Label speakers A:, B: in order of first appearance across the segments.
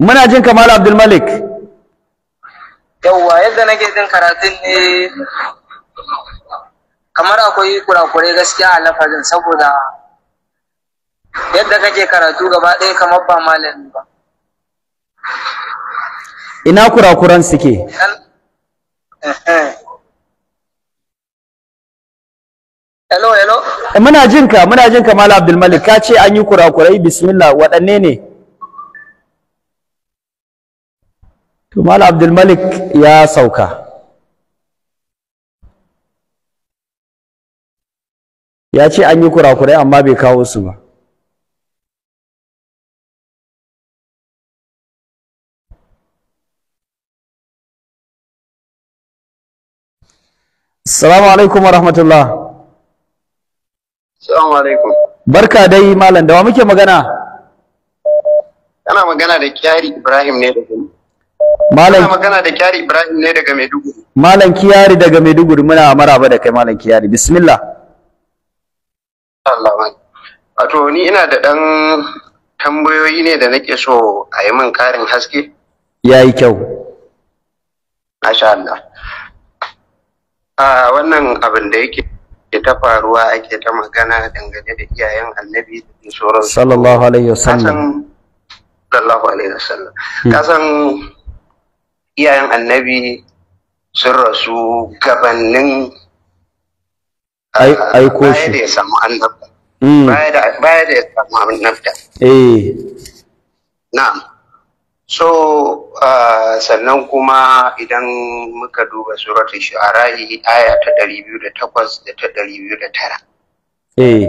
A: muna jin kamar abdul malik
B: yawwa yadda nake jin karatun ne kamar akwai kurakurai gaskiya a lafazin saboda yadda kake karatu gaba ɗaya kamar ba malami ba ina kurakuran suke eh, eh. hello hello eh,
A: muna jinka muna jinka malam abdul malik ka ce an yi kurakurai bismillah waɗanne ne
B: to mal abdulmalik ya sauka ya ce an yi kurakurai amma bai kawo su ba Assalamu alaikum wa rahmatullah.
C: Assalamu alaikum.
B: Barka dai malam da wa muke magana? Kana
D: magana da Kyari Ibrahim ne da kuma. Malam magana da Kyari Ibrahim ne daga Maiduguri.
A: Malam Kyari daga Maiduguri muna maraba da kai Malam Kyari. Bismillah. Allah Wato ni ina da ɗan tambayoyi ne da nake so
D: a yi min karin haske. Ya yi kyau. Masha Allah. A wannan abin da yake ke ta faruwa ake ta magana dangane da iyayen annabi da sauransu.
B: Sallallahu alaihi wasallam.
D: Sallallahu alaihi wasallam. Kasan hmm. iyayen annabi sun rasu gabanin aiko ah, shi baya da ya samu annabta
B: hmm. baya da ya samu annabta eh na'am so ah, sannan kuma idan muka duba suratu shu'ara'i aya ta ɗari biyu da takwas da ta ɗari biyu da tara
A: eh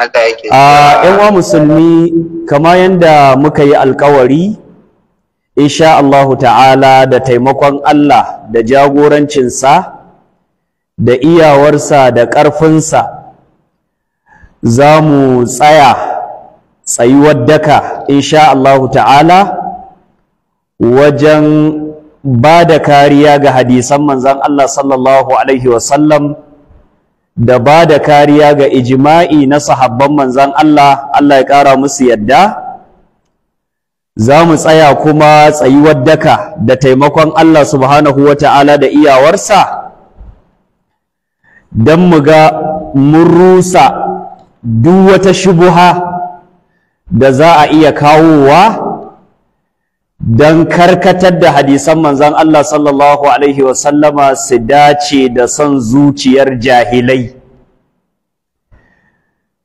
A: a yan wa musulmi kama yadda muka yi alkawari insha Allahu ta'ala da taimakon Allah da jagorancinsa da iyawarsa da ƙarfinsa za mu tsaya tsayuwar daka insha Allahu ta'ala wajen ba da kariya ga hadisan manzan Allah sallallahu alaihi wasallam da ba da kariya ga ijima'i na sahabban manzan Allah Allah ya ƙara musu yadda za mu tsaya kuma tsayuwar daka da taimakon Allah subhanahu wa ta'ala da iyawarsa don mu ga mun duk wata shubuha da za a iya kawowa don karkatar da hadisan manzan Allah sallallahu Alaihi wasallama su dace da son zuciyar jahilai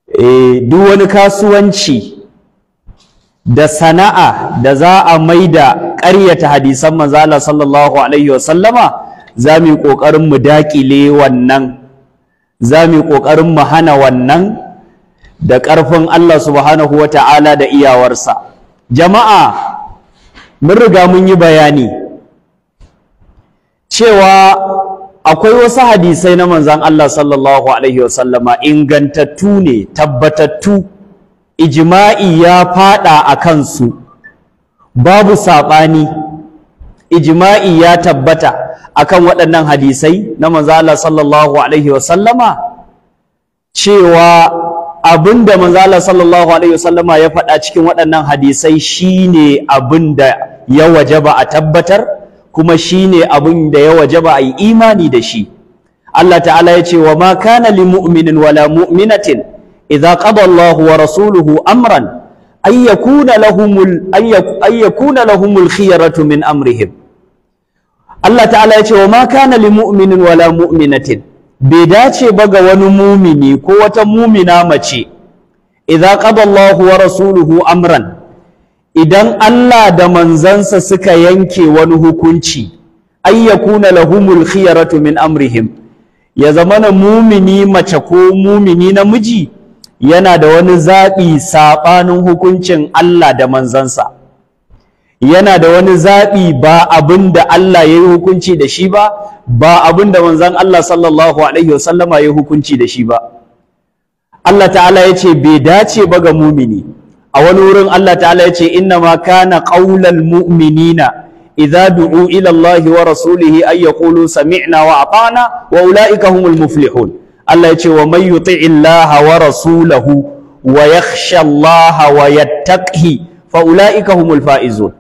A: eh, duk wani kasuwanci da sana'a da za a mai maida ƙaryata hadisan manzala sallallahu alaihi wasallama za mu yi ƙoƙarin mu daƙile wannan za mu yi ƙoƙarin mu hana wannan da ƙarfin Allah subhanahu wa ta'ala da iyawarsa jama'a mun riga mun yi bayani cewa akwai wasu hadisai na manzan Allah sallallahu alaihi wasallama ingantattu ne tabbatattu Ijima'i ya fada a kansu babu saɓani ijma'i ya tabbata akan waɗannan hadisai na manzala sallallahu alaihi wasallama cewa abin da manzala sallallahu alaihi wasallama ya faɗa cikin waɗannan hadisai shine abin da ya wajaba a tabbatar kuma shine abin da ya wajaba a yi imani da shi Allah ta'ala ya ce wa ma kana li mu'minin wala mu'minatin idza qada Allahu wa rasuluhu amran an yakuna lahumul an yakuna lahumul khiyaratu min amrihim Allah ta'ala ya ce wa ma kana li mu'minin wala mu'minatin bai dace ba ga wani mumini ko wata mumina mace Iza qada Allahu wa rasuluhu amran idan Allah da manzansa suka yanke wani hukunci ay yakuna lahumul khiyaratu min amrihim ya zamana mumini mace ko mumini namiji yana da wani zaɓi saɓanin hukuncin Allah da manzansa yana da wani zaɓi ba abin da Allah ya yi hukunci da shi ba ba abin da manzan Allah sallallahu alaihi wasallama ya yi hukunci da shi ba Allah ta'ala ya ce bai dace ba ga mumini a wani wurin Allah ta'ala ya ce inna ma kana qaulal mu'minina idza du'u ila Allah wa rasulihi ay yaqulu sami'na wa ata'na wa ulaika humul muflihun Allah ya ce wa man yuti illaha wa rasulahu wa yakhsha Allah wa yattaqi fa ulaika humul faizun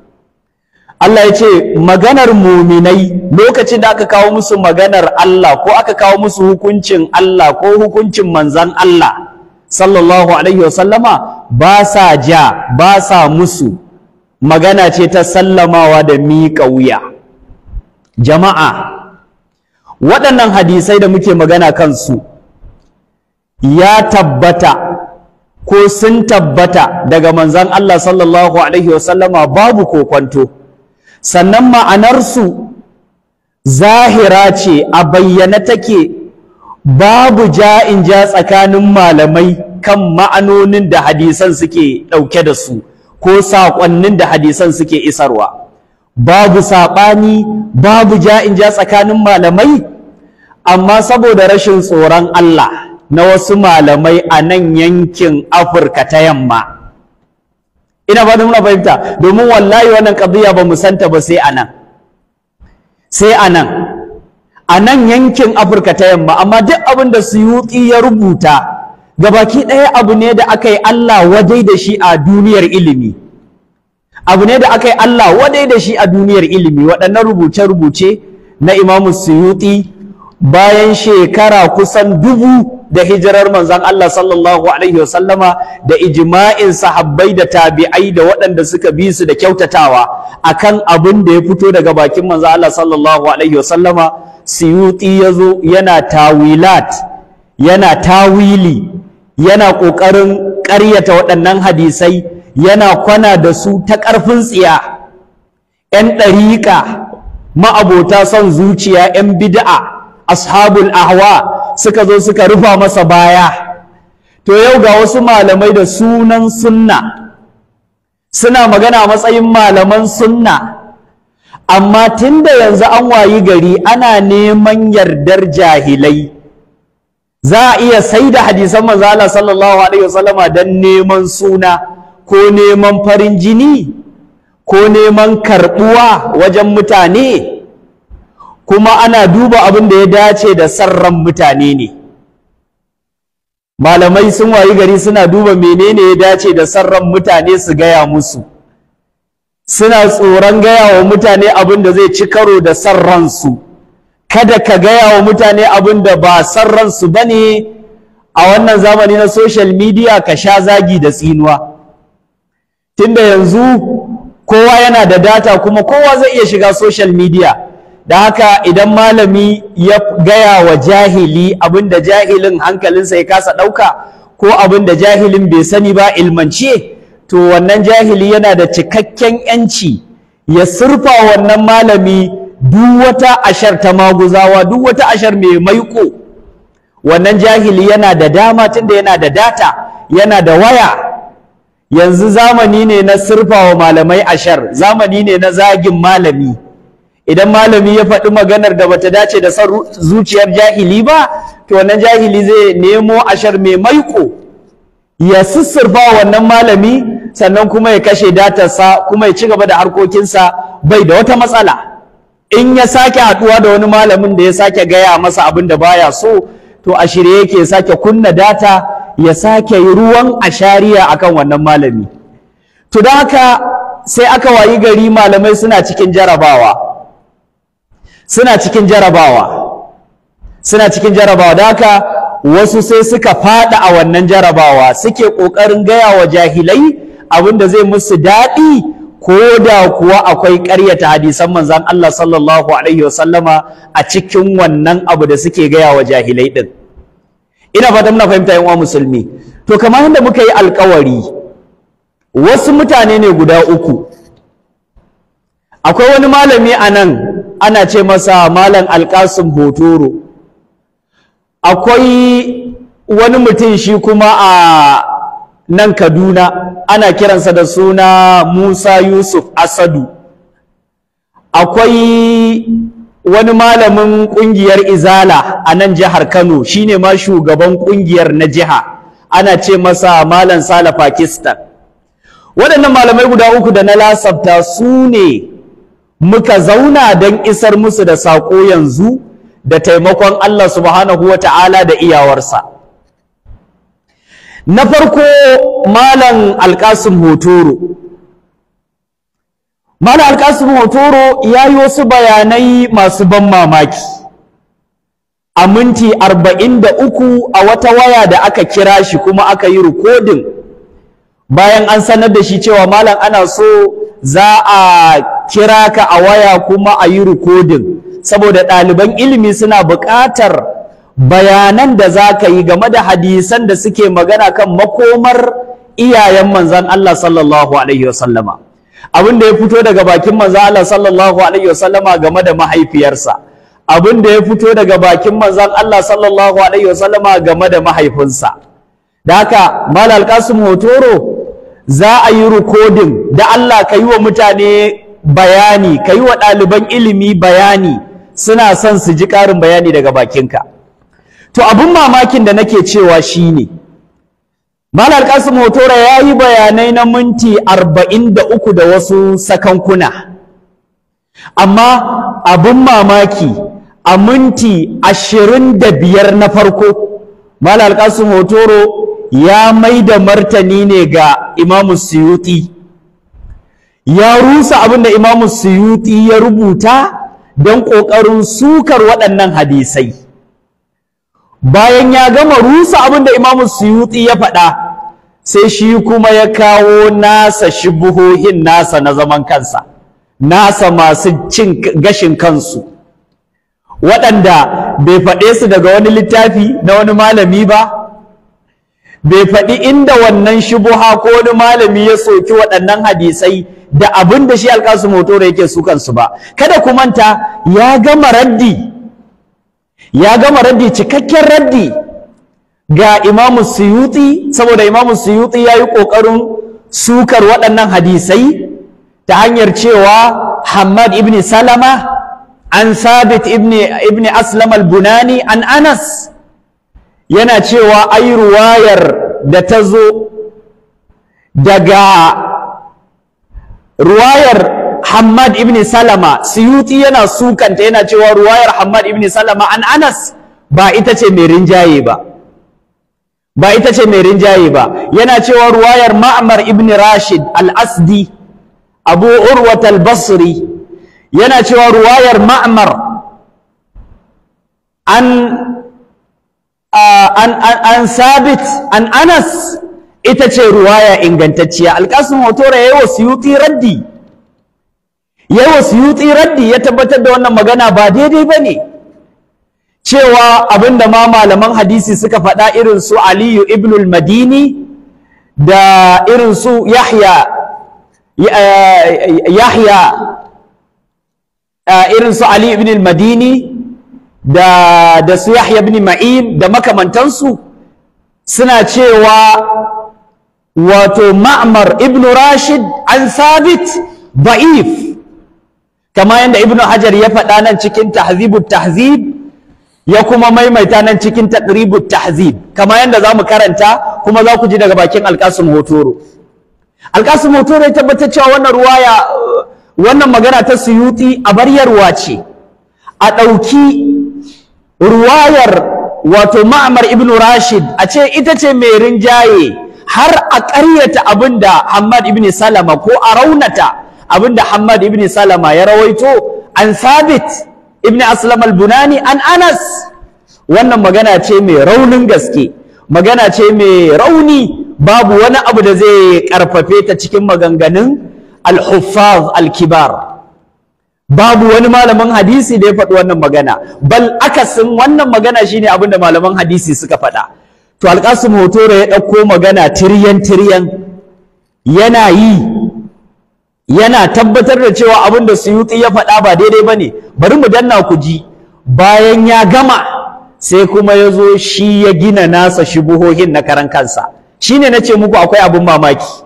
A: Allah ya ce maganar muminai lokacin da aka kawo musu maganar Allah ko aka kawo musu hukuncin Allah ko hukuncin manzan Allah sallallahu alaihi wasallama ba sa ja ba sa musu magana ce ta sallamawa da miƙa wuya jama'a waɗannan hadisai da muke magana kansu ya tabbata ko sun tabbata daga manzan Allah sallallahu alaihi wasallama babu kokwanto sannan ma'anarsu zahira ce a bayyana take babu ja'in ja tsakanin malamai kan ma'anonin da hadisan suke ɗauke da su ko saƙonnin da hadisan suke isarwa babu saɓani babu ja'in ja tsakanin malamai amma saboda rashin tsoron Allah na wasu malamai a nan yankin Afirka ta yamma ina ba muna fahimta domin wallahi wannan qadiya ba mu ta ba sai anan sai anan a nan yankin Afirka ta yamma amma duk abin da Suyuti ya rubuta ga baki ɗaya abu ne da aka yi Allah wadai da shi a duniyar ilimi abu ne da aka yi Allah wadai da shi a duniyar ilimi waɗannan rubuce-rubuce na Imamu Suyuti bayan shekara kusan dubu da hijirar manzan Allah sallallahu alaihi wasallama da ijma'in sahabbai da tabi'ai da waɗanda suka bi su da kyautatawa akan abin da ya fito daga bakin manzan Allah sallallahu alaihi wasallama ya zo yana tawilat yana tawili yana ƙoƙarin ƙaryata waɗannan hadisai yana kwana da su ta ƙarfin tsiya 'yan ɗariƙa ma'abota son zuciya 'yan bid'a ashabul ahwa suka zo suka rufa masa baya to yau ga wasu malamai da sunan sunna suna magana matsayin malaman sunna amma tunda yanzu an wayi gari ana neman yardar jahilai za a iya sai da hadisan manzala sallallahu alaihi wasallama don neman suna ko neman farin jini ko neman karbuwa wajen mutane kuma ana duba abin da ya dace da sarran mutane ne malamai sun wayi gari suna duba menene ya dace da sarran mutane su gaya musu suna tsoron gaya wa mutane abin da zai ci karo da sarransu kada ka gaya wa mutane abin da ba sarransu ba ne a wannan zamani na social media ka sha zagi da tsinuwa tunda yanzu kowa yana da data kuma kowa zai iya shiga social media da haka idan malami ya gaya wa jahili abinda jahilin hankalinsa ya kasa ɗauka ko abinda jahilin bai sani ba ilmance to wannan jahili yana da cikakken yanci ya surfa wannan malami duk wata ashar ta maguzawa duk wata ashar mai maiko wannan jahili yana da dama tunda yana da data yana da waya yanzu zamani ne na surfa wa malamai ashar zamani ne na zagin malami idan malami ya faɗi maganar da bata dace da son zuciyar jahili ba to wannan jahili zai nemo ashar mai maiko ya sussurfa wannan malami sannan kuma ya kashe datarsa kuma ya ci gaba da harkokinsa bai da wata matsala in ya sake haɗuwa da wani malamin da ya sake gaya masa abin da baya so to a shirye yake sake kunna data ya sake yi ruwan ashariya akan wannan malami to da haka sai aka wayi gari malamai suna cikin jarabawa suna cikin jarabawa suna cikin jarabawa da haka wasu sai suka fada a wannan jarabawa suke ƙoƙarin gaya wa jahilai abin zai musu daɗi ko da kuwa akwai ƙaryata hadisan manzan Allah sallallahu alaihi wasallama a cikin wannan abu da suke gaya wa jahilai ɗin ina fata muna fahimta yan uwa musulmi to kamar yadda muka yi alƙawari. wasu mutane ne guda uku akwai wani malami a nan ana ce masa malam alkasim hotoro akwai wani mutum shi kuma a nan kaduna ana kiransa da suna musa yusuf asadu akwai wani malamin ƙungiyar izala a nan jihar kano Shi ne ma shugaban ƙungiyar na jiha ana ce masa malam sala pakistan waɗannan malamai guda uku da na lasafta su ne muka zauna don isar musu da saƙo yanzu da taimakon Allah subhanahu wa ta'ala da iyawarsa na farko malam alƙasim hotoro malam alƙasim hotoro ya yi wasu bayanai masu ban mamaki a minti arba'in da uku a wata waya da aka kira shi kuma aka yi rikodin bayan an sanar da shi cewa malam ana so za a kira ka a waya kuma a yi rikodin saboda ɗaliban ilimi suna buƙatar bayanan da za ka yi game da hadisan da suke magana kan makomar iyayen manzan Allah sallallahu alaihi wasallama abin da ya fito daga bakin manzan Allah sallallahu alaihi wasallama game da mahaifiyarsa abin da ya fito daga bakin manzan Allah sallallahu alaihi wasallama game da mahaifinsa da malal kasim hotoro za a yi rikodin da Allah ka yi wa mutane bayani ka yi wa ɗaliban ilimi bayani suna son su ji ƙarin bayani daga bakinka to abin mamakin da nake cewa shi ne Malar Kasim Hotora ya yi bayanai na minti arba'in da uku da wasu sakankuna. Amma abin mamaki a minti ashirin da biyar na farko, Malar Kasim Hotoro ya mai da martani ne ga Imamu Suyuti ya rusa abin da imamu suyuti ya rubuta don ƙoƙarin sukar waɗannan hadisai bayan ya gama rusa abin da imamu suyuti ya faɗa sai shi kuma ya kawo nasa shibuhohin nasa na zaman kansa nasa masu cin gashin kansu waɗanda bai faɗe su daga wani littafi na wani malami ba bai faɗi inda wannan shubuha ko wani malami ya soki waɗannan hadisai da abin da shi alƙasu da yake sukan su ba kada ku manta ya gama raddi ya gama raddi cikakken raddi ga imamu suyuti saboda imamu suyuti ya yi ƙoƙarin sukar waɗannan hadisai ta hanyar cewa hamad ibn salama an sabit ibn, ibn aslam bunani an anas yana cewa ai ruwayar da ta zo daga ruwayar Hammad ibn Salama Suyuti yana sukanta yana cewa ruwayar Hammad ibn Salama an Anas ba ita ce mai rinjaye ba ba ita ce mai rinjaye ba yana cewa ruwayar Ma'mar ibn Rashid al-Asdi Abu Urwat al-Basri yana cewa ruwayar Ma'mar an an sabit an anas ita ce ruwaya ingantacciya alƙasun hotora ya yi wa suyuti raddi ya yi wa suyuti raddi ya tabbatar da wannan magana ba daidai ba ne cewa abinda ma malaman hadisi suka faɗa irin su aliyu ibnul madini da irin su yahya yahya irin su Aliyu ibnul madini da da su Yahya ibn Ma'in da makamantansu suna cewa wato Ma'mar ibn Rashid an sabit da'if kama yadda ibn Hajar ya faɗa nan cikin tahzibut tahzib ya kuma maimaita nan cikin tadribut tahzib kama yadda zamu karanta kuma za ku ji daga bakin Alkasim Hotoro Alkasim Hotoro ya tabbatar cewa wannan ruwaya wannan magana ta Suyuti a baryarwa ce a ɗauki ruwayar wato ma'amar ibn rashid a ce ita ce mai rinjaye har a ƙaryata abinda hamad ibn salama ko a raunata abinda hamad ibn salama ya rawaito an sabit ibn aslam bunani an anas wannan magana ce mai raunin gaske magana ce mai rauni babu wani abu da zai karfafe ta cikin maganganun al-huffaz al-kibar babu wani malamin hadisi da ya faɗi wannan magana bal akasin wannan magana shine abin da malaman hadisi suka faɗa to alƙasim hotoro ya ɗauko magana tiryan tiryan yana yi yana tabbatar da cewa abin da suyuti ya faɗa ba daidai ba ne bari mu danna ku ji bayan ya gama sai kuma ya zo shi ya gina nasa shubuhohin na karan kansa ne na ce muku akwai abin mamaki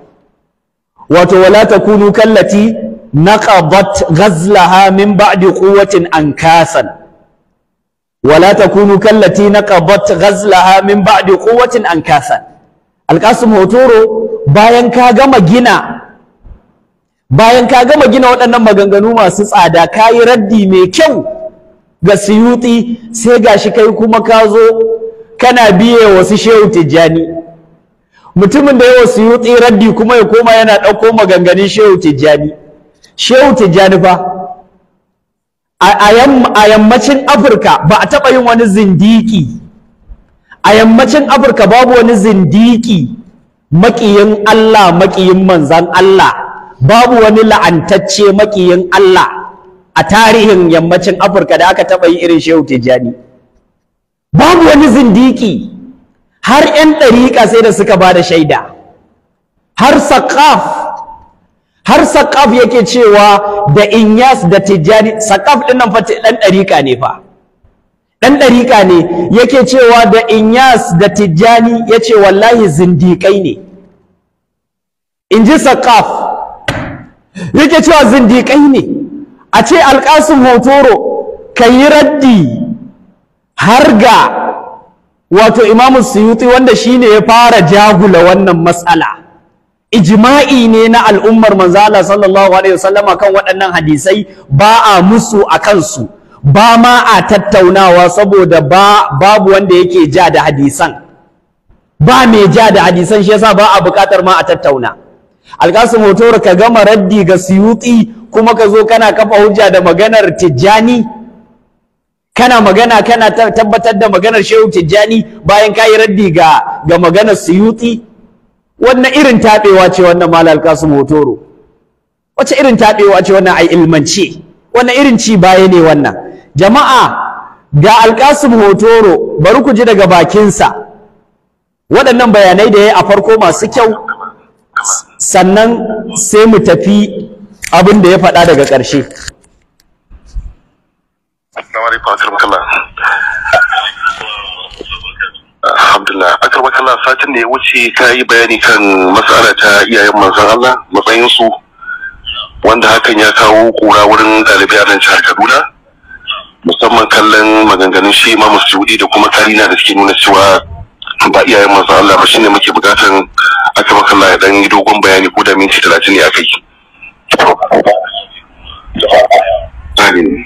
A: wato wala takunu kallati نقضت غزلها من بعد قوة أنكاسا ولا تكونوا كالتي نقضت غزلها من بعد قوة أنكاسا القاسم هوتورو bayan ka gama gina bayan ka gama gina waɗannan maganganu masu tsada ka yi raddi mai kyau ga siyuti sai gashi kai kuma ka zo kana biye wasu shehu tijjani mutumin da yawa suyuti raddi kuma ya koma yana ɗauko maganganun shehu tijjani shehu Janifa, a yammacin afirka ba a taɓa yin wani zindiki a yammacin afirka babu wani zindiki maƙiyin allah maƙiyin manzan allah babu wani la'antacce maƙiyin allah a tarihin yammacin afirka da aka taɓa yi irin shehu tijjani babu wani zindiki har 'yan ɗariƙa sai da suka ba da shaida har saƙaf har saƙaf yake cewa da inyas da tijjani saƙaf din nan fa ɗan dariqa ne fa ɗan dariqa ne yake cewa da inyas da tijjani yace wallahi zindiƙai ne in ji saƙaf yake cewa zindiƙai ne a ce alƙasin hotoro ka raddi har ga wato imamu suyuti wanda shine ya fara jagula wannan matsala ijma'i ne na al'ummar manzala sallallahu alaihi wasallam kan waɗannan hadisai ba a musu a kansu ba ma a tattaunawa saboda ba babu wanda yake ja da hadisan ba mai ja da hadisan shi yasa ba a buƙatar ma a tattauna alƙasim hotor ka gama raddi ga siyuti kuma ka zo kana kafa hujja da maganar tijjani kana magana kana tabbatar da maganar shehu tijjani bayan ka yi raddi ga ga maganar siyuti wannan irin taɓewa ce wannan malal kasu hotoro wacce irin taɓewa ce wannan ai ilmance wannan irin ci baye ne wannan jama'a ga alkasim hotoro bari ku ji daga bakinsa waɗannan bayanai da ya a farko masu kyau sannan sai mu tafi abin da ya faɗa daga ƙarshe
E: Alhamdulillah aka makala satin da ya wuce ta yi bayani kan matsala ta iyayen manzon Allah su wanda hakan ya kawo kura wurin ɗalibi a nan jihar Kaduna musamman kallon maganganun shi Imam Sujudi da kuma karina da suke nuna cewa ba iyayen manzon Allah ba shine muke bukatan aka makalla ya dan yi dogon bayani ko da minti talatin ne a kai. Amin.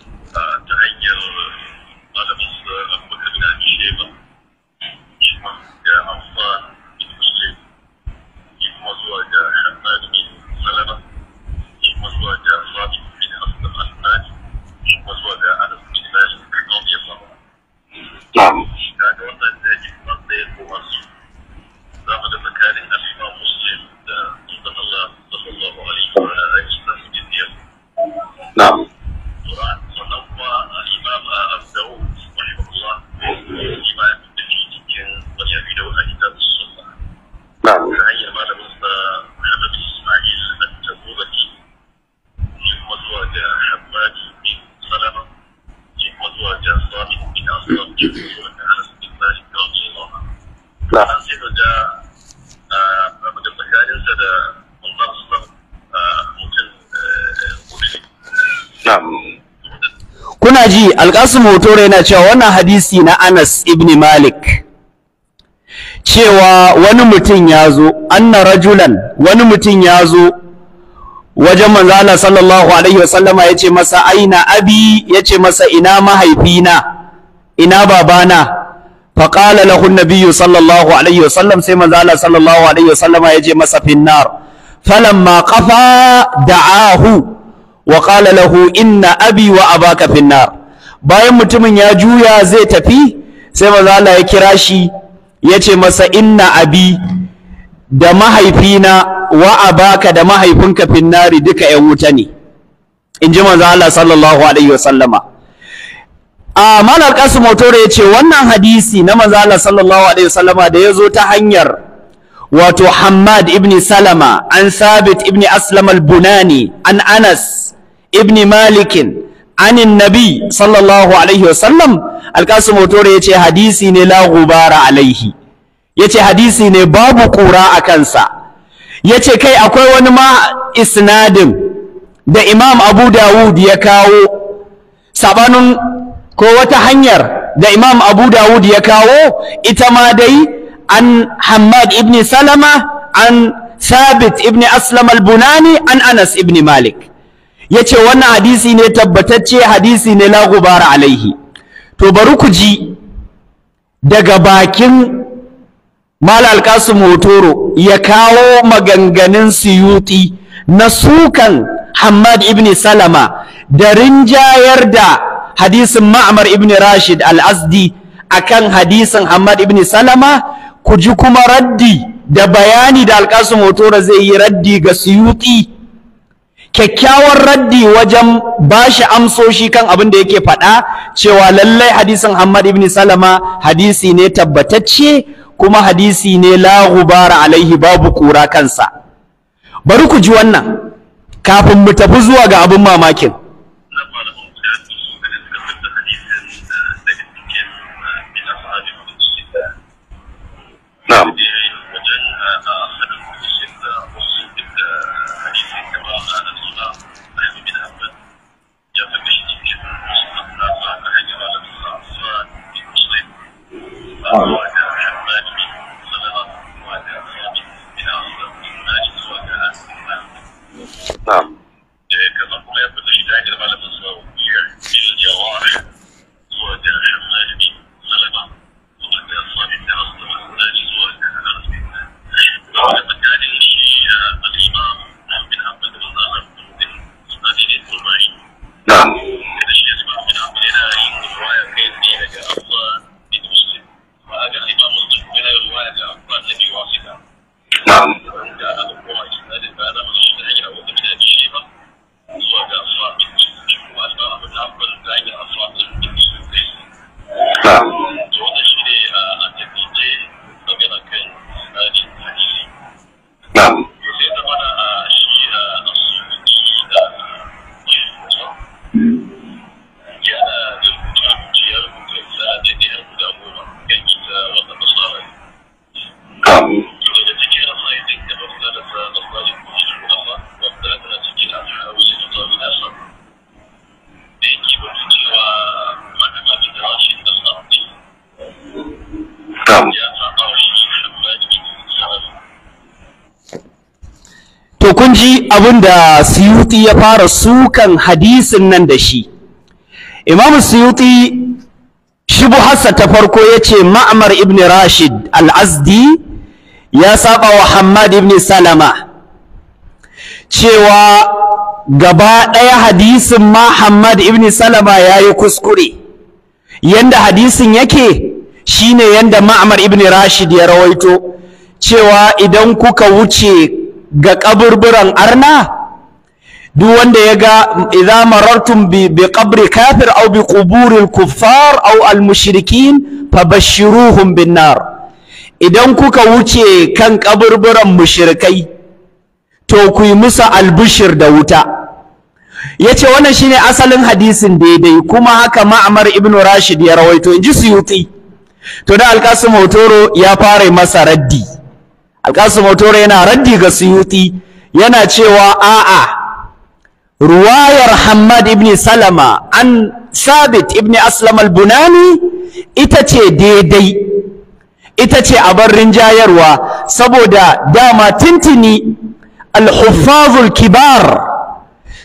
A: alƙasim hotore yana cewa wannan hadisi na anas ibn malik cewa wani mutum ya zo anna rajulan wani mutum ya zo wajen manzo Allah sallallahu alaihi ya ce masa aina abi ce masa ina mahaifina ina babana faqala lahu nabiyyu sallallahu alaihi wasallam sai manzo Allah sallallahu alaihi ya yace masa finnar falamma qafa da'ahu wa qala lahu inna abi wa abaka finnar bayan mutumin ya juya zai tafi sai mazala ya kira shi ya ce masa inna abi da mahaifina wa abaka da mahaifinka finnari duka yan wuta ne in ji mazala sallallahu alaihi wasallama a malar kasu motore ya ce wannan hadisi na mazala sallallahu alaihi wasallama da ya zo ta hanyar wato Hamad ibn Salama an Sabit ibn Aslamal bunani an Anas ibn Malikin anin nabi sallallahu alaihi wasallam alkasim motore yace hadisi ne la gubara alaihi yace hadisi ne babu ƙura a kansa yace kai akwai wani ma isnadin da imam abu dawud ya kawo sabanin ko wata hanyar da imam abu dawud ya kawo ita ma dai an hammad ibni salama an Sabit ibni Aslamal bunani an anas ibni malik Ya ce wannan hadisi ne tabbatacce hadisi ne Lagubara, alaihi to bari ku ji daga bakin mal alqasim hotoro ya kawo maganganun suyuti na sukan hammad ibn salama da rinjayar da hadisin ma'amar ibn rashid al-azdi akan hadisin hamad ibn salama ku ji kuma raddi da bayani da alkasu motoro zai yi raddi ga suyuti kyakkyawar raddi wajen ba shi amsoshi kan abin da yake faɗa cewa lallai hadisin Ahmad ibn Salama hadisi ne tabbatacce kuma hadisi ne la alaihi babu kura kansa bari ku ji wannan kafin mu tafi zuwa ga abin mamakin
B: na'am Um,
A: kun ji abin da suyuti ya fara sukan hadisin nan da shi imamu suyuti hassa ta farko ya ce ma'amar ibn rashid al-azdi ya saba wa hamad ibn salama cewa gaba ɗaya hadisin ma hamad ibn salama ya yi kuskure yanda hadisin yake shine yanda ma'amar ibn rashid ya rawaito cewa idan kuka wuce ga kaburburan arna duk wanda ya ga idza marartum bi bi qabri kafir aw bi al kuffar aw al mushrikin fabashshiruhum bin nar idan kuka wuce kan kaburburan mushrikai to ku yi musu albushir da wuta yace wannan shine asalin hadisin daidai kuma haka ma'amar ibnu rashid ya rawaito inji suyuti to da alkasim hotoro ya fara masa raddi alƙasim motore yana raddi ga suyuti yana cewa a'a ruwayar hammad ibn salama an sabit ibn aslam al-bunani ita ce daidai ita ce a barrin jayarwa saboda dama tintini al-huffazul kibar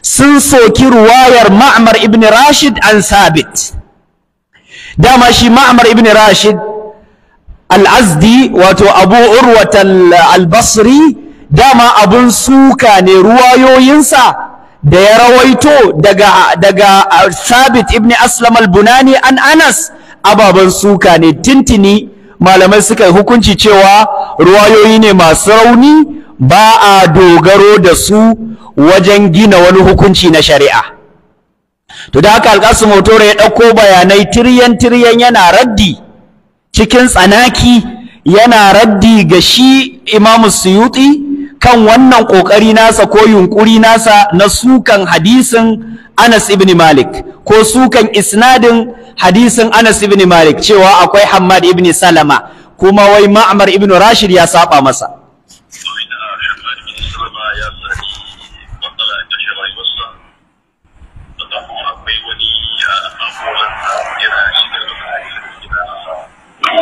A: sun soki ruwayar ma'mar ibn rashid an sabit dama shi ma'mar ibn rashid al'azdi wato abu urwatal albasri dama abun suka ne ruwayoyinsa da ya rawaito daga daga sabit uh, ibn aslam al-bunani an anas ababen suka ne tintini malamai suka yi hukunci cewa ruwayoyi ne masu rauni ba a dogaro da su wajen gina wani hukunci na shari'a to da haka alƙasu motore ya ɗauko bayanai tiryan tiryan yana raddi cikin tsanaki yana raddi ga shi imamu suyuti kan wannan ƙoƙari nasa ko yunƙuri nasa na sukan hadisin Anas ibn Malik ko sukan isnadin hadisin Anas ibn Malik cewa akwai Hammad ibn Salama kuma wai Ma'mar ibn Rashid ya saba masa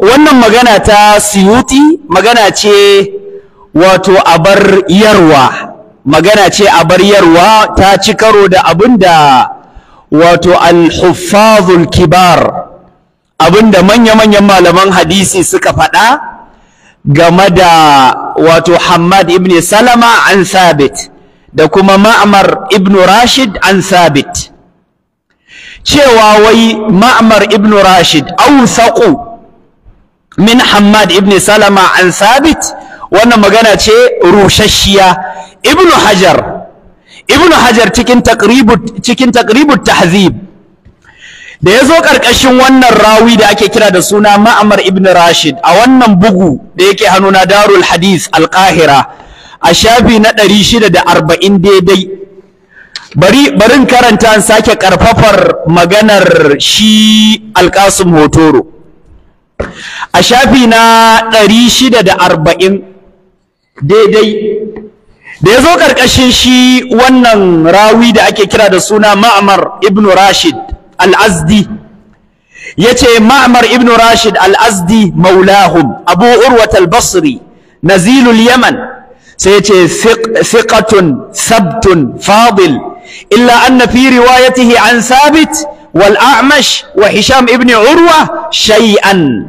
B: wannan magana
A: ta siyuti magana ce wato abar yarwa magana ce abar yarwa ta ci karo da abin da wato alhufazul kibar abin da manya-manyan malaman hadisi suka faɗa game da wato Hamad ibn Salama an Sabit da kuma Ma'amar ibn Rashid an Sabit cewa wai Ma'amar ibn Rashid ausaku min Hamad ibn Salama an Sabit wannan magana ce rushashiya Ibn Hajar Ibn Hajar cikin taqribu cikin taqribu tahzib da yazo karkashin wannan rawi da ake kira da suna Ma'mar ibn Rashid a wannan bugu da yake hannuna Darul Hadith Al-Qahira a shafi na 640 daidai bari barin karanta an sake karfafar maganar shi Al-Qasim Hotoro a shafi na ɗari shida da arba'in daidai da ya zo ƙarƙashin shi wannan rawi da ake kira da suna ma'amar ibn rashid al-azdi ya ce ma'amar ibn rashid al-azdi maulahum abu urwat basri nazilul yaman sai ya ce fiqatun sabtun fadil illa anna fi riwayatihi an sabit wal a'mash wa hisham ibn urwa shay'an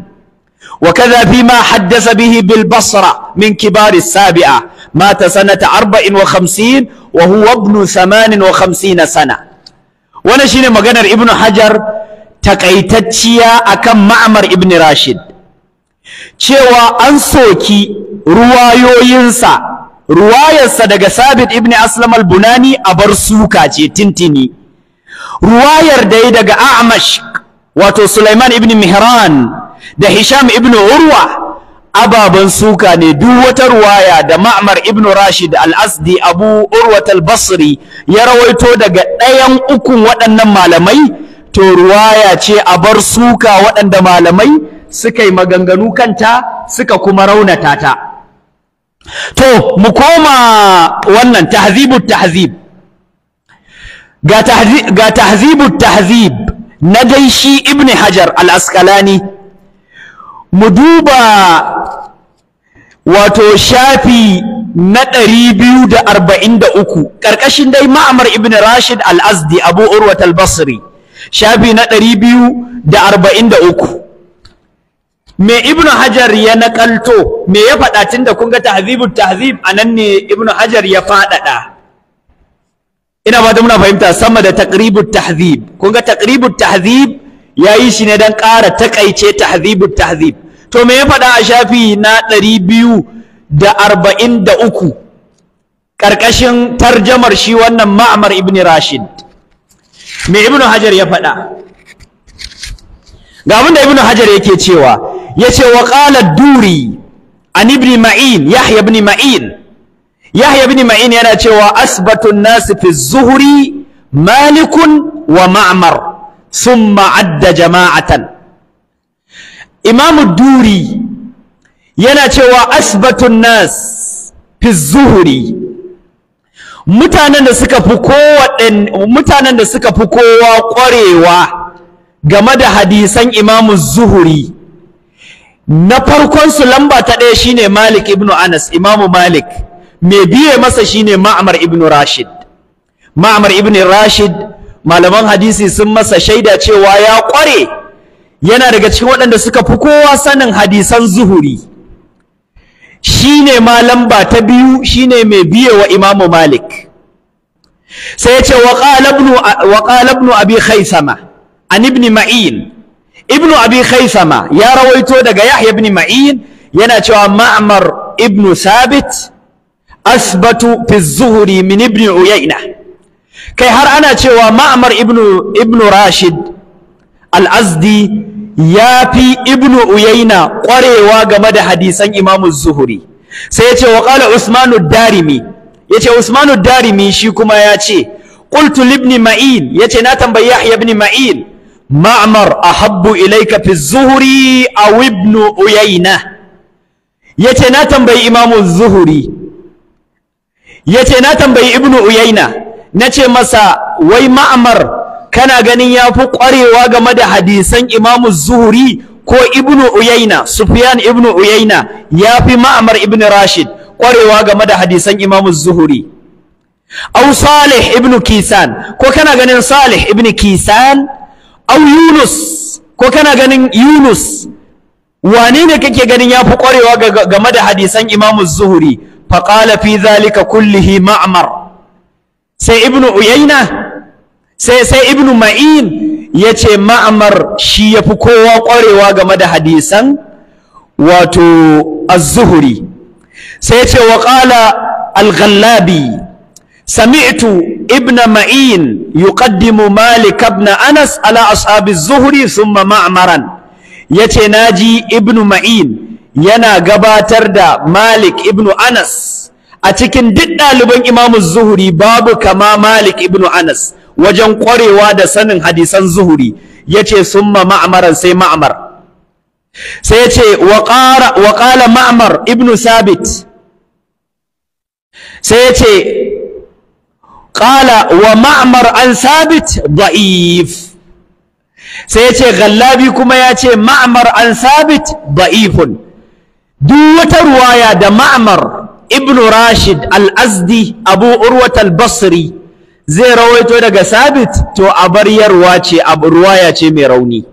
A: وكذا فيما حدث به بالبصرة من كبار السابعة مات سنة أربع وخمسين وهو ابن ثمان وخمسين سنة ونشين مغنر ابن حجر تقيتتشيا أكم معمر ابن راشد cewa an soki ruwayoyinsa ruwayarsa daga sabit ibn aslam al-bunani a bar suka ce tintini ruwayar da yi daga A'mash wato Sulaiman ibn Mihran da Hisham ibn Urwa ababen suka ne duk wata ruwaya da Ma'amar ibn Rashid al-Asdi Abu Urwa talbasri basri ya rawaito daga ɗayan ukun waɗannan malamai to ruwaya ce a bar suka waɗanda malamai suka yi maganganu kanta suka kuma raunata ta to mu koma wannan tahzibut tahzib ga tahzibu tahzib na dai shi ibn hajar al mu duba wato shafi na ɗari biyu da arba'in da uku ƙarƙashin dai ma'amar ibn rashid al-azdi abu urwat al-basri shafi na ɗari biyu da arba'in da uku me ibn hajar ya naƙalto me ya faɗa tun da kun ga tahzibut tahzib a nan ne ibn hajar ya faɗaɗa ina ba muna fahimta sama da takribu tahzib kun ga takribu tahzib yayi shi ne dan ƙara takaice tahzibut tahzib to me ya faɗa a shafi na ɗari biyu da arba'in da uku ƙarƙashin tarjamar shi wannan ma'amar ibn rashid me ibn hajar ya faɗa ga abin da ibn hajar yake cewa ya ce wa ƙala duri an ibn ma'in yahya ibn ma'in Yahya ibn Ma'in yana cewa asbatun nas fi malikun wa ma'mar sun ma'adda jama'atan Imam Duri yana cewa asbatun nas fi mutanen da suka fi kowa mutanen da suka fi kowa ƙwarewa game da hadisan imamu Zuhri na farkon su lamba ta ɗaya shine Malik ibnu Anas Imam Malik mai biye masa shine ma'amar ibn rashid ma'amar ibn rashid malaman hadisi sun masa shaida cewa ya kware yana daga cikin waɗanda suka fi kowa sanin hadisan zuhuri shine ma lamba ta biyu shine mai biye wa imamu malik sai ya ce wa ƙalabnu abi khaisama an ibn ma'in ibn abi khaisama ya rawaito daga yahya ibn ma'in yana cewa ma'mar ibn sabit asbatu fi zuhri min ibn uyayna kai har ana cewa ma'amar ibnu ibnu rashid al-azdi ya fi ibnu uyayna ƙwarewa game da hadisan imamu zuhuri sai ya ce wa qala usmanu darimi ya ce usmanu darimi shi kuma ya ce qultu libni ma'in ya ce na tambayi yahya ibn ma'in ma'mar ahabbu ilayka fi zuhuri aw ibnu uyayna ya ce na tambayi imamu zuhuri yace na tambayi ibnu uyaina na ce masa wai ma'amar kana ganin yafi kwarewa game da hadisan imamu zuhuri ko ibnu uyaina sufyan ibnu uyaina yafi ma'amar ibnu rashid kwarewa game da hadisan imamu zuhuri au salih ibnu kisan ko kana ganin salih ibnu kisan Au yunus ko kana ganin yunus wane ne kake ganin yafi kwarewa game da hadisan imamu zuhuri faƙala fi zalika kullihi ma'amar sai ibnu uyaina sai sai ibnu ma'in ya ce ma'amar shi ya fi kowa ƙwarewa game da hadisan wato az-zuhri sai ce Waƙala al-ghallabi sami'tu ibna ma'in yuqaddimu malik ibn anas ala ashabi az-zuhri thumma ma'maran yace naji ibnu ma'in yana gabatar da Malik ibn Anas a cikin duk ɗaliban Imam Zuhri, babu kama Malik ibn Anas wajen ƙwarewa da sanin hadisan zuhri, yace summa ma'maran sai ma'mar sai yace wa wa ƙala ma'mar ibn Sabit sai yace qala wa ma'mar an Sabit da'if sai yace Gallabi kuma yace ma'mar an Sabit da'ifun duk wata ruwaya da ma'amar ibnu rashid al-azdi abu Urwatal basri zai rawaito daga sabit to abaryarwa ce ruwaya ce mai rauni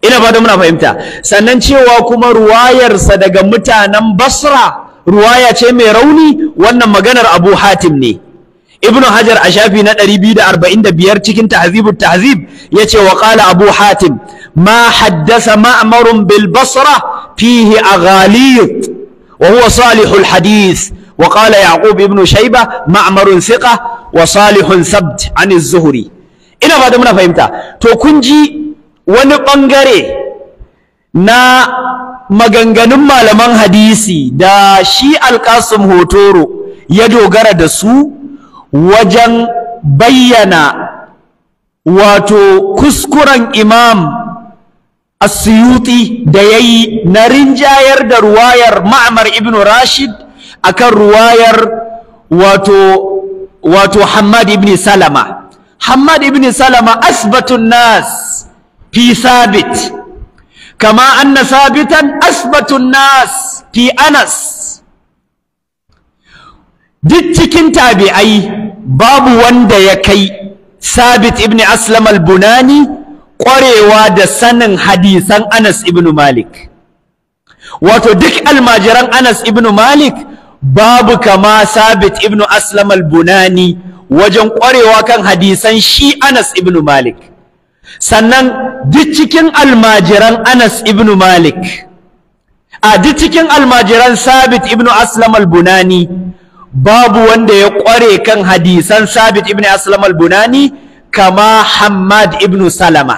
A: ina ba da muna fahimta sannan cewa kuma ruwayarsa daga mutanen basra ruwaya ce mai rauni wannan maganar abu hatim ne Ibnu hajar a shafi na 245 cikin tahzibu tahzib ce wa ƙala abu hatim ma haddasa ma'marun bil basra فيه أغاليط وهو صالح الحديث وقال يعقوب ابن شيبة معمر ثقة وصالح ثبت عن الزهري إنا فاتم منا فهمتا تو كنجي ونبنغري نا maganganun malaman hadisi da shi alkasim hotoro ya dogara da su wajen bayyana wato kuskuren imam asiyuti da ya yi na rinjayar da ruwayar ma'amar ibn rashid akan ruwayar wato wato hamad ibn salama hamad ibn salama asbatun nas fi sabit kama anna sabitan asbatun nas fi anas duk cikin tabi'ai babu wanda ya kai sabit ibn aslam bunani ƙwarewa da sanin hadisan Anas ibn Malik wato duk almajiran Anas ibn Malik babu kama Sabit ibn Aslam al-Bunani wajen ƙwarewa kan hadisan shi Anas ibn Malik sannan duk cikin almajiran Anas ibn Malik a duk cikin almajiran Sabit ibn Aslam al-Bunani babu wanda ya ƙware kan hadisan Sabit ibn Aslam al-Bunani kama Hamad ibn Salama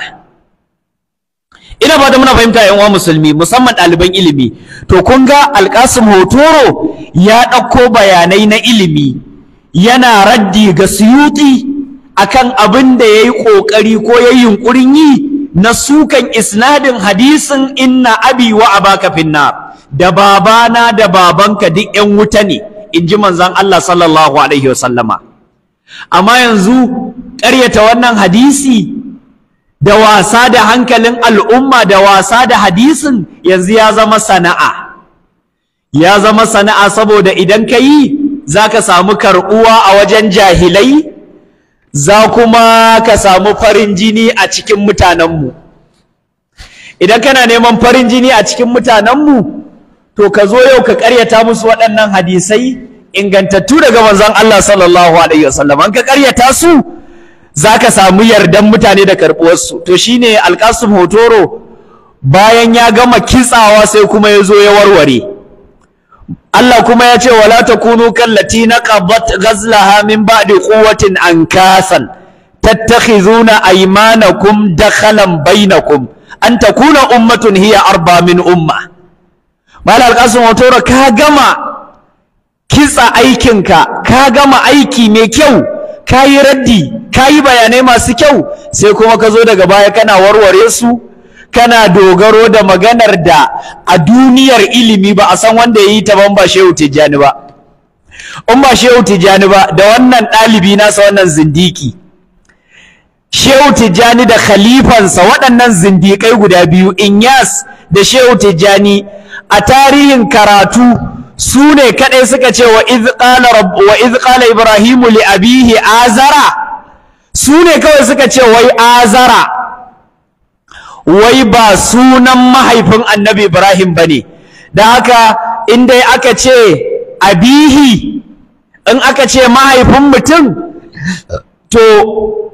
A: ina ba da muna fahimta yan uwa musulmi musamman ɗaliban ilimi to kun ga alƙasim hotoro ya ɗauko bayanai na ilimi yana raddi ga suyuti akan abin da ya yi ƙoƙari ko ya yi yunƙurin yi na sukan isnadin hadisin inna abi wa abaka finnar da babana da babanka duk 'yan wuta ne Inji ji manzon Allah sallallahu alaihi wasallama amma yanzu ƙaryata wannan hadisi da wasa da hankalin al'umma da wasa da hadisin yanzu ya zama sana'a ya zama sana'a saboda idan ka yi za ka samu karɓuwa a wajen jahilai za kuma ka samu farin jini a cikin mutanenmu idan kana neman farin jini a cikin mutanenmu to ka zo yau ka karyata musu waɗannan hadisai ingantattu daga manzon Allah sallallahu alaihi wasallam an ka karyata su Zaka samu yardan mutane da karɓuwarsu to shine alƙasum hotoro bayan ya gama kitsawa sai kuma ya zo ya warware Allah kuma ya ce wala takunu kallati naqabat ghazlaha min ba'di quwwatin ankasan tattakhizuna aymanakum dakhalan bainakum an takuna ummatun hiya arba min umma mala alqasim Hotoro, ka gama kitsa aikinka ka gama aiki mai kyau kayi raddi kayi bayanai masu kyau sai kuma ka zo daga baya kana warware su kana dogaro da maganar da a duniyar ilimi ba a san wanda ya yi ta ban ba shehu tijjani ba in ba shehu tijjani ba da wannan ɗalibi nasa wannan zindiki shehu tijjani da khalifansa waɗannan zindikai guda biyu inyas da shehu tijjani a tarihin karatu su ne kaɗai suka ce wa iz ibrahimu li abihi azara su ne kawai suka ce wai azara wai ba sunan mahaifin annabi ibrahim ba ne da haka in dai aka ce abihi in aka ce mahaifin mutum to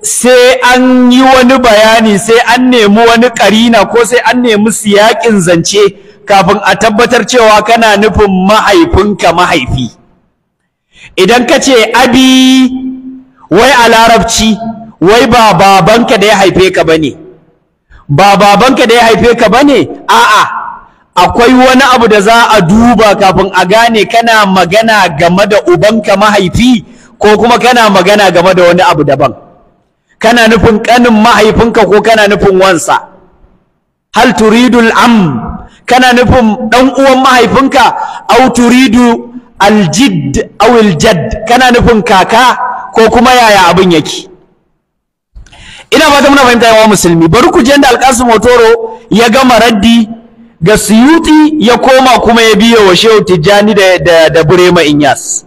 A: sai an yi wani bayani sai an nemi wani ƙarina, ko sai an nemi siyakin zance kafin a tabbatar cewa kana nufin mahaifinka mahaifi idan ka ce abi wai a larabci wai ba babanka da ya haife ka bane ba babanka da ya haife ka bane a'a akwai wani abu da za a duba kafin a gane kana magana game da ubanka mahaifi ko kuma kana magana game da wani abu daban kana nufin kanin mahaifinka ko kana nufin wansa hal turidul am kana nufin dan uwan mahaifinka auturidu turidu aljid aw aljadd kana nufin kaka ko kuma yaya abin yake ina fata muna fahimta yawa musulmi bari ku je da alkasim otoro ya gama raddi ga suyuti ya koma kuma ya biyo wa shehu tijjani da da, da burema inyas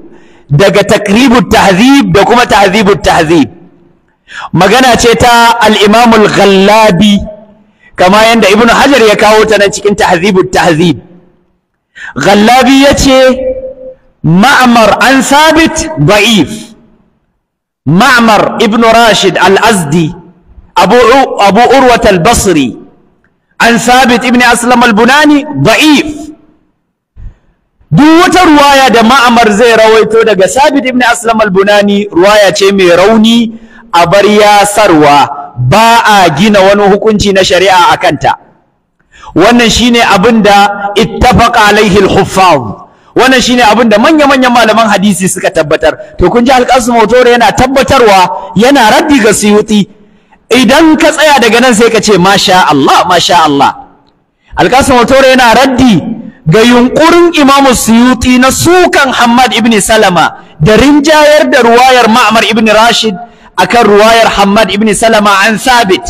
A: daga takribu tahzib da kuma tahzibu tahzib magana ce ta al-imam al-ghallabi kama yanda ibn hajar ya kawo ta nan cikin tahzibu tahzib ghallabi yace ma'mar an sabit da'if ma'mar ibn rashid al-azdi abu abu urwat al-basri an sabit ibn aslam al-bunani da'if duk wata ruwaya da ma'amar zai rawaito daga sabit ibn aslam al-bunani ruwaya ce mai rauni a bar yasarwa ba a gina wani hukunci na shari'a a kanta wannan shine abin da ittafaqa alaihi al-huffaz wannan shine abin da manya-manyan malaman hadisi suka tabbatar to kun ji alƙasim motore yana tabbatarwa yana raddi ga suyuti idan ka tsaya daga nan sai ka ce masha Allah masha Allah alƙasim motore yana raddi ga yunkurin imamu suyuti na sukan hamad ibn salama da rinjayar da ruwayar ma'amar ibn rashid akan ruwayar hamad ibn salama an sabit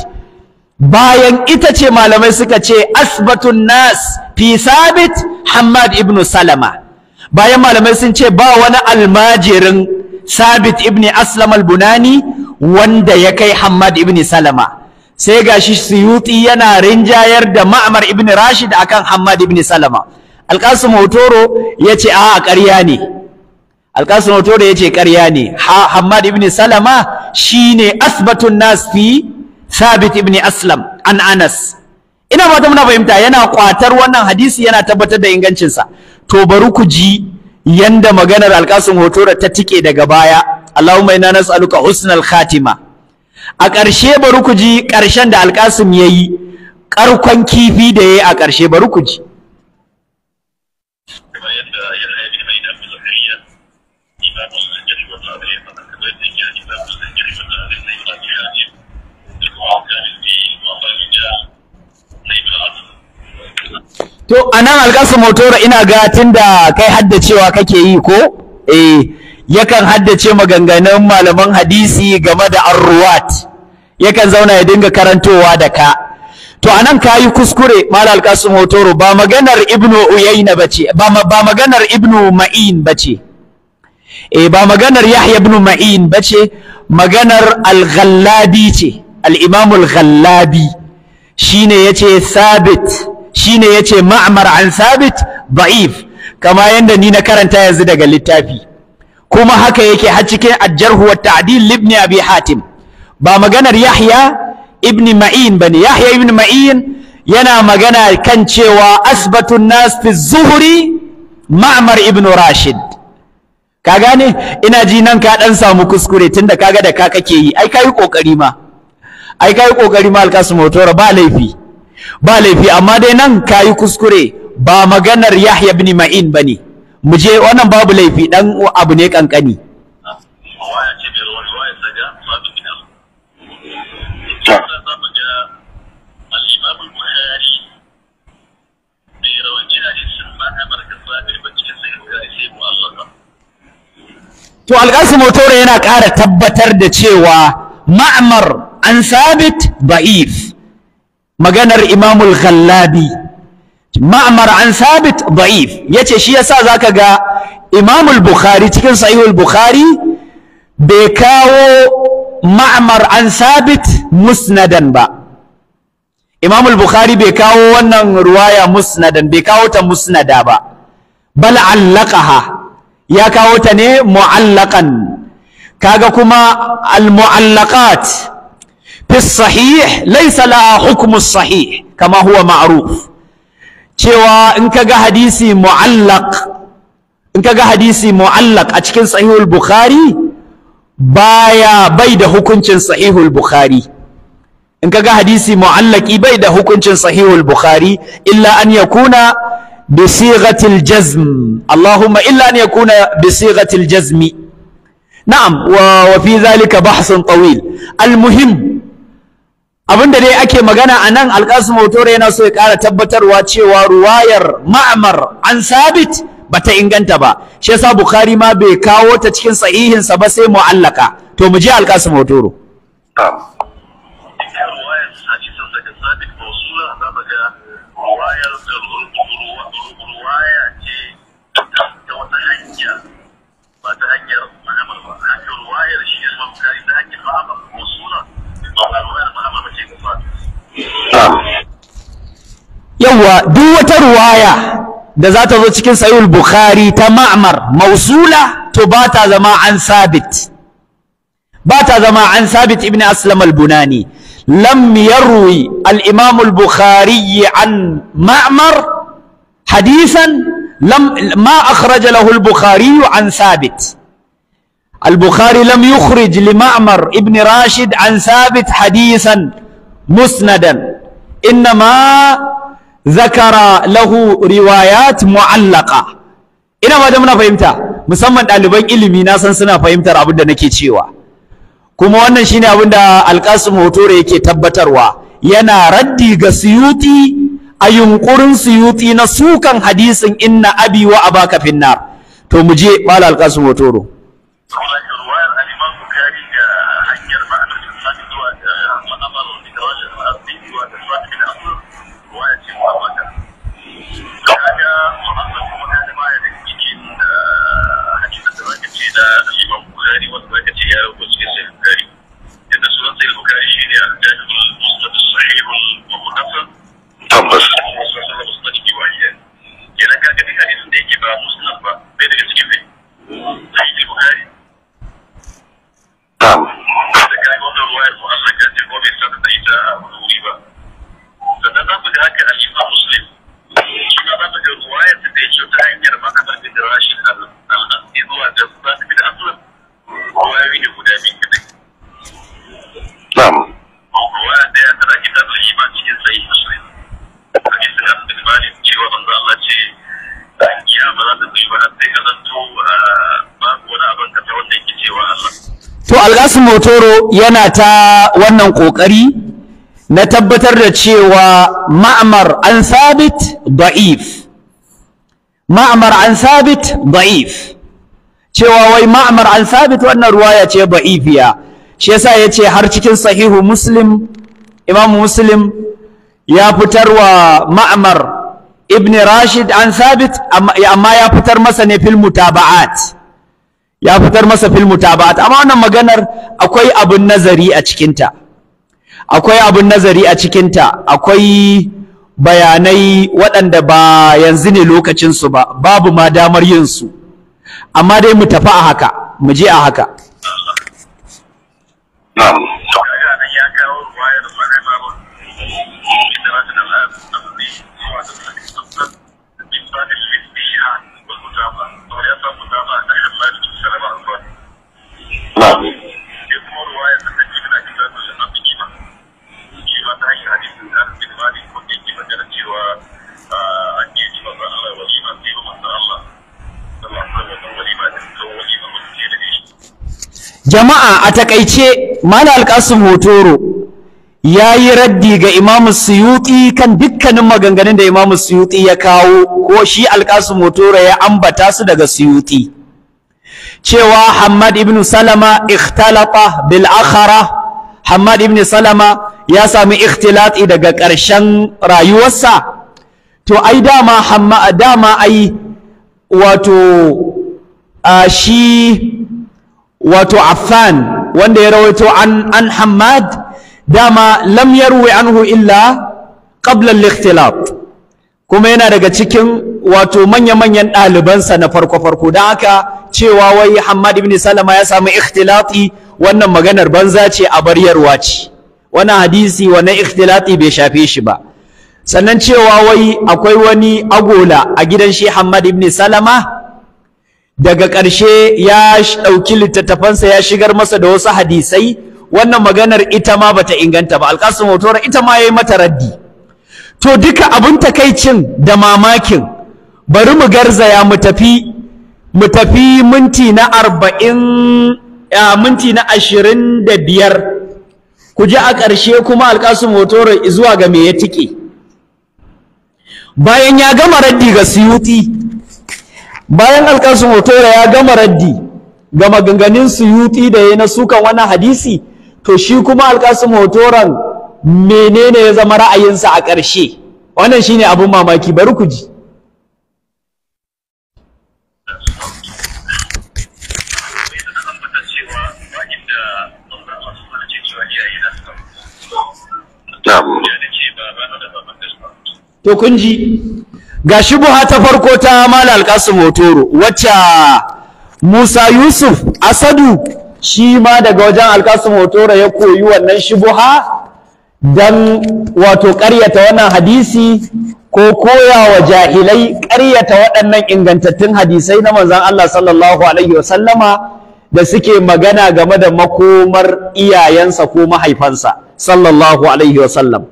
A: bayan ita ce malamai suka ce asbatun nas fi sabit hamad ibn salama bayan malamai sun ce ba wani almajirin sabit ibn aslam albunani bunani wanda ya kai hamad ibn salama sai gashi suyuti yana rinjayar da ma'amar ibn rashid akan hamad ibn salama alƙasim hotoro ya ce a ƙarya ne alƙasim hotoro ya ce ƙarya ne hamad ibn salama shine asbatun asibatun Sabit sabit ibn aslam an anas ina fata muna fahimta yana kwatar wannan hadisi yana tabbatar da ingancinsa to bari ku ji yanda maganar alƙasim hotoro ta tike daga baya allahumma inna nas'aluka husnal khatima a ƙarshe bari ku ji ƙarshen da alƙasim yi ƙarkon kifi da ya yi a ƙarshe bari ku ji to anan alƙasa motoro ina ga tunda kai haddacewa kake yi ko eh yakan haddace maganganun malaman hadisi game da arruwat yakan zauna ya dinga karantowa da ka to anan kayi kuskure malal alƙasim motoro ba maganar ibnu uyayna bace ba, ba maganar ibnu ma'in bace eh ba maganar yahya ibnu ma'in bace maganar al-ghallabi ce al-imam al-ghallabi shine yace sabit shine yace ma'mar an sabit da'if kama yanda ni na karanta yanzu daga littafi kuma haka yake har cikin ajarhu wa ta'dil ibn abi hatim ba maganar yahya ibn ma'in ba ne. yahya ibn ma'in yana magana kan cewa asbatun nas fi zuhri ma'mar ibn rashid ka gane ina ji nan ka dan samu kuskure tunda kaga da ka kake yi ai kai kokari ma ai kai kokari ma alkasu motora ba laifi ba laifi amma dai nan kayi kuskure ba maganar Yahya ibn Ma'in bane mu je wannan babu laifi dan abu ne kankani to alƙasimu motore yana ƙara tabbatar da cewa ma'amar an sabit ba'if maganar imamul ghallabi ma'amar an sabit da'if yace shi yasa zaka ga imamul bukhari cikin sahihul bukhari bai kawo ma'amar an sabit musnadan ba imamul bukhari bai kawo wannan ruwaya musnadan bai kawo ta musnada ba bal allaqaha ya kawo ta ne mu'allaqan kaga kuma al mu'allaqat fi sahih laisa la hukmu sahih kama huwa ma'ruf cewa in kaga hadisi mu'allaq in kaga hadisi mu'allaq a cikin sahihul bukhari baya bai da hukuncin sahihul bukhari in kaga hadisi mu'allaqi bai da hukuncin sahihul bukhari illa an yakuna bi sighatil jazm allahumma illa an yakuna bi sighatil jazmi na'am wa fi dhalika bahsun tawil al muhim abinda dai ake magana a nan alƙasim motore yana so ya ƙara tabbatarwa cewa ruwayar ma'amar an sabit ta inganta ba shi yasa bukari ma bai kawo ta cikin sahihinsa ba sai mu'allaka to mu je alƙasim motoro
B: yawa duk
A: wata ruwaya da za ta zo cikin sahihul bukhari ta ma'mar mausula to ba ta zama an sabit ba ta zama an sabit ibn aslam al-bunani lam yarwi al-imam al-bukhari an ma'mar hadisan لم ما أخرج له البخاري عن ثابت البخاري لم يخرج لمعمر ابن راشد عن ثابت حديثا مسندا innama zakara lahu riwayat mu'allaqa ina ba da muna fahimta musamman ɗaliban ilimi na san suna fahimtar abin da nake cewa kuma wannan shine abin da alƙasim hotore yake tabbatarwa yana raddi ga siyuti a yunkurin siyuti na sukan hadisin inna abi wa abaka finnar to mu je bala alƙasim hotoro algasin motoro yana ta wannan ƙoƙari na tabbatar da cewa ma'amar an sabit da'if ma'amar an sabit da'if cewa wai ma'amar an sabit wannan ruwaya ce ba'ifiya shi yasa ya ce har cikin sahihu muslim imamu muslim ya wa ma'amar ibn rashid an sabit amma ya fitar masa ne fil mutaba'at ya fitar masa fil mutaba'at amma wannan maganar akwai abin nazari a cikinta akwai abin nazari a cikinta akwai bayanai waɗanda ba yanzu ne lokacinsu ba babu ma damar yin su amma dai mu tafi a haka mu je a haka jama'a a takaice mana alƙasim hotoro ya yi raddi ga imamu suyuti kan dukkanin maganganun da imamu suyuti ya kawo ko shi alƙasim hotoro ya ambata su daga suyuti cewa Hamad ibn Salama ikhtalata bil akhara Hamad ibn Salama ya sami ikhtilati daga ƙarshen rayuwarsa to ai dama hamma dama ai wato shi wato Affan wanda ya rawaito an an Hammad dama lam yarwi anhu illa qabla al-ikhtilat kuma yana daga cikin wato manya-manyan ɗalibansa na farko-farko don haka cewa wai Hamad ibn Salama ya samu ikhtilati wannan maganar banza ce a baryarwa ce wannan hadisi wani ikhtilati bai shafe shi ba sannan cewa wai akwai wani agola a gidan shi Hamad ibn Salama daga ƙarshe ya ɗauki littattafansa ya shigar masa da wasu hadisai wannan maganar ita ma bata inganta ba alƙasim hotora ita ma ya yi mata raddi to duka abin takaicin da mamakin bari mu garzaya mu tafi mu tafi minti na arba'in minti na ashirin da biyar ku ji a ƙarshe kuma alƙasun motorin zuwa ga me ya tike bayan ya gama raddi ga suyuti bayan alƙasun ya gama raddi ga maganganun suyuti da ya na sukan wani hadisi to shi kuma alƙasun motoran menene ya zama ra'ayinsa a ƙarshe wannan shine abin mamaki bari ku ji to kun ji ga ta farko ta mala alƙasim hotoro wacce musa yusuf asadu shi ma daga wajen alƙasim motoro ya koyi wannan shubuha dan wato ƙaryata wannan hadisi ko koya wa jahilai ƙaryata waɗannan ingantattun hadisai na manzon Allah sallallahu alaihi wasallama da suke magana game da makomar iyayensa ko mahaifansa sallallahu alaihi wasallam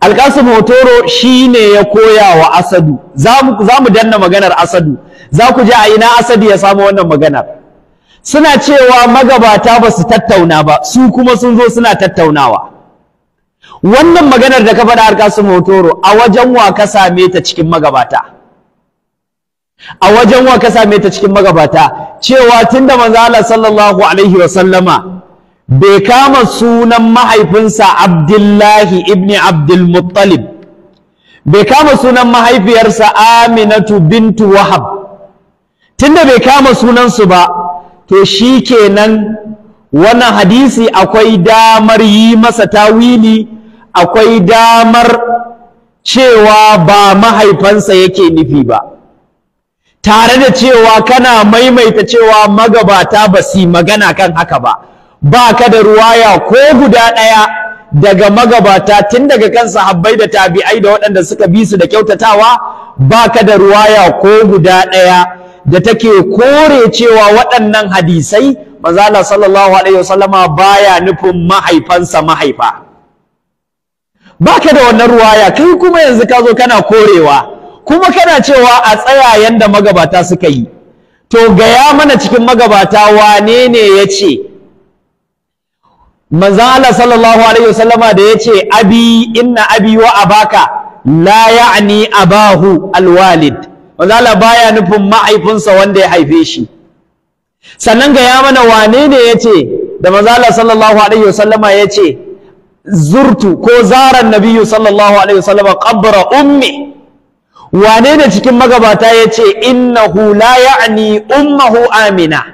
A: alƙasim hotoro shi ne ya koya wa asadu za mu danna maganar asadu za ku ji a ina asadu ya samu wannan maganar suna cewa magabata ba su tattauna ba su kuma sun zo suna tattaunawa wannan maganar da ka faɗa har kasu motoro a wajen wa ka same ta cikin magabata a wajen wa ka same ta cikin magabata cewa tunda manzo Allah sallallahu alaihi wa sallama bai kama sunan mahaifinsa Abdullahi ibn Abdul Muttalib bai kama sunan mahaifiyarsa Aminatu bintu Wahab tunda bai kama sunansu ba to shikenan wannan hadisi akwai damar yi masa tawili akwai damar cewa ba mahaifansa yake nufi ba tare da cewa kana maimaita cewa magabata ba su magana kan haka ba ba ka da ruwaya ko guda ɗaya daga magabata tun daga kan sahabbai da tabi'ai da waɗanda suka bi su da kyautatawa ba ka da ruwaya ko guda ɗaya da take kore cewa waɗannan hadisai manzala sallallahu alaihi wasallama baya nufin mahaifansa mahaifa baka da wannan ruwaya kai kuma yanzu ka zo kana korewa kuma kana cewa a tsaya yanda magabata suka yi to gaya mana cikin magabata wane ne ya ce manzan Allah sallallahu alaihi wasallama da ya ce abi inna abi wa abaka la ya'ni abahu alwalid manzan Allah baya nufin ma'aifinsa wanda ya haife shi sannan gaya mana wane ne ya ce da manzan Allah sallallahu alaihi wasallama ya ce zurtu ko zaran nabiyu sallallahu alaihi wasallam qabra ummi wane ne cikin magabata ya ce innahu la ya'ni ummahu amina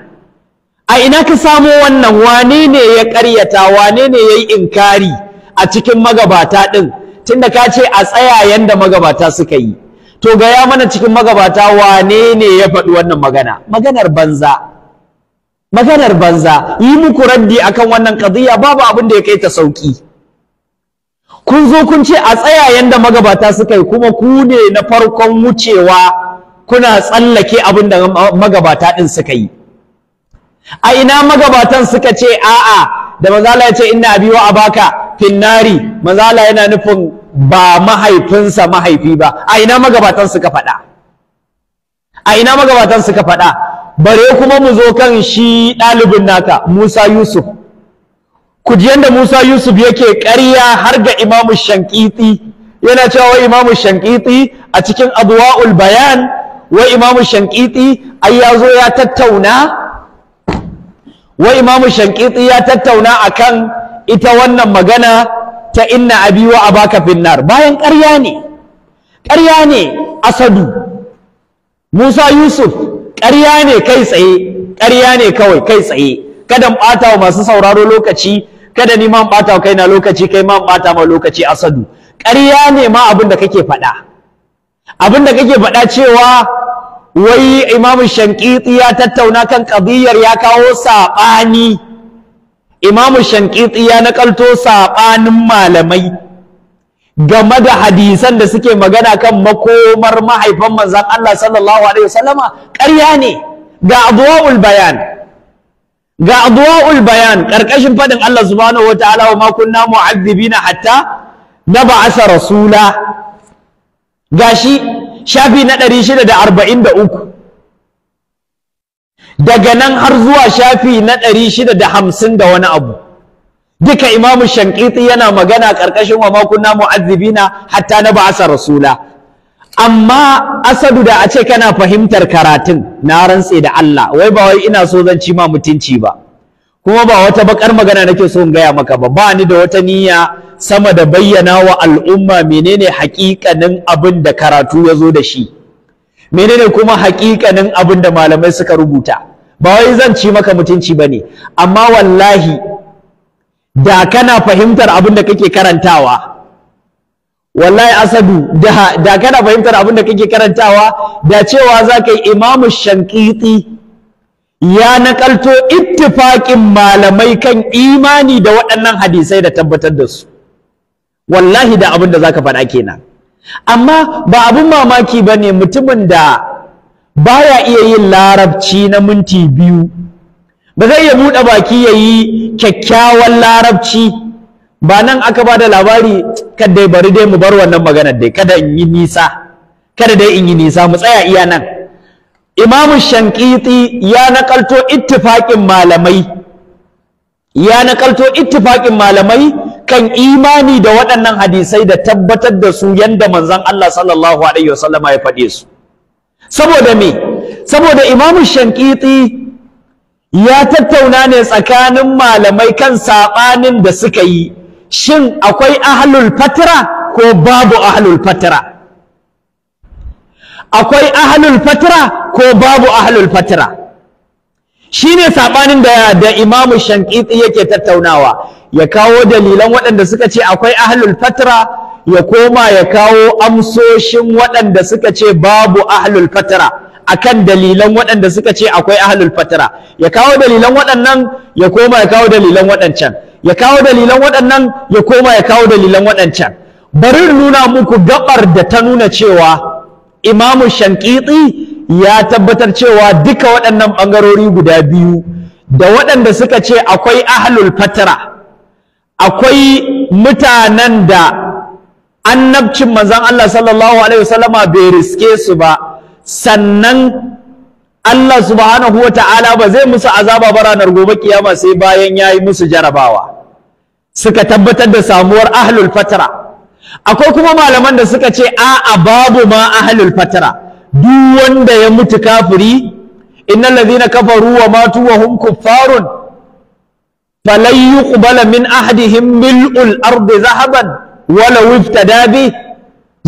A: a ina ka samo wannan wane ne ya karyata wane ne ya yi inkari a cikin magabata ɗin tunda ka ce a tsaya yanda magabata suka yi to gaya mana cikin magabata wane ne ya faɗi wannan magana maganar banza maganar banza yi muku raddi akan wannan qadiya babu abin da ya kai ta sauki kun zo kun ce a tsaya yanda magabata suka yi kuma ku ne na farkon wucewa kuna tsallake abin da magabata din suka yi a ina magabatan suka ce a'a da manzala ya ce ina abi a abaka finnari manzala yana nufin ba mahaifinsa mahaifi ba a ina magabatan suka faɗa a ina magabatan suka faɗa bare kuma mu zo kan shi ɗalibin naka Musa Yusuf ku ji Musa Yusuf yake ƙarya har ga Imam Shankiti yana cewa wai Imam Shankiti a cikin Adwa'ul Bayan wai Imam Shankiti ai ya zo ya tattauna wai Imam Shankiti ya tattauna akan ita wannan magana ta inna abi wa abaka finnar bayan ƙarya ne ƙarya ne asadu Musa Yusuf ƙarya ne kai tsaye ƙarya ne kawai kai tsaye kada mu ɓata wa masu sauraro lokaci kada ni ma in ɓata kai na lokaci kai ma in ɓata ma lokaci asadu ƙarya ne ma abin da kake faɗa abin da kake faɗa cewa wai imamu shankiti ya tattauna kan ƙadiyar ya kawo saɓani imamu shankiti ya nakalto saɓanin malamai game da hadisan da suke magana kan makomar mahaifan manzon Allah sallallahu alaihi wasallama ƙarya ne ga adwa'ul bayan ga adwa'ul bayan karkashin fadin Allah subhanahu wataala wa ma kunna mu'adhibina hatta nab'asa rasula gashi shafi na 643 daga nan har zuwa shafi na 650 da wani abu duka imamu shankiti yana magana karkashin wa ma kunna mu'adhibina hatta nab'asa rasula amma asadu da a ce kana fahimtar karatun na rantse da Allah wai ba wai ina so zan ci ma mutunci ba kuma ba wata bakar magana nake so in gaya maka ba ba ni da wata niyya sama da bayyana wa al'umma menene haƙiƙanin abin da karatu ya zo da shi menene kuma haƙiƙanin abin da malamai suka rubuta ba wai zan ci maka mutunci ba ne amma wallahi da kana fahimtar abin da kake karantawa wallahi asadu da da kana fahimtar abin da kake karantawa da cewa za ka yi imamu shankiti ya nakalto ittifaƙin malamai kan imani da waɗannan hadisai da tabbatar da su wallahi da abin da za ka faɗa kenan amma ba abin mamaki ba ne mutumin da baya iya yin larabci na minti biyu ba zai iya buɗe baki ya yi kyakkyawan larabci ba nan aka ba da labari kada bari dai mu bar wannan maganar dai kada in yi nisa kada dai in yi nisa mu tsaya iya nan imamu shankiti ya nakalto ittifaƙin malamai ya nakalto ittifaƙin malamai kan imani da waɗannan hadisai da tabbatar da su yadda manzon Allah sallallahu alaihi wasallama ya faɗe su saboda me saboda imamu shankiti ya tattauna ne tsakanin malamai kan saɓanin da suka yi shin akwai ahlul fatira ko babu ahlul fatira akwai ahlul fatira ko babu ahlul fatira shine sabanin da da imamu shankiti yake tattaunawa ya kawo dalilan waɗanda suka ce akwai ahlul fatira ya koma ya kawo amsoshin waɗanda suka ce babu ahlul fatira akan dalilan waɗanda suka ce akwai ahlul fatira ya kawo dalilan waɗannan ya koma ya kawo dalilan waɗancan ya kawo dalilan waɗannan ya koma ya kawo dalilan waɗancan bari nuna muku gabar da ta nuna cewa imamu shankiti ya tabbatar cewa duka waɗannan ɓangarori guda biyu da waɗanda suka ce akwai ahlul fatara akwai mutanen da annabcin manzon Allah sallallahu alaihi wasallama bai riske su ba sannan Allah subhanahu wata'ala ta'ala ba zai musu azaba ba ranar gobe kiyama sai bayan ya yi musu jarabawa suka tabbatar da samuwar ahlul fatra akwai kuma malaman da suka ce a'a babu ma ahlul fatra duk wanda ya mutu kafiri innal ladhina kafaru wa matu wa hum kuffarun falan yuqbala min ahadihim mil'ul ardi zahaban wala iftada bi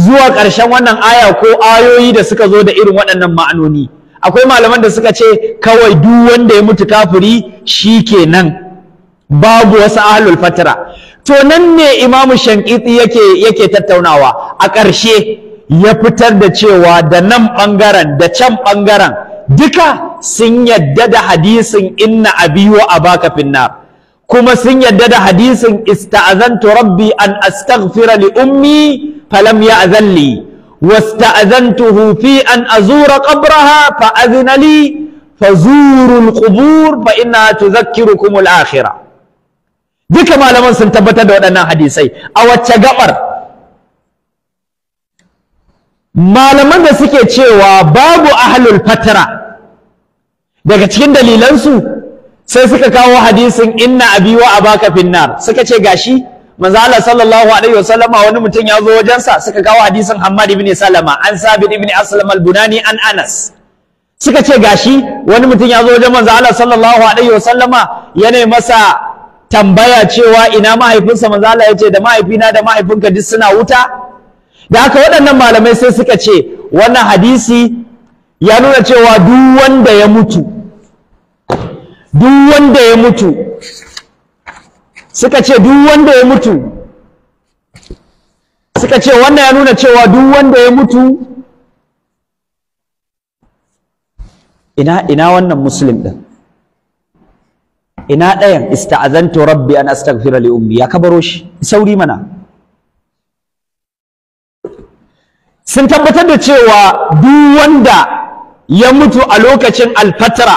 A: zuwa ƙarshen wannan aya ko ayoyi da suka zo da irin waɗannan ma'anoni akwai malaman da suka ce kawai duk wanda ya mutu kafiri shikenan babu wasu ahlul fatara to nan ne imamu shankiti yake yake tattaunawa a ƙarshe ya fitar da cewa da nan ɓangaren da can ɓangaren duka sun yadda da hadisin inna abi wa abaka finna, kuma sun yadda da hadisin ista'azantu rabbi an astaghfira li ummi falam ya'zan واستأذنته في أن أزور قبرها فأذن لي فزوروا القبور فإنها تذكركم الآخرة duka malaman sun tabbatar da waɗannan hadisai a wacce gaɓar. malaman da suke cewa babu ahlul fatara daga cikin dalilansu sai suka kawo hadisin inna abi wa abaka finnar suka ce gashi manzo Allah sallallahu alaihi wasallama wani mutum ya zo wajensa suka kawo hadisin Hammad ibn Salama an Sabit ibn Aslam al-Bunani an Anas suka ce gashi wani mutum ya zo wajen manzo Allah sallallahu alaihi wasallama yana masa tambaya cewa ina mahaifinsa manzo Allah ya ce da mahaifina da mahaifinka duk suna wuta da haka waɗannan malamai sai suka ce wannan hadisi ya nuna cewa duk wanda ya mutu duk wanda ya mutu suka ce duk wanda ya mutu suka ce wannan ya nuna cewa duk wanda ya mutu ina ina wannan muslim din ina ɗayan ista'azantu rabbi an astaghfira li ummi ya kabaro shi sauri mana sun tabbatar da cewa duk wanda ya mutu a lokacin alfatara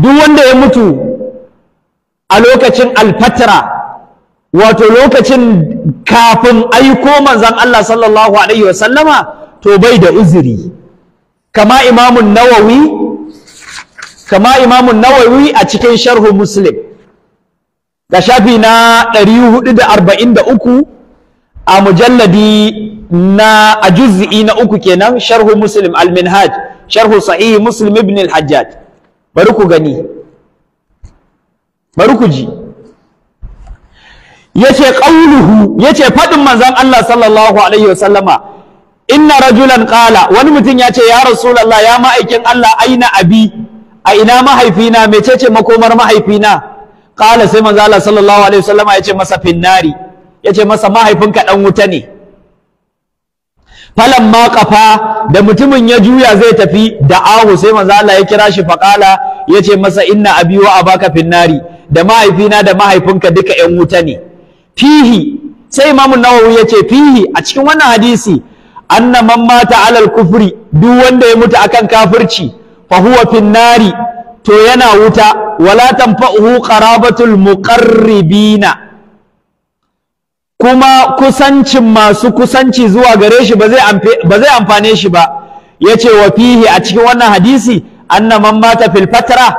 A: duk wanda ya mutu a lokacin alfatara wato lokacin kafin aiko manzon Allah sallallahu alaihi wasallama to bai da uzuri kama imamun nawawi kama imamun nawawi a cikin sharhu muslim da shafi na 443 a mujalladi na a juz'i na uku kenan sharhu muslim al-minhaj sharhu sahih muslim ibn al-hajjaj bari ku gani bari ku ji yace qauluhu yace fadin manzon Allah sallallahu alaihi wasallama inna rajulan qala wani mutum ya ce ya rasulullah ya ma'aikin Allah aina abi a ina mahaifina mecece makomar mahaifina qala sai manzon Allah sallallahu alaihi wasallama yace masa finnari yace masa mahaifinka dan wuta ne falan ma da mutumin ya juya zai tafi da ahu sai manzon Allah ya kira shi faqala ya ce masa inna abi wa abaka finnari da mahaifina da mahaifinka duka yan wuta ne fihi sai imamu nawawi ya ce fihi a cikin wannan hadisi anna man mata alal kufri duk wanda ya mutu akan kafirci fa huwa finnari to yana wuta wala tanfa'uhu qarabatul muqarribina kuma kusancin masu kusanci zuwa gare shi ba zai amfane shi ba yace wa fihi a cikin wannan hadisi anna man mata fil fatra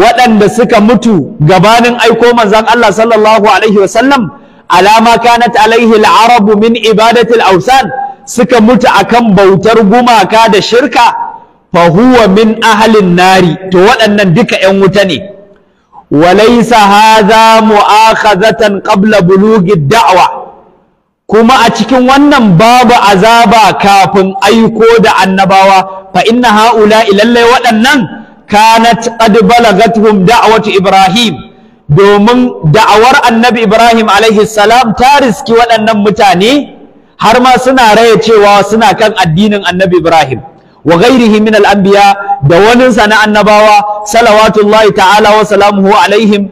A: waɗanda suka mutu gabanin aiko manzon Allah sallallahu alaihi wasallam alama kanat alaihi al-arabu min ibadati al-awsan suka mutu akan bautar gumaka da shirka fa huwa min ahlin nari to waɗannan duka ƴan wuta ne walaysa hadha mu'akhazatan qabla bulughi ad-da'wa kuma a cikin wannan babu azaba kafin aiko da annabawa fa inna haula lallai waɗannan kanat qad balagathum da'watu ibrahim domin da'awar annabi ibrahim alaihi salam ta riski waɗannan mutane har ma suna raya cewa suna kan addinin annabi ibrahim wa ghairihi min al-anbiya da waninsa na annabawa salawatullahi ta'ala wa salamuhu alaihim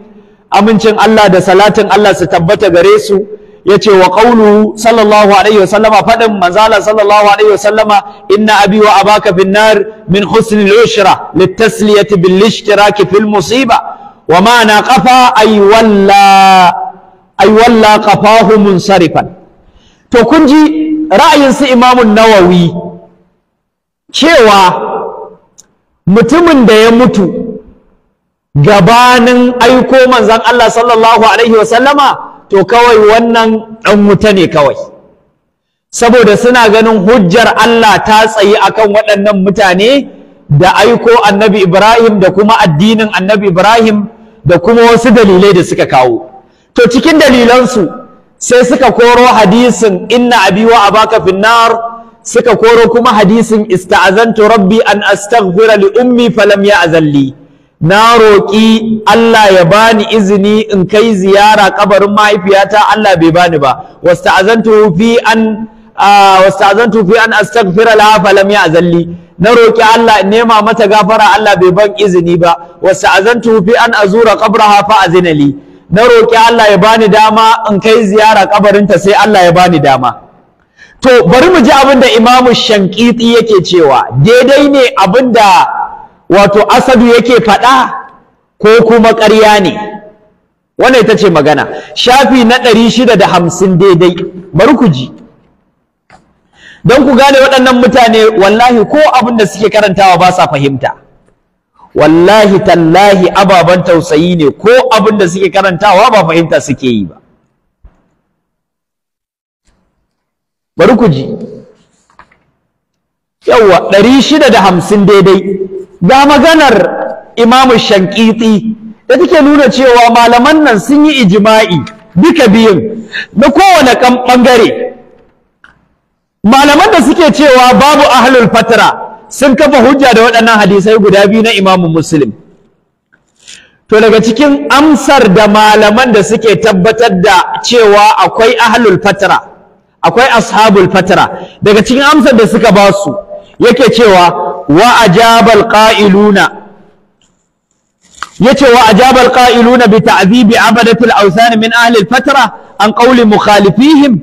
A: amincin Allah da salatin Allah su tabbata gare su yace wa qawlu sallallahu alaihi wasallama fadin manzala sallallahu alaihi wasallama inna abi wa abaka bin nar min husni al-ushra litasliyati bil ishtiraki fil musiba wa ma na ay walla ay walla qafahu munsarifan to kun ji ra'ayin su imamu nawawi cewa mutumin da ya mutu gabanin aiko manzon Allah sallallahu alaihi wasallama to kawai wannan ɗan wuta ne kawai saboda suna ganin hujjar Allah ta tsayi akan waɗannan mutane da aiko annabi Ibrahim da kuma addinin annabi Ibrahim da kuma wasu dalilai da suka kawo to cikin dalilansu sai suka koro hadisin inna abi a baka finnar suka koro kuma hadisin ista'azantu rabbi an astaghfira li ummi falam ya'zalli na roƙi Allah ya bani izini in kai ziyara kabarin mahaifiyata Allah bai bani ba wasta'azantu fi an fi an astaghfira laha lam ya'zalli na roƙi Allah in nema mata gafara Allah bai ban izini ba wasta'azantu fi an azura qabraha fa azina li na roƙi Allah ya bani dama in kai ziyara ƙabarinta sai Allah ya bani dama to bari mu ji abin da Imam Shankiti yake cewa daidai ne abin da wato asadu yake faɗa ko kuma ƙarya ne wannan ita ce magana shafi na ɗari shida da hamsin daidai bari ku ji don ku gane waɗannan mutane wallahi ko abin da suke karantawa ba sa fahimta wallahi tallahi ababen tausayi ne ko abin da suke karantawa ba fahimta suke yi ba bari ku ji yawwa ɗari shida da hamsin daidai Da maganar imamu shankiti da take nuna cewa malaman nan sun yi ijima'i duka biyun na kowane ɓangare malaman da suke cewa babu ahlul fatra sun kafa hujja da waɗannan hadisai guda biyu na imamu muslim to daga cikin amsar da malaman da suke tabbatar da cewa akwai ahlul fatra akwai ashabul fatra daga cikin amsar da suka basu su yake cewa وأجاب القائلون يتي وأجاب القائلون بتعذيب عبدة الأوثان من أهل الفترة عن قول مخالفيهم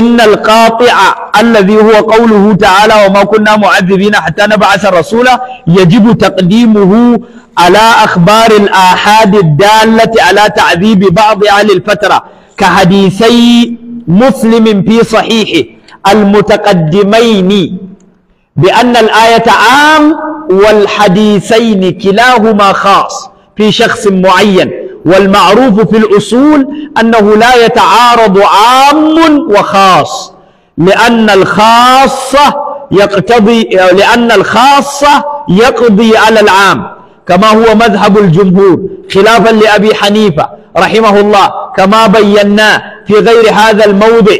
A: إن القاطع الذي هو قوله تعالى وما كنا معذبين حتى نبعث رسولا يجب تقديمه على أخبار الآحاد الدالة على تعذيب بعض أهل الفترة كحديثي مسلم في صحيحه المتقدمين بأن الآية عام والحديثين كلاهما خاص في شخص معين والمعروف في الأصول أنه لا يتعارض عام وخاص لأن الخاصة يقتضي لأن الخاصة يقضي على العام كما هو مذهب الجمهور خلافا لأبي حنيفة رحمه الله كما بيناه في غير هذا الموضع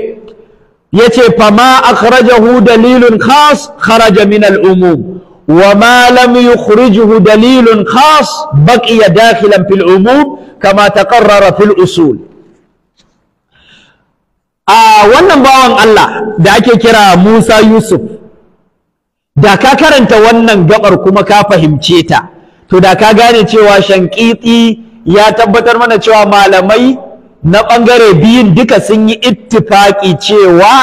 A: yace fama akhrajahu dalilun khas kharaja min al-umum وما لم يخرجه dalilun khas بقي داخلا fil umum kamata تقرر fil usul a wannan bawan Allah da ake kira Musa Yusuf da ka karanta wannan gabar kuma ka fahimce ta to da ka gane cewa shankiti ya tabbatar mana cewa malamai na ɓangare biyun duka sun yi ittifaƙi cewa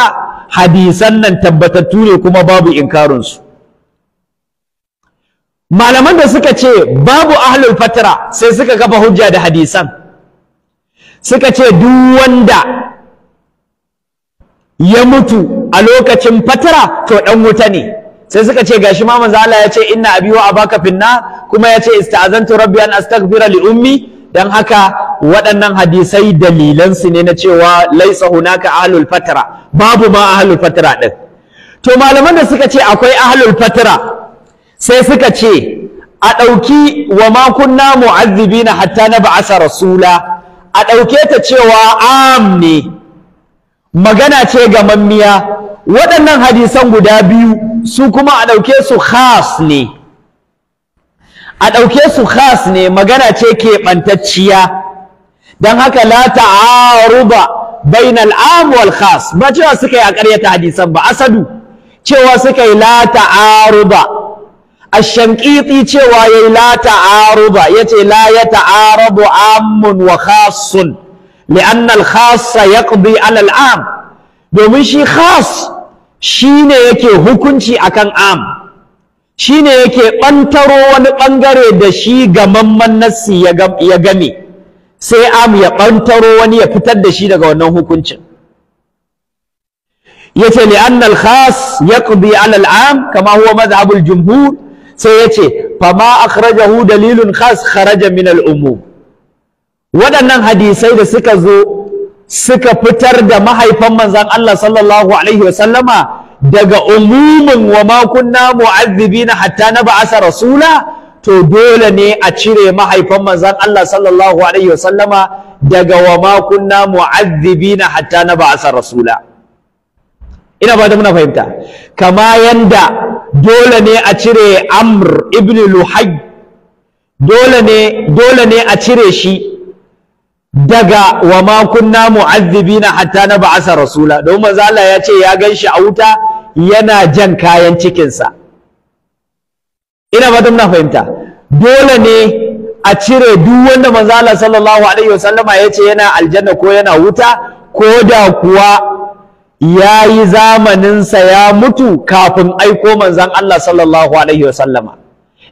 A: hadisan nan tabbatattu ne kuma babu inkarinsu malaman da suka ce babu ahlul fatara sai suka kafa hujja da hadisan suka ce duk wanda ya mutu a lokacin fatara to ɗan wuta ne sai suka ce gashi ma manzo Allah ya ce inna abi wa abaka finna kuma ya ce ista'azantu rabbi an astaghfira li ummi dan haka waɗannan hadisai dalilansu ne na cewa laisa hunaka ahlul fatara babu ma ahlul fatara ɗin to malaman da suka ce akwai ahlul fatara sai suka ce a ɗauki wa ma kunna mu'azzibina hatta na ba'asa rasula a ɗauke ta cewa am ne magana ce ga mammiya waɗannan hadisan guda biyu su kuma a ɗauke su khas ne a ɗauke su khas ne magana ce keɓantacciya don haka la ta'aruba bainal am wal khas ba cewa suka yi a ƙaryata hadisan ba asadu cewa suka yi la ta'aruba ashanqiti cewa yayi la ta'aruba yace la ya ta'arabu amun wa khassun li'anna al khass yaqdi ala al am domin shi khas shine yake hukunci akan am shine yake bantaro wani bangare da shi gamamman nasi ya game sai am ya ɓantaro wani ya fitar da shi daga wannan hukuncin yace li anna al khas yaqdi ala al am kama huwa madhhab al jumhur sai yace fama akhrajahu dalilun khas kharaja min al umum waɗannan hadisai da suka zo suka fitar da mahaifan manzon Allah sallallahu alaihi wasallama daga umumin wa ma kunna mu'azzibina hatta ba'asa rasula to dole ne a cire mahaifan manzan Allah sallallahu alaihi wasallama daga wa ma kunna mu'adhibina hatta na ba'asa rasula ina ba da muna fahimta kama yanda dole ne a cire amr ibn luhay dole ne dole ne a cire shi daga wa ma kunna mu'adhibina hatta na ba'asa rasula don manzo Allah ya ce ya ganshi a wuta yana jan kayan cikinsa ina ba muna fahimta dole ne a cire duk wanda manzo sallallahu alaihi wasallama ce yana aljanna ko yana wuta ko da kuwa ya yi zamaninsa ya mutu kafin aiko manzon Allah sallallahu alaihi wasallama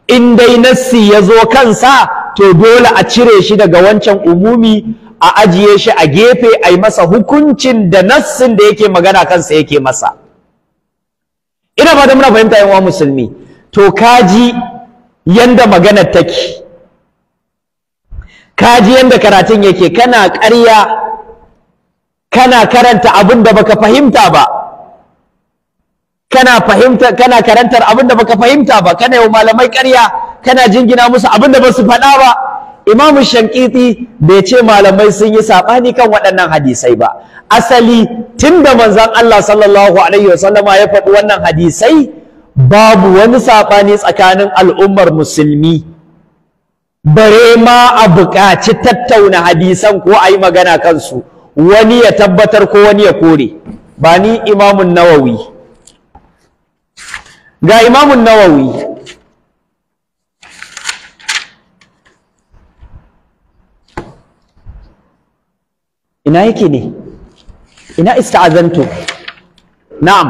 A: in dai nassi ya zo kansa to dole a cire shi daga wancan umumi a ajiye shi a gefe a yi masa hukuncin da nassin da yake magana kansa yake masa ina ba da muna fahimta yan musulmi to kaji yanda maganar take kaji yanda karatun yake kana ƙarya kana karanta abin da baka fahimta ba kana fahimta kana karantar abin da baka fahimta ba kana yau malamai ƙarya kana jingina musu abin da ba su faɗa ba imamu shankiti bai ce malamai sun yi saɓani kan waɗannan hadisai ba asali tun da manzon Allah sallallahu alaihi wasallama ya faɗi wannan hadisai babu wani saɓani tsakanin al'ummar musulmi bare ma a buƙaci tattauna hadisan ko a yi magana kansu wani ya tabbatar ko wani ya kore ba ni imamun nawawi
B: ga imamun nawawi
A: ina yake ne ina ista'azantu na'am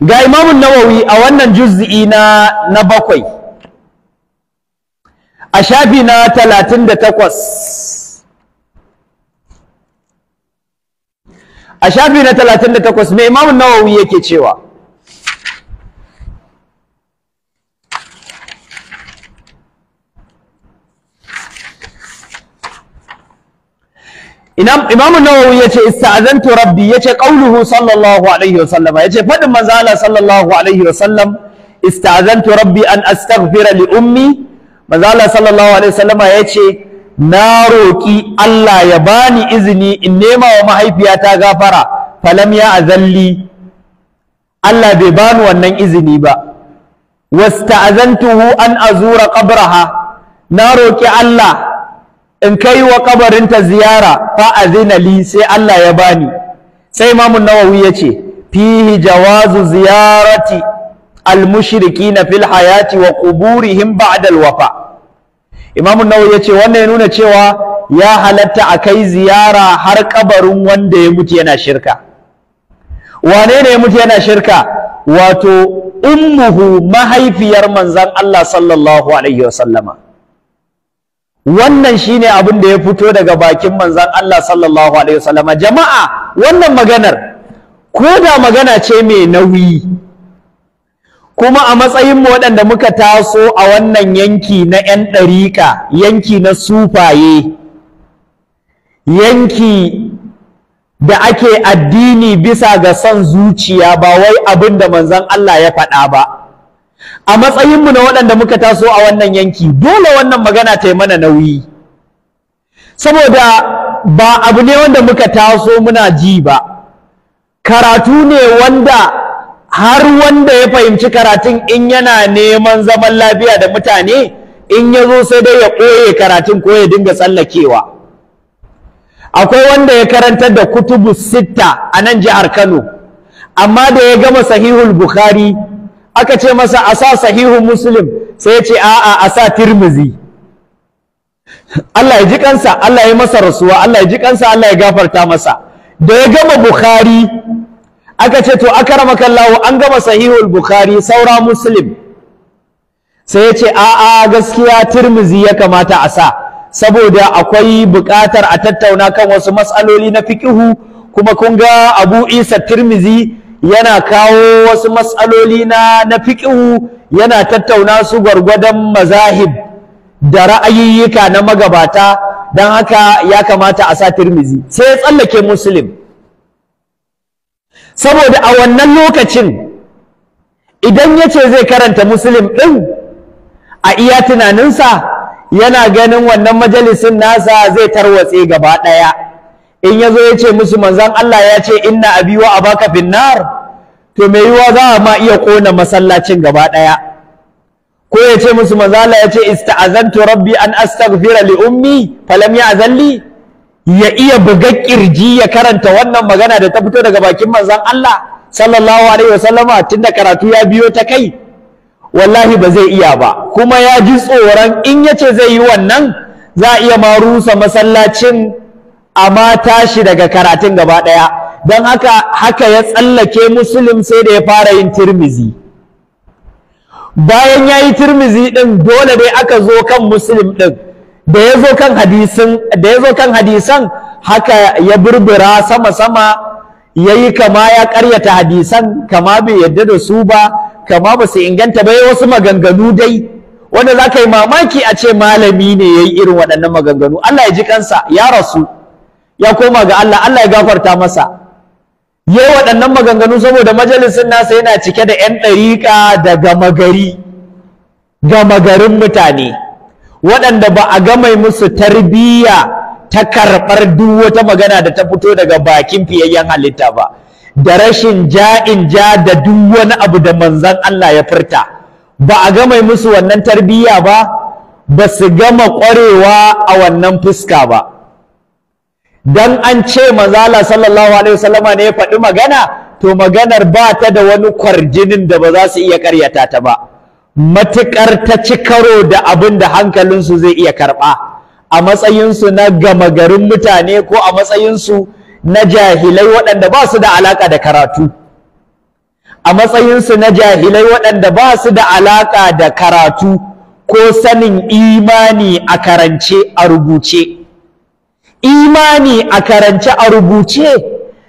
A: ga imamun nawawi a wannan juz'i na na bakwai a shafi na talatin da takwas a shafi na talatin da takwas mai imamun nawawi yake cewa Imam Nawawi yace ista'azantu rabbi yace qauluhu sallallahu alaihi wasallam yace fadin manzo Allah sallallahu alaihi wasallam ista'azantu rabbi an astaghfira li ummi manzo Allah sallallahu alaihi wasallam yace na roki Allah ya bani izini in nema wa mahaifiyata gafara falam ya azalli Allah bai bani wannan izini ba wasta'azantuhu an azura qabraha na roki Allah in kai wa kabarinta ziyara fa azina li sai Allah ya bani sai imamun nawawi ya ce fihi jawazu ziyarati almushrikina fil hayati wa quburihim ba'da alwafa imamun nawawi ya ce wannan ya nuna cewa ya halatta a kai ziyara har kabarin wanda ya mutu yana shirka wane ne ya mutu yana shirka wato ummuhu mahaifiyar manzan Allah sallallahu alaihi wasallama wannan shine abin da ya fito daga bakin manzan Allah sallallahu alaihi wasallama jama'a wannan maganar ko da magana ce mai nauyi kuma a matsayin mu waɗanda muka taso a wannan yanki na 'yan ɗariƙa yanki na sufaye yanki da ake addini bisa ga son zuciya ba wai abin da manzon Allah ya faɗa ba a matsayinmu na waɗanda muka taso a wannan yanki dole wannan magana ta yi mana nauyi saboda ba abu ne wanda muka taso muna ji ba karatu ne wanda har wanda ya fahimci karatun in yana neman zaman lafiya da mutane in ya zo sai dai ya ɓoye karatun ko ya dinga tsallakewa akwai wanda ya karantar da kutubu sitta a nan jihar kano amma da ya gama sahihul bukhari aka ce masa a sa sahihun musulun. sai ya ce a'a a sa tirmizi Allah ya ji kansa Allah ya masa rasuwa Allah ya ji kansa Allah ya gafarta masa da ya gama bukhari aka ce to aka akramakallahu an gama sahihul bukhari saura muslim sai ya ce a'a gaskiya tirmizi ya kamata a sa saboda akwai buƙatar a tattauna kan wasu matsaloli na fikihu kuma kun ga abu isa tirmizi yana kawo wasu matsaloli na na fiqhu yana tattauna su gwargwadon mazahib da ra'ayiyyika na magabata dan haka ya kamata a sa tirmizi sai ya tsallake muslim saboda a wannan lokacin idan yace zai karanta muslim ɗin a iya tunaninsa yana ganin wannan majalisin nasa zai tarwatse gaba ɗaya in ya zo ya ce musu manzan Allah ya ce inna abi wa abaka finnar to me yiwa za a ma iya kona masallacin gaba ɗaya ko ya ce musu manzan Allah ya ce ista'azantu rabbi an astaghfira li ummi falam ya'zalli ya iya buga kirji ya karanta wannan magana da ta fito daga bakin manzan Allah sallallahu alaihi wasallama tunda karatu ya biyo ta kai wallahi ba zai iya ba kuma ya ji tsoron in ya ce zai yi wannan za a iya marusa masallacin amma tashi daga karatun gaba ɗaya don haka haka ya tsallake musulun sai da ya fara yin tirmizi bayan ya yi tirmizi ɗin dole dai aka zo kan musulun ɗin da ya zo kan hadisan haka ya burbura sama-sama ya yi kama ya karyata hadisan kama bai yadda da su ba kama ba su inganta ba wasu maganganu dai wanda za ka yi mamaki a ce malami ne ya yi irin waɗannan maganganu Allah ya ji kansa ya rasu ya koma ga Allah Allah ya gafarta masa yayi waɗannan maganganu saboda majalisun nasa yana cike da 'yan ɗariƙa da gama gari garin mutane waɗanda ba a gamai musu tarbiyya ta karɓar duk wata magana da ta fito daga bakin fiyayyen halitta ba da rashin ja'in ja da duk wani abu da manzan Allah ya furta ba a gamai musu wannan tarbiyya ba ba su gama ƙwarewa a wannan fuska ba dan an ce manzala sallallahu alaihi wasallama ne ya faɗi magana to maganar ba ta da wani kwarjinin da ba za su iya karyata ta ba matuƙar ta ci karo da abin da hankalinsu zai iya karɓa a matsayinsu na gama garin mutane ko a matsayinsu na jahilai waɗanda ba su da alaƙa da karatu a matsayinsu na jahilai waɗanda ba su da alaƙa da karatu ko sanin imani a karance a rubuce imani a karance a rubuce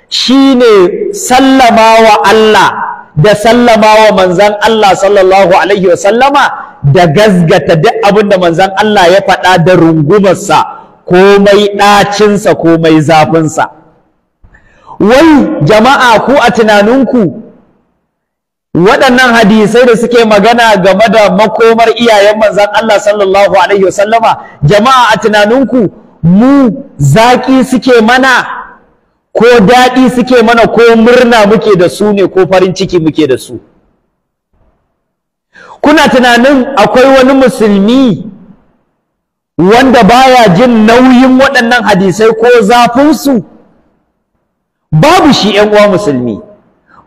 A: shine sallama wa Allah da sallama wa manzan Allah sallallahu alaihi wasallama da gazgata duk abin da manzan Allah ya faɗa da rungumarsa komai ɗacinsa komai zafinsa wai jama'a ku a tunaninku waɗannan hadisai da suke magana game da makomar iyayen manzan Allah sallallahu alaihi wasallama jama'a a tunaninku mu zaƙi suke mana ko daɗi suke mana ko murna muke da su ne ko farin ciki muke da su kuna tunanin akwai wani musulmi wanda baya jin nauyin waɗannan hadisai ko zafin su? babu shi ‘yan uwa musulmi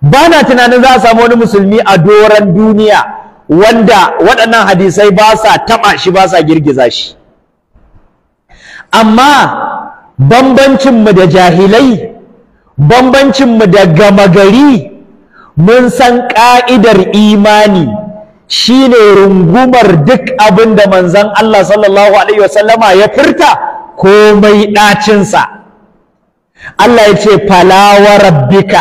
A: ba na tunanin za a samu wani musulmi a doron duniya wanda waɗannan hadisai ba sa taɓa shi ba sa girgiza shi amma bambancinmu da jahilai bambancinmu da gama gari mun san ƙa'idar imani shine rungumar duk abin da manzon Allah sallallahu alaihi wasallama ya furta komai ɗacinsa Allah ya ce falawa rabbika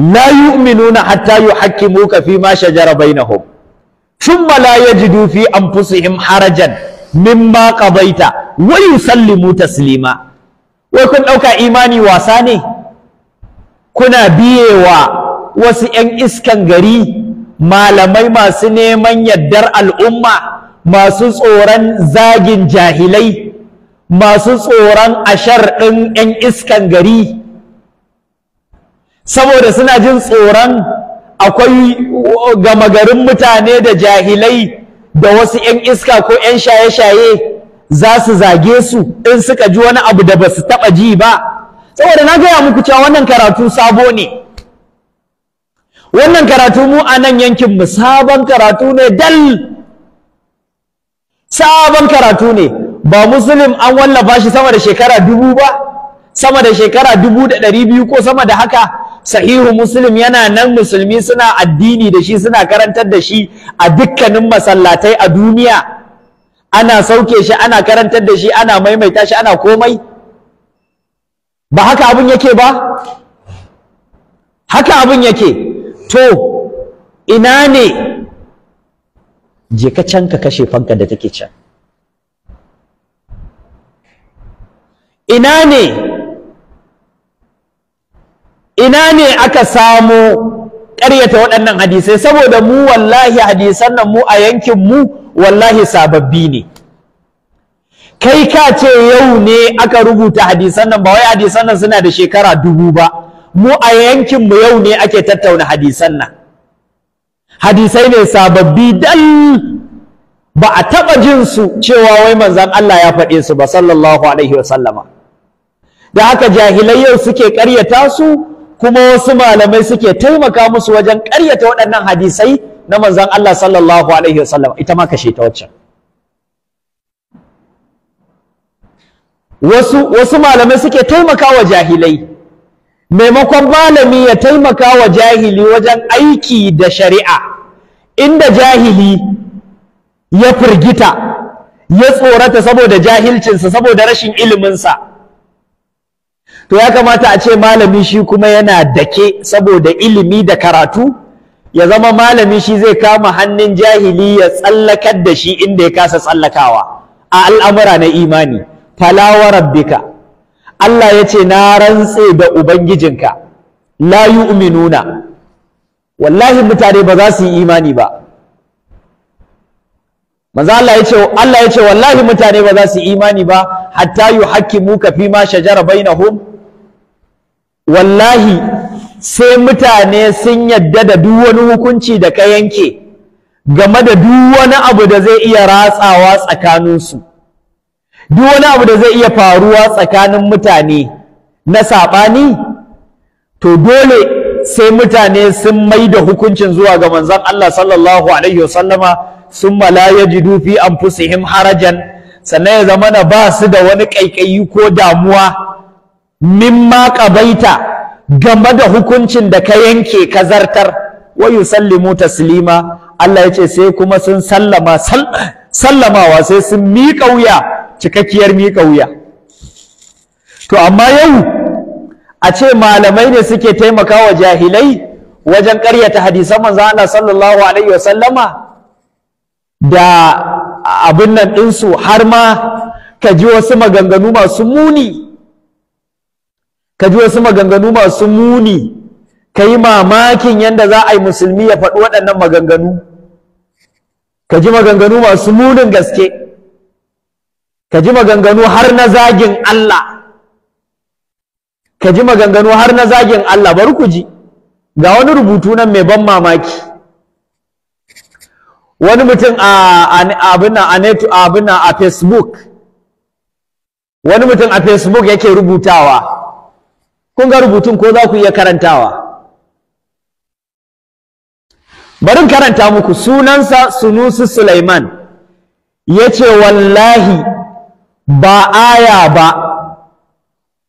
A: la yu'minuna hatta yuhakkimuka fi ma shajara bainahum thumma la yajidu fi anfusihim harajan Min mimma qabaita wa yusallimu taslima wai kun ɗauka imani wasa ne kuna biyewa wasu 'yan iskan gari malamai masu neman yaddar al'umma masu tsoron zagin jahilai masu tsoron ashar ɗin 'yan iskan gari saboda suna jin tsoron akwai gama garin mutane da jahilai da wasu 'yan iska ko 'yan shaye-shaye za su zage su in suka ji wani abu da ba su taɓa ji ba saboda na gaya muku cewa wannan karatu sabo ne wannan karatu mu a nan yankin mu sabon karatu ne dal sabon karatu ne ba musulun an wallafa shi sama da shekara dubu ba sama da shekara dubu da ɗari biyu ko sama da haka sahihu muslim yana nan musulmi suna addini da shi suna karantar da shi a dukkanin masallatai a duniya ana sauke shi ana karantar da shi ana maimaita shi ana komai ba haka abin yake ba
B: haka abin yake to ina ne
A: je ka can ka kashe fanka da take can
B: ina ne ina ne aka
A: samo ƙaryata waɗannan hadisai saboda mu wallahi hadisan nan mu a yankin mu wallahi sababbi ne kai ka ce yau ne aka rubuta hadisan nan ba wai hadisan nan suna da shekara dubu ba mu a yankin mu yau ne ake tattauna hadisan nan hadisai ne sababbi dan ba a taɓa jin su cewa wai manzon Allah ya faɗe su ba sallallahu alaihi wa sallama da haka jahilai yau suke ƙaryata su kuma wasu malamai suke taimaka musu wajen ƙaryata waɗannan hadisai na manzon Allah sallallahu alaihi wasallam ita ma kashe ta waccan wasu wasu malamai suke taimaka wa jahilai maimakon malami ya taimaka wa jahili wajen aiki da shari'a inda jahili ya firgita ya tsorata saboda jahilcinsa saboda rashin iliminsa to ya kamata a ce malami shi kuma yana dake saboda ilimi da karatu ya zama malami shi zai kama hannun jahili ya tsallakar da shi inda ya kasa tsallakawa a al'amura na imani falawa rabbika Allah ya ce na rantse da ubangijinka la yu'minuna wallahi mutane ba za su yi imani ba maza Allah ya ce Allah ya ce wallahi mutane ba za su yi imani ba hatta yuhaqqimuka fi ma shajara bainahum wallahi sai mutane sun yadda da duk wani hukunci da ka yanke game da duk wani abu da zai iya ratsawa tsakaninsu duk wani abu da zai iya faruwa tsakanin mutane na saɓani to dole sai mutane sun mai da hukuncin zuwa ga manzon Allah sallallahu alaihi wasallama sun malaya yajidu fi anfusihim harajan sannan ya zama na ba su da wani ƙaiƙayi ko damuwa mimma qabaita game da hukuncin da ka yanke ka zartar wa yusallimu taslima Allah ya ce sai kuma sun sallama sallamawa sai sun miƙa wuya cikakkiyar miƙa wuya to amma yau a ce malamai ne suke taimakawa jahilai wajen ƙaryata hadisan manzo Allah sallallahu alaihi wa sallama, da abin nan ɗinsu har ma ka ji wasu maganganu masu muni ka ji wasu maganganu masu muni ka yi mamakin yadda za a yi musulmi ya faɗi waɗannan maganganu ka ji maganganu masu munin gaske ka ji maganganu har na zagin Allah ka ji maganganu har na zagin Allah bari ku ji ga wani rubutu nan mai ban mamaki wani mutum a abin a abin a facebook wani mutum a facebook yake rubutawa kun ga rubutun ko za ku iya karantawa bari karanta muku sunansa sunusi sulaiman ya ce wallahi ba aya ba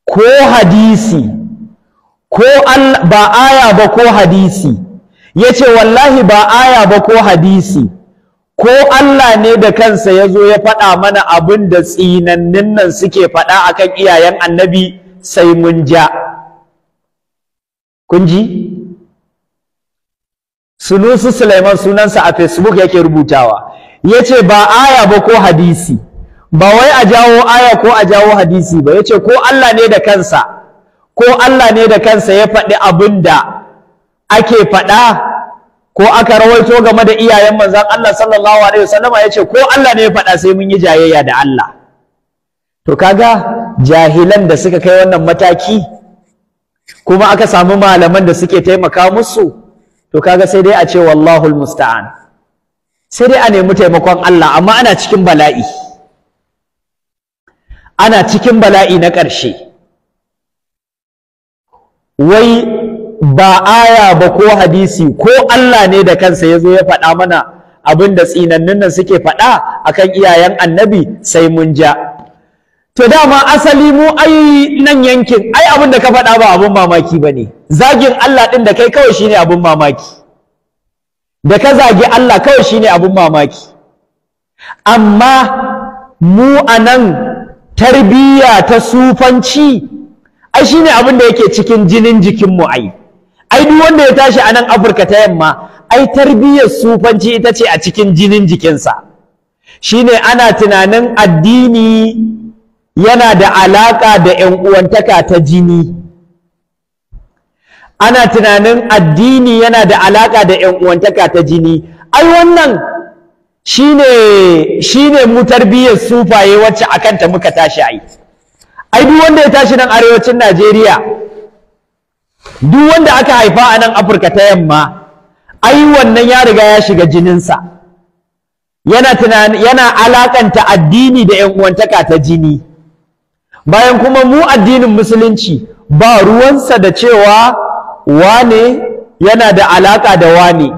A: ko hadisi ko ba aya ba ko hadisi ya ce wallahi ba aya ba ko hadisi ko Allah ne da kansa ya zo ya faɗa mana abin da tsinannin nan suke faɗa akan iyayen annabi sai mun ja kun ji sunusu suleiman sunansa a facebook yake rubutawa ya ce ba aya ba ko hadisi ba wai a jawo aya ko a jawo hadisi ba ya ce ko allah ne da kansa ko allah ne da kansa ya faɗi abin da ake faɗa ko aka rawaito game da iyayen manzan allah sallallahu alaihi wasallam ya ce ko allah ne ya faɗa sai mun yi jayayya da allah to kaga jahilan da suka kai wannan mataki kuma aka samu malaman da suke taimaka musu to kaga sai dai a ce wallahul musta'an sai dai a nemi taimakon Allah amma ana cikin bala'i ana cikin bala'i na ƙarshe wai ba aya ba ko hadisi ko Allah ne da kansa ya zo ya faɗa mana abin da tsinannin nan suke faɗa akan iyayen annabi sai mun ja to dama asali mu ai nan yankin ai abin da ka faɗa ba abin mamaki ba ne zagin Allah ɗin da kai kawai shine abin mamaki da ka zagi Allah kawai shine abin mamaki amma mu a nan tarbiyya ta sufanci ai shine abin da yake cikin jinin jikinmu ai ai duk wanda ya tashi a nan Afirka ta yamma ai tarbiyyar sufanci ita ce a cikin jinin jikinsa shine ana tunanin addini yana da alaƙa da ‘yan uwantaka ta jini ana tunanin addini yana da alaƙa da ‘yan uwantaka ta jini ai wannan shine shine mu tarbiyyar sufaye wacce akan ta muka tashi ai ai duk wanda ya tashi nan arewacin Najeriya duk wanda aka haifa a nan Afirka ta yamma ai wannan ya riga ya shiga jininsa yana tunani yana alakanta addini da ‘yan uwantaka ta jini bayan kuma mu addinin musulunci ba ruwansa da cewa wane yana da alaka da wane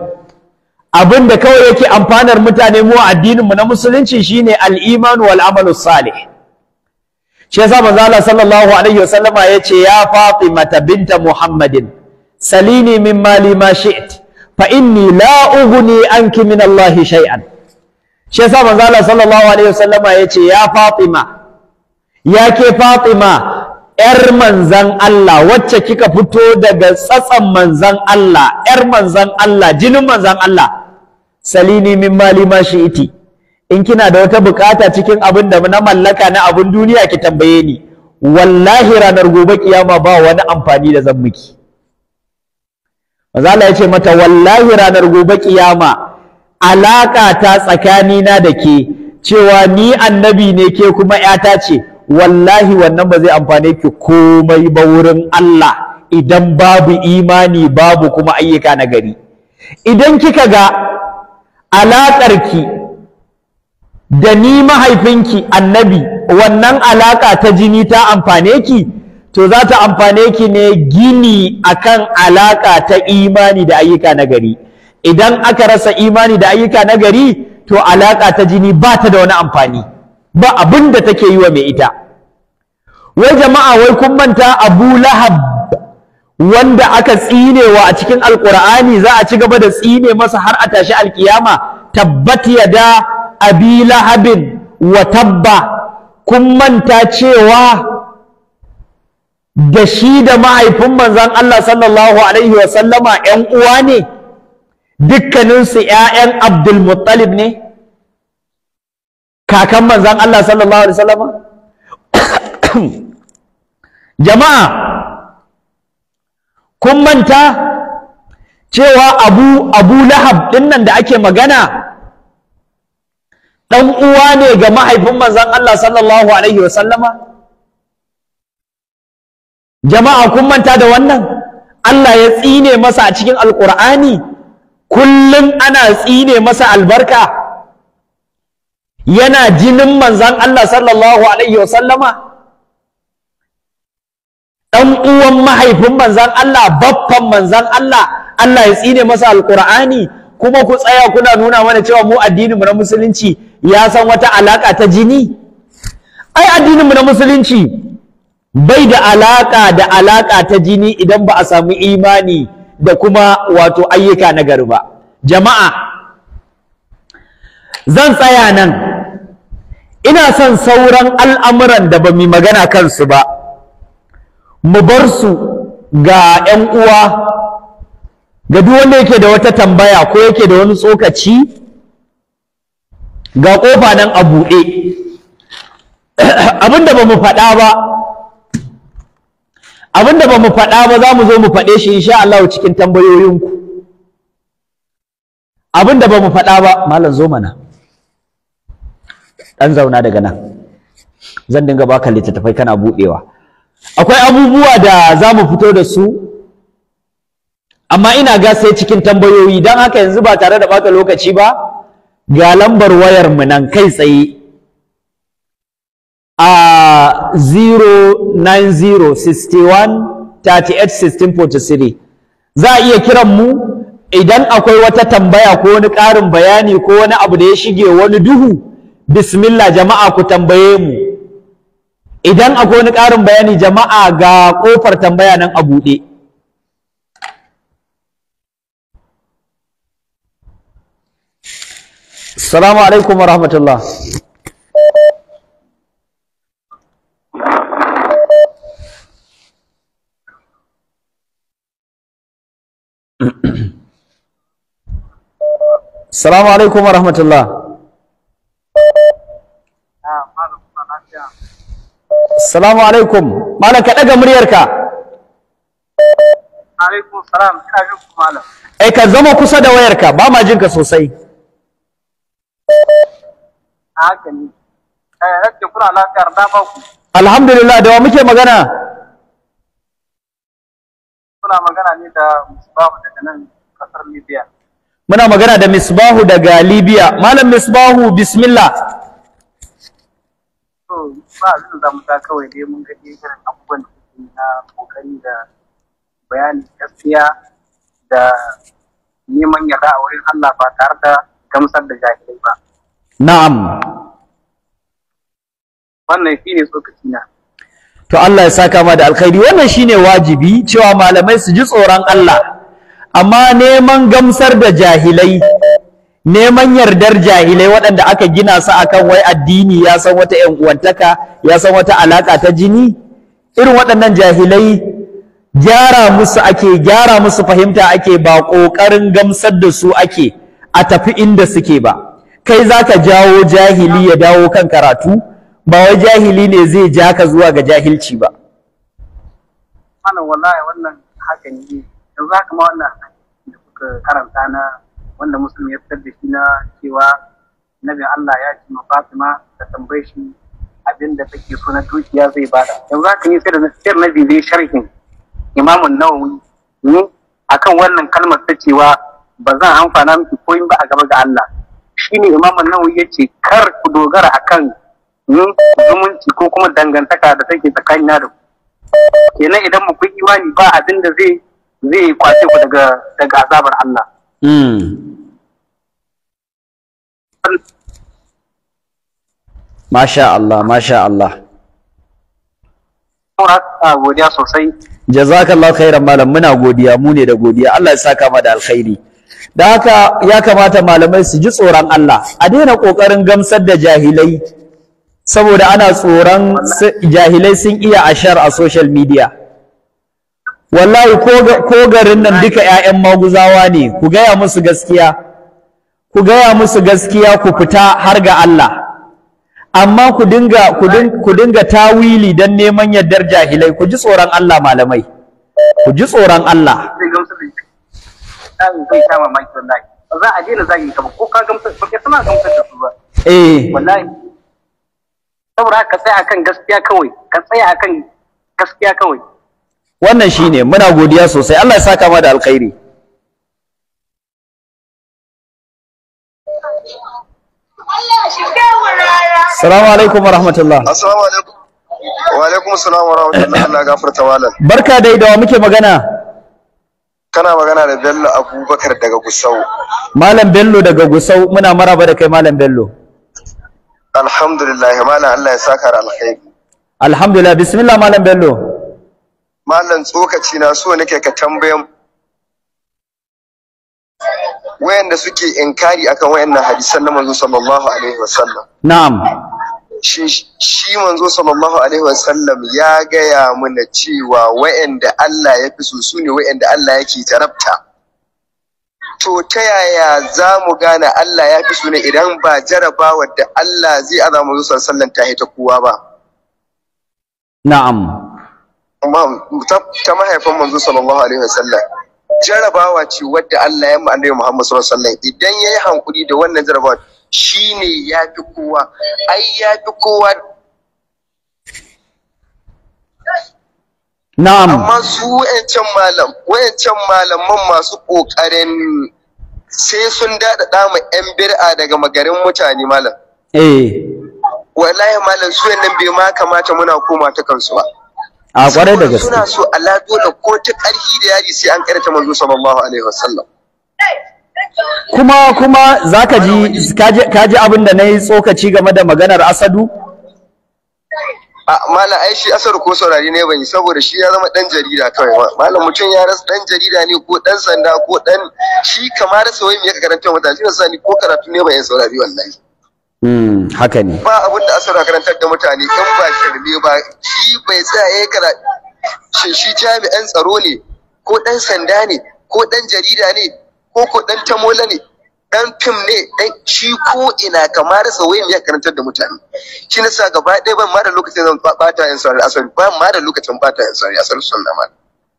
A: abin da kawai yake amfanar mutane mu addininmu na musulunci shine al-iman wal amalu salih shi yasa manzo Allah sallallahu alaihi wasallama yace ya Fatima binta Muhammadin salini min mali ma shi'ti fa inni la ughni anki min Allah shay'an shi yasa manzo Allah sallallahu alaihi wasallama yace ya Fatima ya ke fatima ‘yar manzan Allah wacce kika fito daga tsatsan manzan Allah ‘yar manzan Allah jinin manzan Allah salini min mali ma shi iti in kina da wata bukata cikin abin da na mallaka na abin duniya ki tambaye ni wallahi ranar gobe kiyama ba wani amfani da zan miki Mazala ya ce mata wallahi ranar gobe kiyama alaka ta tsakanina da ke cewa ni annabi ne ke kuma ‘yata ce wallahi wannan ba zai amfane ki komai ba wurin Allah idan babu imani babu kuma ayyuka na gari idan kika ga alaƙarki da ni mahaifinki annabi wannan alaƙa ta jini ta amfane ki to za ta amfane ki ne gini akan alaƙa ta imani da ayyuka na gari idan aka rasa imani da ayyuka na gari to alaƙa ta jini ba ta da wani amfani ba abinda take yi wa mai ita wai jama'a wai kun manta abu lahab wanda aka tsinewa a cikin alƙur'ani za a ci gaba da tsine masa har a tashi alkiyama tabbat yada abi lahabin wa tabba kun manta cewa da shi da mahaifin manzan Allah sallallahu alaihi wa sallama ƴan uwa ne dukkaninsu ƴaƴan Abdulmuttalib ne
B: kakan manzan Allah sallallahu alaihi wa sallama jama'a kun manta
A: cewa abu abu lahab dinnan da ake magana dan uwa ne ga mahaifin manzon Allah sallallahu alaihi wasallama jama'a kun manta da wannan Allah ya tsine masa a cikin alqur'ani kullum ana tsine masa albarka yana jinin manzon Allah sallallahu alaihi wasallama dan uwan mahaifin manzan Allah baffan manzan Allah Allah ya tsine masa alqur'ani kuma ku tsaya kuna nuna mana cewa mu addinin mu na musulunci ya san wata alaka ta jini ai addinin mu na musulunci bai da alaka da alaka ta jini idan ba a samu imani da kuma wato ayyuka na gari ba jama'a zan tsaya nan ina son sauran al'amuran da ba mu magana kansu ba mu bar su ga 'yan uwa ga duk wanda yake da wata tambaya ko yake da wani tsokaci ga ƙofa nan a buɗe abinda ba mu faɗa ba abinda ba mu faɗa ba za mu zo mu faɗe shi insha Allah cikin tambayoyinku abinda ba mu faɗa ba malam zo mana ɗan zauna daga nan zan dinga baka littattafai kana buɗewa akwai abubuwa da za mu fito da su amma ina ga sai cikin tambayoyi don haka yanzu ba tare da bata lokaci ba ga lambar wayar mu nan kai tsaye a 43. za a iya kiran mu idan akwai wata tambaya ko wani ƙarin bayani ko wani abu da ya shige wani duhu bismillah jama'a ku tambaye mu idan akwai wani ƙarin bayani jama'a ga ƙofar tambaya nan a buɗe
B: salamu alaikum wa rahmatullah salamu alaikum wa rahmatullah Salamu alaikum. Malam ka daga muryarka.
C: Alaikum salam. Ina jin ku malam.
A: Eh ka zama kusa da wayarka, ba ma ka sosai.
C: Haka ne. Eh rake kuna lafiyar da ba ku.
B: Alhamdulillah da wa muke magana?
C: Muna magana ne da Musbahu daga nan kasar Libya.
B: Muna magana da Musbahu daga Libya. Malam Musbahu bismillah.
C: ba abin da mu ta kawai dai mun ga dai irin abubuwan da kuke na kokari da bayani gaskiya
D: da neman yarda a wurin Allah ba tare da gamsar da jahilai ba
B: na'am
C: wannan shi ne tsokaci na
A: to Allah ya saka ma da alkhairi wannan shine wajibi cewa malamai su ji tsoron Allah amma neman gamsar da jahilai neman yardar jahilai waɗanda aka gina su akan wai addini ya san wata ƴan uwantaka ya san wata alaƙa ta jini irin waɗannan jahilai gyara musu ake gyara musu fahimta ake ba ƙoƙarin gamsar da su ake a tafi inda suke ba kai zaka jawo jahili ya dawo kan karatu ba wai jahili ne zai ja ka zuwa ga jahilci
C: ba
D: wannan wallahi wannan haka ne yanzu haka ma wannan da kuka karanta na wanda muslim ya fitar da shi na cewa nabi Allah ya ce ma Fatima ta tambaye shi abin da take so na dukiya zai bada yanzu haka yi sai da sai nabi zai sharhin imamun nawawi ni hmm? akan wannan kalmar ta cewa ba zan amfana miki koyin ba a gaba ga Allah shine imamun nawawi ya ce kar ku dogara akan hmm, zumunci ko kuma dangantaka da take tsakanina
B: da ku kenan idan mu kun imani ba abin da zai zai kwace ku daga daga azabar Allah Hmm. Masha Allah, Masha Allah. godiya sosai.
A: Jazakallah khairan malam muna godiya mu ne da godiya Allah ya saka ma da alkhairi. Da haka ya kamata malamai su ji tsoron Allah a daina kokarin gamsar da jahilai saboda ana tsoron jahilai sun iya ashar a social media. wallahi ko garin nan duka 'ya'yan maguzawa ne ku gaya musu gaskiya ku gaya musu gaskiya ku fita har ga Allah amma ku dinga ku dinga tawili dan neman yaddar jahilai ku ji tsoron Allah malamai ku ji tsoron Allah
D: za a daina ka ba ko da su ba eh wallahi saboda
B: ka tsaya akan gaskiya kawai ka tsaya akan gaskiya kawai wannan shi ne muna godiya sosai Allah ya saka ma da alkhairi Assalamu alaikum wa rahmatullah. Assalamu
C: alaikum. Wa alaikum assalam wa rahmatullah. Allah gafarta malam. Barka dai da muke magana. Kana magana da Bello Abubakar daga Gusau.
A: Malam Bello daga Gusau muna maraba da kai Malam Bello.
C: Alhamdulillah malam Allah ya saka alkhairi.
B: Alhamdulillah bismillah Malam Bello.
C: mallan tsokaci na so nake ka tambayan wayanda suke inkari akan wayannan hadisan na manzo sallallahu alaihi wasallam na'am shi shi manzo sallallahu alaihi wasallam ya gaya mana cewa wayanda Allah ya fi so su ne wayanda Allah yake jarabta to ta yaya za mu gane Allah ya fi su ne idan ba jarabawa da Allah zai aza manzo sallallahu alaihi wasallam ta hita kowa ba na'am ta mahaifin manzo sallallahu alaihi wasallam jarabawa ce wadda Allah ya mu annabi Muhammad sallallahu alaihi wasallam idan ya yi hankuri da wannan jarabawa shine fi kowa ai ya fi kowa
B: Na'am. Amma
C: su wayancan malam, wayancan malaman masu kokarin sai sun daɗaɗa ma 'yan bir'a daga magarin mutane malam. Eh. Wallahi malam su yannan bai ma kamata muna koma ta kansu ba. a kwarai da gaske suna so Allah dole ko ta ƙarfi da yari sai an karanta manzo sallallahu alaihi wasallam
A: kuma kuma zaka ji kaji abin da nayi tsokaci game da maganar Asadu
C: mala ai shi asar ko saurari ne bane saboda shi ya zama dan jarida kawai malam mutum ya rasa dan jarida ne ko dan sanda ko dan shi kamar rasa wai me ya karanta mutane shi ne ko karatu ne bane saurari wallahi
B: Hmm, haka ne
C: ba abin da asara karantar da mutane in ba shirme ba shi bai ya kara shin shi jami'an tsaro ne ko dan sanda ne ko dan jarida ne ko ko dan tamola ne dan fim ne dan shi ko ina kamar sa wayan ya karantar da mutane shi na sa gaba ɗaya ban ma da lokacin zan bata yan sarari asali ban ma da lokacin bata yan sarari asali sunna ma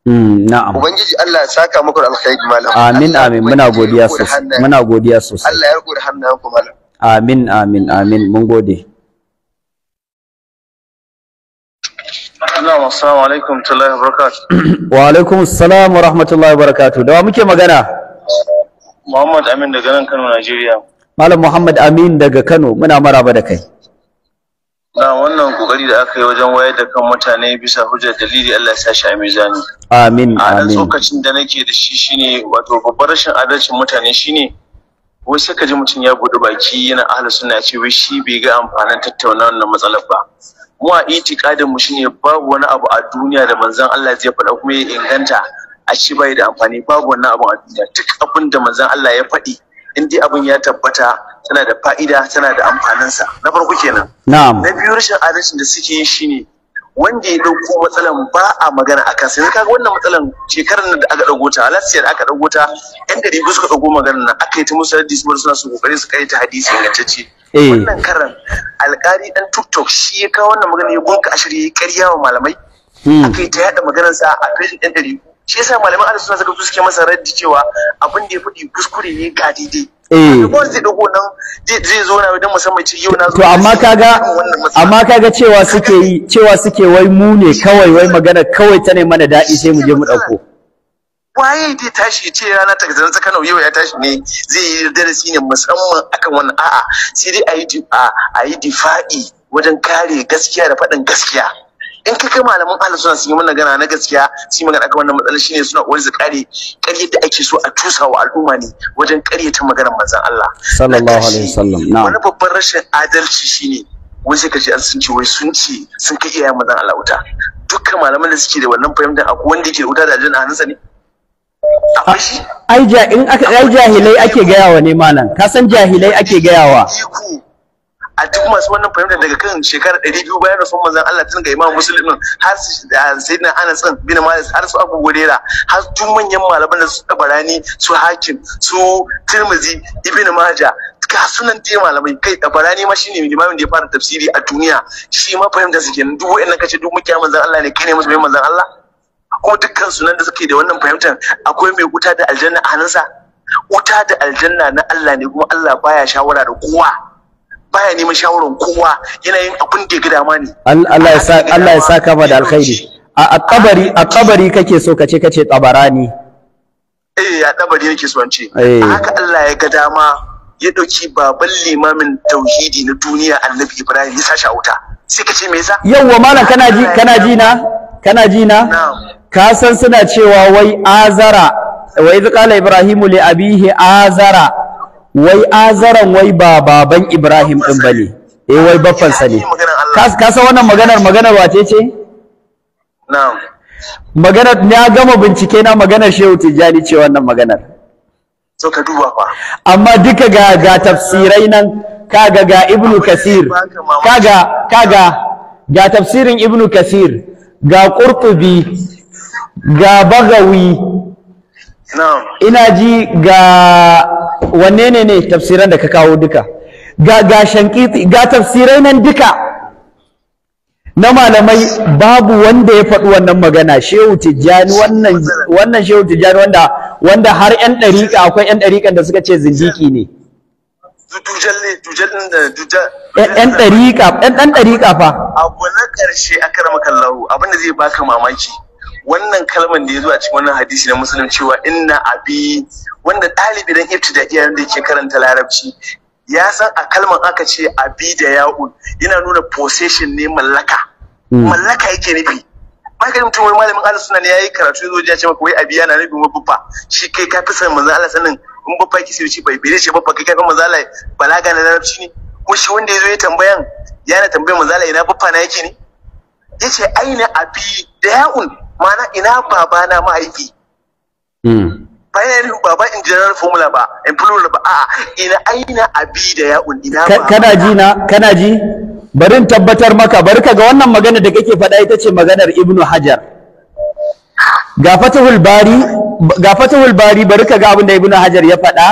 B: hmm, na'am
C: ubangiji Allah ya saka muku alkhairi malam amin amin muna godiya sosai muna godiya sosai Allah ya rubuta hannayenku malam
A: amin amin
B: amin mun gode
C: Assalamu alaikum tullahi
B: Wa alaikum assalam wa rahmatullahi barakatuh. Da wa muke magana?
E: Muhammad Amin daga nan Kano, Najeriya.
A: Malam Muhammad Amin daga Kano, muna maraba da kai.
E: Na wannan kokari da aka yi wajen wayar da kan mutane bisa hujjar dalili Allah ya sa shi a mizani.
A: Amin amin. A
E: tsokacin da nake da shi shine wato babbar rashin adalcin mutane shine wai sai ka ji mutum ya buɗe baki yana suna sunna ce wai shi bai ga amfanin tattauna wannan matsalar ba mu a itikadin mu shine babu wani abu a duniya da manzon Allah zai faɗa kuma ya inganta a shi bai da amfani babu wannan abu a duniya duk abin da manzon Allah ya faɗi in dai abin ya tabbata tana da fa'ida tana da amfaninsa na farko kenan na biyu rashin adalcin da suke yi shine wanda ya dauko matsalan ba a magana akan sai kaga wannan matsalan shekarar nan da aka ɗauko ta alasiyar aka ɗauko ta yan dari suka ɗauko maganar nan aka yi ta musu hadisi suna su kokari su kai ta hadisi ingantacce eh. wannan karan alƙari dan tiktok shi ya kawo wannan magana ya gonka ashirye ya ƙarya wa malamai hmm. aka yi ta yada maganar sa a fejin yan dari shi yasa malaman suna suka suke masa raddi cewa abin da ya faɗi kuskure ne ga daidai Eh. to amma kaga
A: amma kaga cewa suke yi cewa suke wai mu ne kawai wai magana kawai ta ne mana daɗi sai mu je mu ɗauko
E: waye da tashi ce rana ta zan saka Kano ya tashi ne zai yi darasi ne musamman akan wannan a'a sai dai a yi a yi difa'i wajen kare gaskiya da faɗin gaskiya in ka kai malaman ahli suna sun yi mana gana na gaskiya sun yi magana akan wannan matsalar shine suna kokarin su kare ƙarya da ake so a tusa wa al'umma ne wajen ƙaryata maganar manzon Allah
C: sallallahu alaihi wasallam na'am wani
E: babban rashin adalci shine wai sai ka ce an sun ce wai sun ce sun kai iyayen manzon Allah wuta dukkan malaman da suke da wannan fahimtar akwai wanda yake da wuta da aljanna a hannunsa ne
A: ai jahilai ake gayawa ne malam ka san jahilai ake gayawa
E: a duk masu wannan fahimta daga kan shekara ɗari biyu bayan rasuwar manzon Allah tun ga Imam Musulmin din har na ana din bin malis har su Abu Huraira har tun manyan malaman da su Tabarani su Hakim su Tirmidhi Ibn Maja, ga sunan te malamai kai tabarani ma shine limamin da ya fara tafsiri a duniya shi ma fahimta su kenan duk wa'annan kace duk mukiya manzon Allah ne kai ne musulmin manzon Allah kuma dukkan sunan da suke da wannan fahimtar akwai mai wuta da aljanna a hannunsa wuta da aljanna na Allah ne kuma Allah baya shawara da kowa baya neman shawaran kowa yana yin abin da ya ga ma ne Allah ya sa Allah ya
A: saka ma da alkhairi a kabari a kabari kake so kace kace tabarani
E: eh a kabari nake so an ce eh. haka Allah ya ga dama ya dauki baban limamin tauhidi na duniya Annabi Ibrahim ya sashi a wuta sai kace me yasa yawwa malam kana ji kana ji na
A: kana ji na ka san suna cewa wai azara wa zakala ibrahimu li abihi azara wai azaran wai ba baban Ibrahim din bane eh wai baffansa ne ka san wannan maganar maganar wace ce na'am maganar na gama bincike na maganar Shehu Tijjani ce wannan maganar
E: so ka duba fa
A: amma duka ga ga tafsirai nan kaga ga Ibn Kasir kaga kaga ga tafsirin Ibn Kasir ga Qurtubi ga Bagawi na'am ina ji ga wanne ne ne tafsiran da ka kawo duka ga ga shankiti ga tafsirai nan duka na malamai babu wanda ya faɗi wannan magana shehu tijjani wannan wannan shehu tijjani wanda wanda har yan ɗariƙa akwai yan ɗariƙan da suka ce zindiki ne
E: yan ɗariƙa
A: yan ɗan ɗariƙa fa
E: abu na ƙarshe akar makallahu abin zai baka mamaki wannan kalmar da ya zo a cikin wannan hadisi na musulun cewa inna abi wanda ɗalibi dan ibtida'iyya da ke karanta larabci ya san a kalmar aka ce abi da ya'un yana nuna possession ne mallaka hmm. mallaka yake nufi maganin mutum wai malamin Allah suna ne yayi karatu yazo ya ce maka wai abi yana nufin wai buffa shi kai ka fi san manzo Allah sanin in buffa yake sai ce bai bere ce buffa kai ka fi manzo Allah balaga na larabci ne ko shi wanda yazo ya tambayan yana tambayan manzo Allah ina buffa na yake ne yace aina abi da ya'un mana ina hmm. baba na ma'aiki bayan baba in general formula ba in plural ba a ina aina abi da ya ina ba kana ji na
A: kana ji bari in tabbatar maka bari ka ga wannan magana da kake faɗa ita ce maganar ibnu hajar ga fatahul bari ga fatahul bari bari ka ga abin da ibnu hajar ya faɗa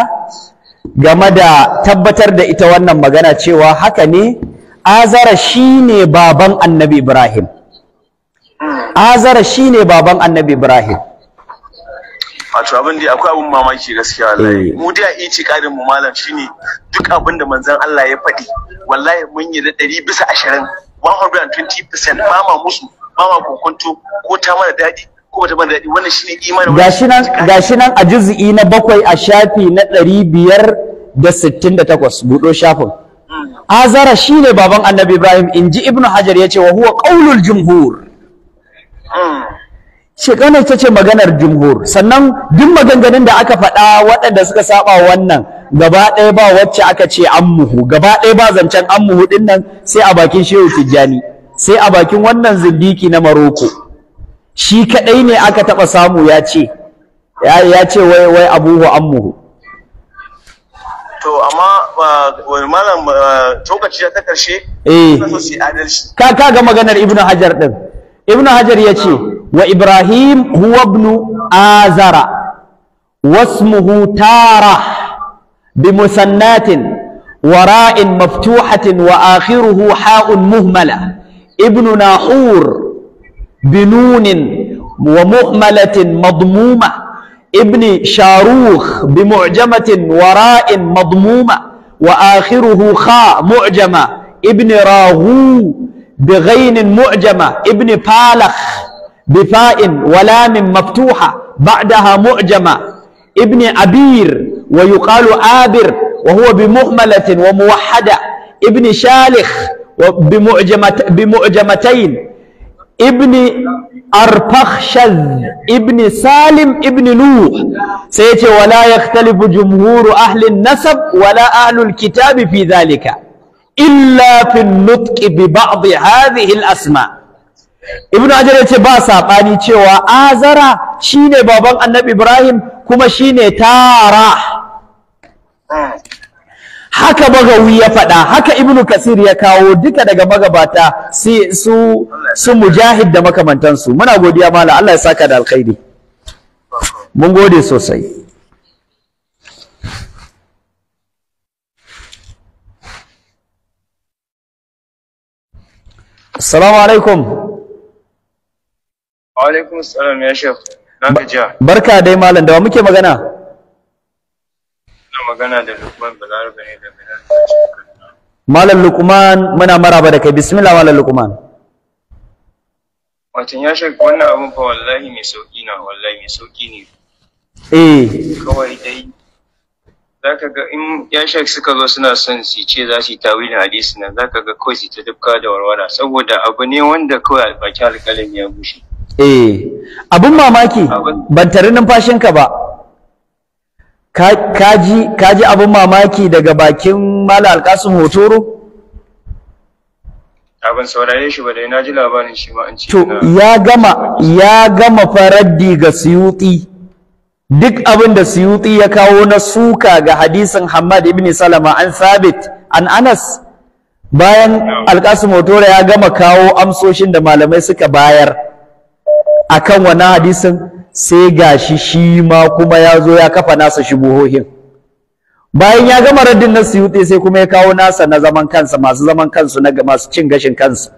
A: game da tabbatar da ita wannan magana cewa haka ne azara shine baban annabi ibrahim azara shi ne baban annabi ibrahim
E: wato abin da akwai abin mamaki gaskiya wallahi eh. mu da karin mu malam shine duk abin da manzon Allah ya faɗi wallahi mun yi da 100 bisa 20 120% mama musu mama kokonto ko ta mana daɗi ko ta mana daɗi wannan shine imanin gashi nan
A: gashi nan a juz'i na bakwai a shafi na 568 budo shafin hmm. azara shine baban annabi ibrahim inji ibnu hajar yace wa huwa qaulul jumhur shekana ita ce maganar jumhur sannan duk maganganun da aka faɗa waɗanda suka saba wannan gaba ɗaya ba wacce aka ce ammuhu gaba ɗaya ba zancen ammuhu ɗin nan sai a bakin shehu tijjani sai a bakin wannan zindiki na maroko shi kaɗai ne aka taɓa samu ya ce ya ce wai wai abuhu ammuhu
E: to amma wani malam lokaci ta karshe eh
A: ka ga maganar ibnu hajar ɗin ابن hajar ya ce هو ابن huwa ibnu azara wasmuhu tara وراء مفتوحة وآخره حاء مهملة ابن ناحور بنون ومهملة مضمومة ابن شاروخ بمعجمة وراء مضمومة وآخره خاء معجمة ابن راهو بغين معجمة ابن فالخ بفاء ولام مفتوحة بعدها معجمة ابن أبير ويقال آبر وهو بمهملة وموحدة ابن شالخ بمعجمة بمعجمتين ابن أرفخشذ ابن سالم ابن نوح سيتي ولا يختلف جمهور أهل النسب ولا أهل الكتاب في ذلك illa fil nutqi bi ba'd hadhihi al asma ibnu hajar yace ba saɓani cewa azara shine baban annabi ibrahim kuma shine tara haka bagawi ya faɗa haka ibnu kasir ya kawo duka daga magabata si, su su mujahid da makamantansu muna godiya mala Allah ya saka da alkhairi
B: mun gode sosai Assalamu alaikum.
C: Wa alaikum assalam ya shef. Na gajiya.
B: Barka dai malam da muke magana?
C: Na magana da Lukman Balarabe ne da Bilal
B: Malam
A: Lukman muna maraba da kai bismillah malam Lukman.
C: Watan ya shek wannan abun fa wallahi mai sauki na wallahi mai sauki ne. Eh. Kawai dai za ka ga in yan shak suka zo suna son su ce za su yi tawilin hadisi nan za ka ga kawai su ta dubka da warwara saboda abu ne wanda kawai baki alƙalin ya bushe.
A: eh abin mamaki ban tare numfashinka ba Ka ji abin mamaki daga bakin mala alkasim hotoro
C: abin saurare shi ba dai na ji labarin shi ma an ce to ya
A: gama ya gama faraddi ga suyuti duk abin da suyuti ya kawo na suka ga hadisin Hamad ibn Salama an Sabit an Anas bayan Alkasim motora ya gama kawo amsoshin da malamai suka bayar akan wani hadisin sai gashi shi ma kuma ya zo ya kafa nasa shubuhohin bayan ya gama raddin na suyuti sai kuma ya kawo nasa na zaman kansa masu zaman kansu na masu cin gashin kansu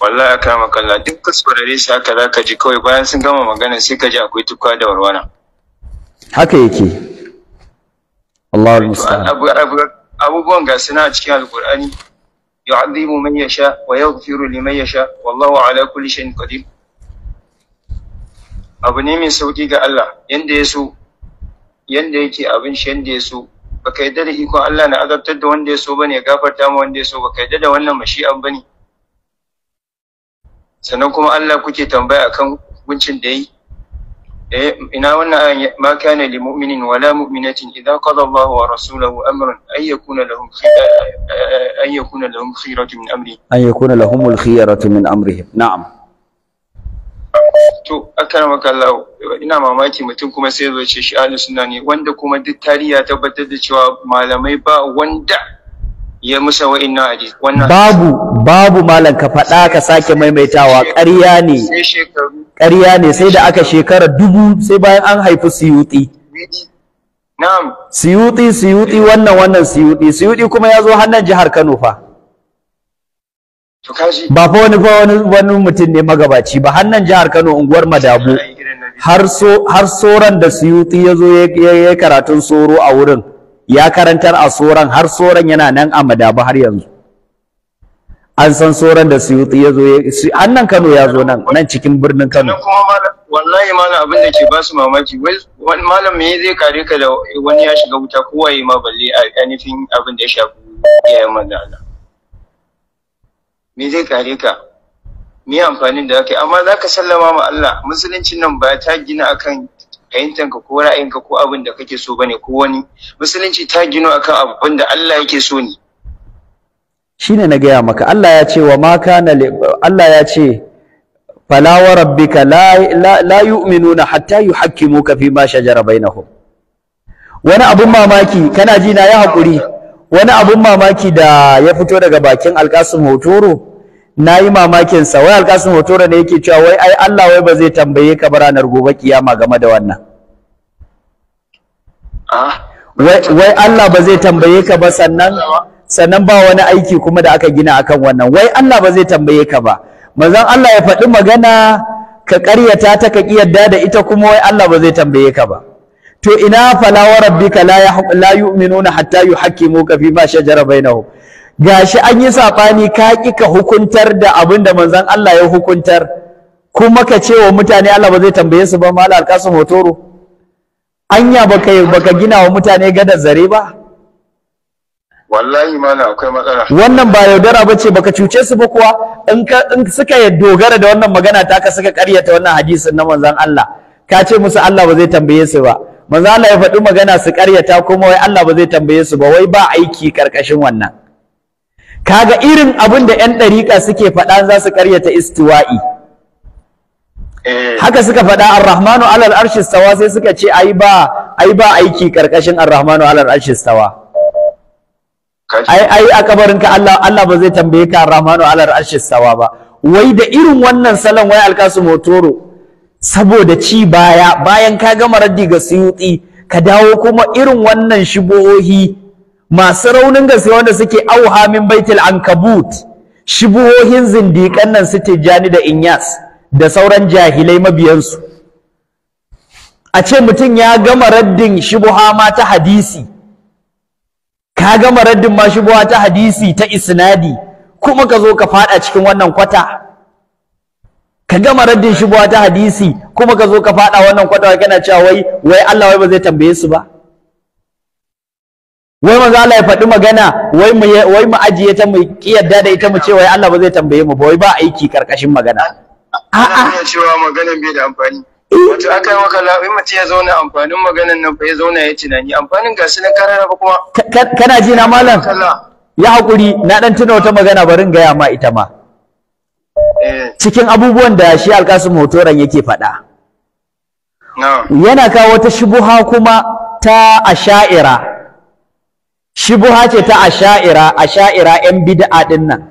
C: wallahi aka kama kalla duk kuskurare shi haka za ka ji kawai bayan sun gama magana sai ka ji akwai tukwa da warwana haka yake Allahu musta'an abubuwan ga suna cikin alqur'ani yu'adhibu man yasha wa yaghfiru liman yasha wallahu ala kulli shay'in qadir abu ne mai sauki ga Allah yanda ya so yanda yake abin shi yanda ya so baka yadda da iko Allah na azabtar da wanda ya so bane ya gafarta ma wanda ya so baka yadda da wannan mashi'an bane sannan kuma Allah kuke tambaya akan hukuncin da yi eh ina wannan ayan ma kana lil mu'minin wala mu'minatin idza qada Allahu wa rasuluhu amran ay yakuna lahum ay yakuna lahum khiyaratu min amri
A: ay yakuna lahum al khiyaratu min amrihim na'am
C: to akramaka Allah ina mamaki mutum kuma sai ya zo ce shi ahlus sunna ne wanda kuma duk tarihi ya tabbatar da cewa malamai ba wanda ya musa inna hadisi wannan babu
A: babu malam ka faɗa ka sake maimaitawa ƙarya ne ƙarya ne sai da aka shekara dubu sai bayan an haifi siyuti na'am siyuti siyuti wannan wannan siyuti siyuti kuma ya zo hannun jihar Kano fa ba fa wani fa wani wani mutum ne magabaci ba hannun jihar Kano unguwar Madabo har so har soran da siyuti ya zo ya karatun soro a wurin ya karantar a tsoron, har tsoron yana nan a madaba har yanzu an san tsoron da suyuti ya zo an nan kano ya zo nan nan cikin birnin kano
C: wallahi malam abin da ke ba su mamaki wani malam me zai kare ka da wani ya shiga wuta kowa yi ma balle a ainihin abin da ya shafi iyayen manzala me zai kare ka me amfanin da aka yi amma za ka sallama ma Allah musuluncin nan ba ta gina akan fahimtar ka ko ra'ayinka ko abin da kake so bane ko wani musulunci ta gino akan abin da Allah yake so ne
B: shine na gaya maka
A: Allah ya ce wa ma kana Allah ya ce fala wa rabbika la la yu'minuna hatta yuhakkimuka fi ma shajara bainahum wani abun mamaki kana ji na ya hakuri wani abun mamaki da ya fito daga bakin alkasim hotoro na yi mamakin wai alkasin hotora ne yake cewa wai ai Allah wai ba zai tambaye ka ba ranar gobe kiyama game da wannan ah. wai Allah ba zai tambaye ka ba sannan sannan ba wani aiki kuma da aka gina akan wannan wai Allah ba zai tambaye ka ba manzon Allah ya faɗi magana ka ƙaryata ta ka kiyarda da ita kuma wai Allah ba zai tambaye ka ba to ina fala wa rabbika la yu'minuna hatta yuhaqqimuka fi ma shajara bainahum gashi an yi saɓani ka ƙi ka hukuntar da abin da manzon Allah ya hukuntar kuma ka ce wa mutane Allah ba zai tambaye su ba Allah alƙasa motoro anya baka baka gina wa mutane gadar zare ba
C: wallahi mana akwai matsala
A: wannan ba yaudara bace baka cuce su ba kuwa in ka in suka dogara da wannan magana ta ka suka karyata wannan hadisin na manzon Allah ka ce musu Allah ba zai tambaye su ba manzon Allah ya faɗi magana su karyata kuma wai Allah ba zai tambaye su ba wai ba aiki karkashin wannan kaga irin abin da 'yan ɗariƙa suke faɗa za su ƙaryata istiwa'i eh. haka suka faɗa arrahmanu alal arshis tawa sai suka ce ai ba ba aiki karkashin arrahmanu alal arshi stawa ai ai a kabarinka Allah Allah ba zai tambaye ka arrahmanu alal arshis tawa ba wai da irin wannan salon wai alkasu motoro saboda ci baya bayan ka gama raddi ga suyuti ka dawo kuma irin wannan shibohi masu raunin gaske wanda suke auha min baitul ankabut shibuhohin zindiƙan nan su tijjani da inyas da sauran jahilai mabiyansu a ce mutum ya gama raddin shibuha ma ta hadisi ka gama raddin ma shibuha ta hadisi ta isnadi kuma ka zo ka fada cikin wannan kwata ka gama raddin shibuha ta hadisi kuma ka zo ka fada wannan kwata kana cewa wai wai Allah wai ba zai tambaye su ba wai manzo Allah ya faɗi magana wai mu wai mu ajiye ta mu kiyarda da ita mu ce wai Allah ba zai tambaye mu ba wai ba aiki karkashin magana
C: a a cewa maganan bai da amfani eh. wato akai maka la mace ya zauna amfanin maganan nan ba ya zauna ya tunani amfanin gashi nan karara ba kuma kana ji na malam
A: ya hakuri na dan tuna wata magana barin gaya ma ita ma eh. cikin abubuwan da shi alkasim hotoran yake faɗa yana kawo wata shubuha kuma ta asha'ira shibuha ce ta asha'ira asha'ira yan bid'a din nan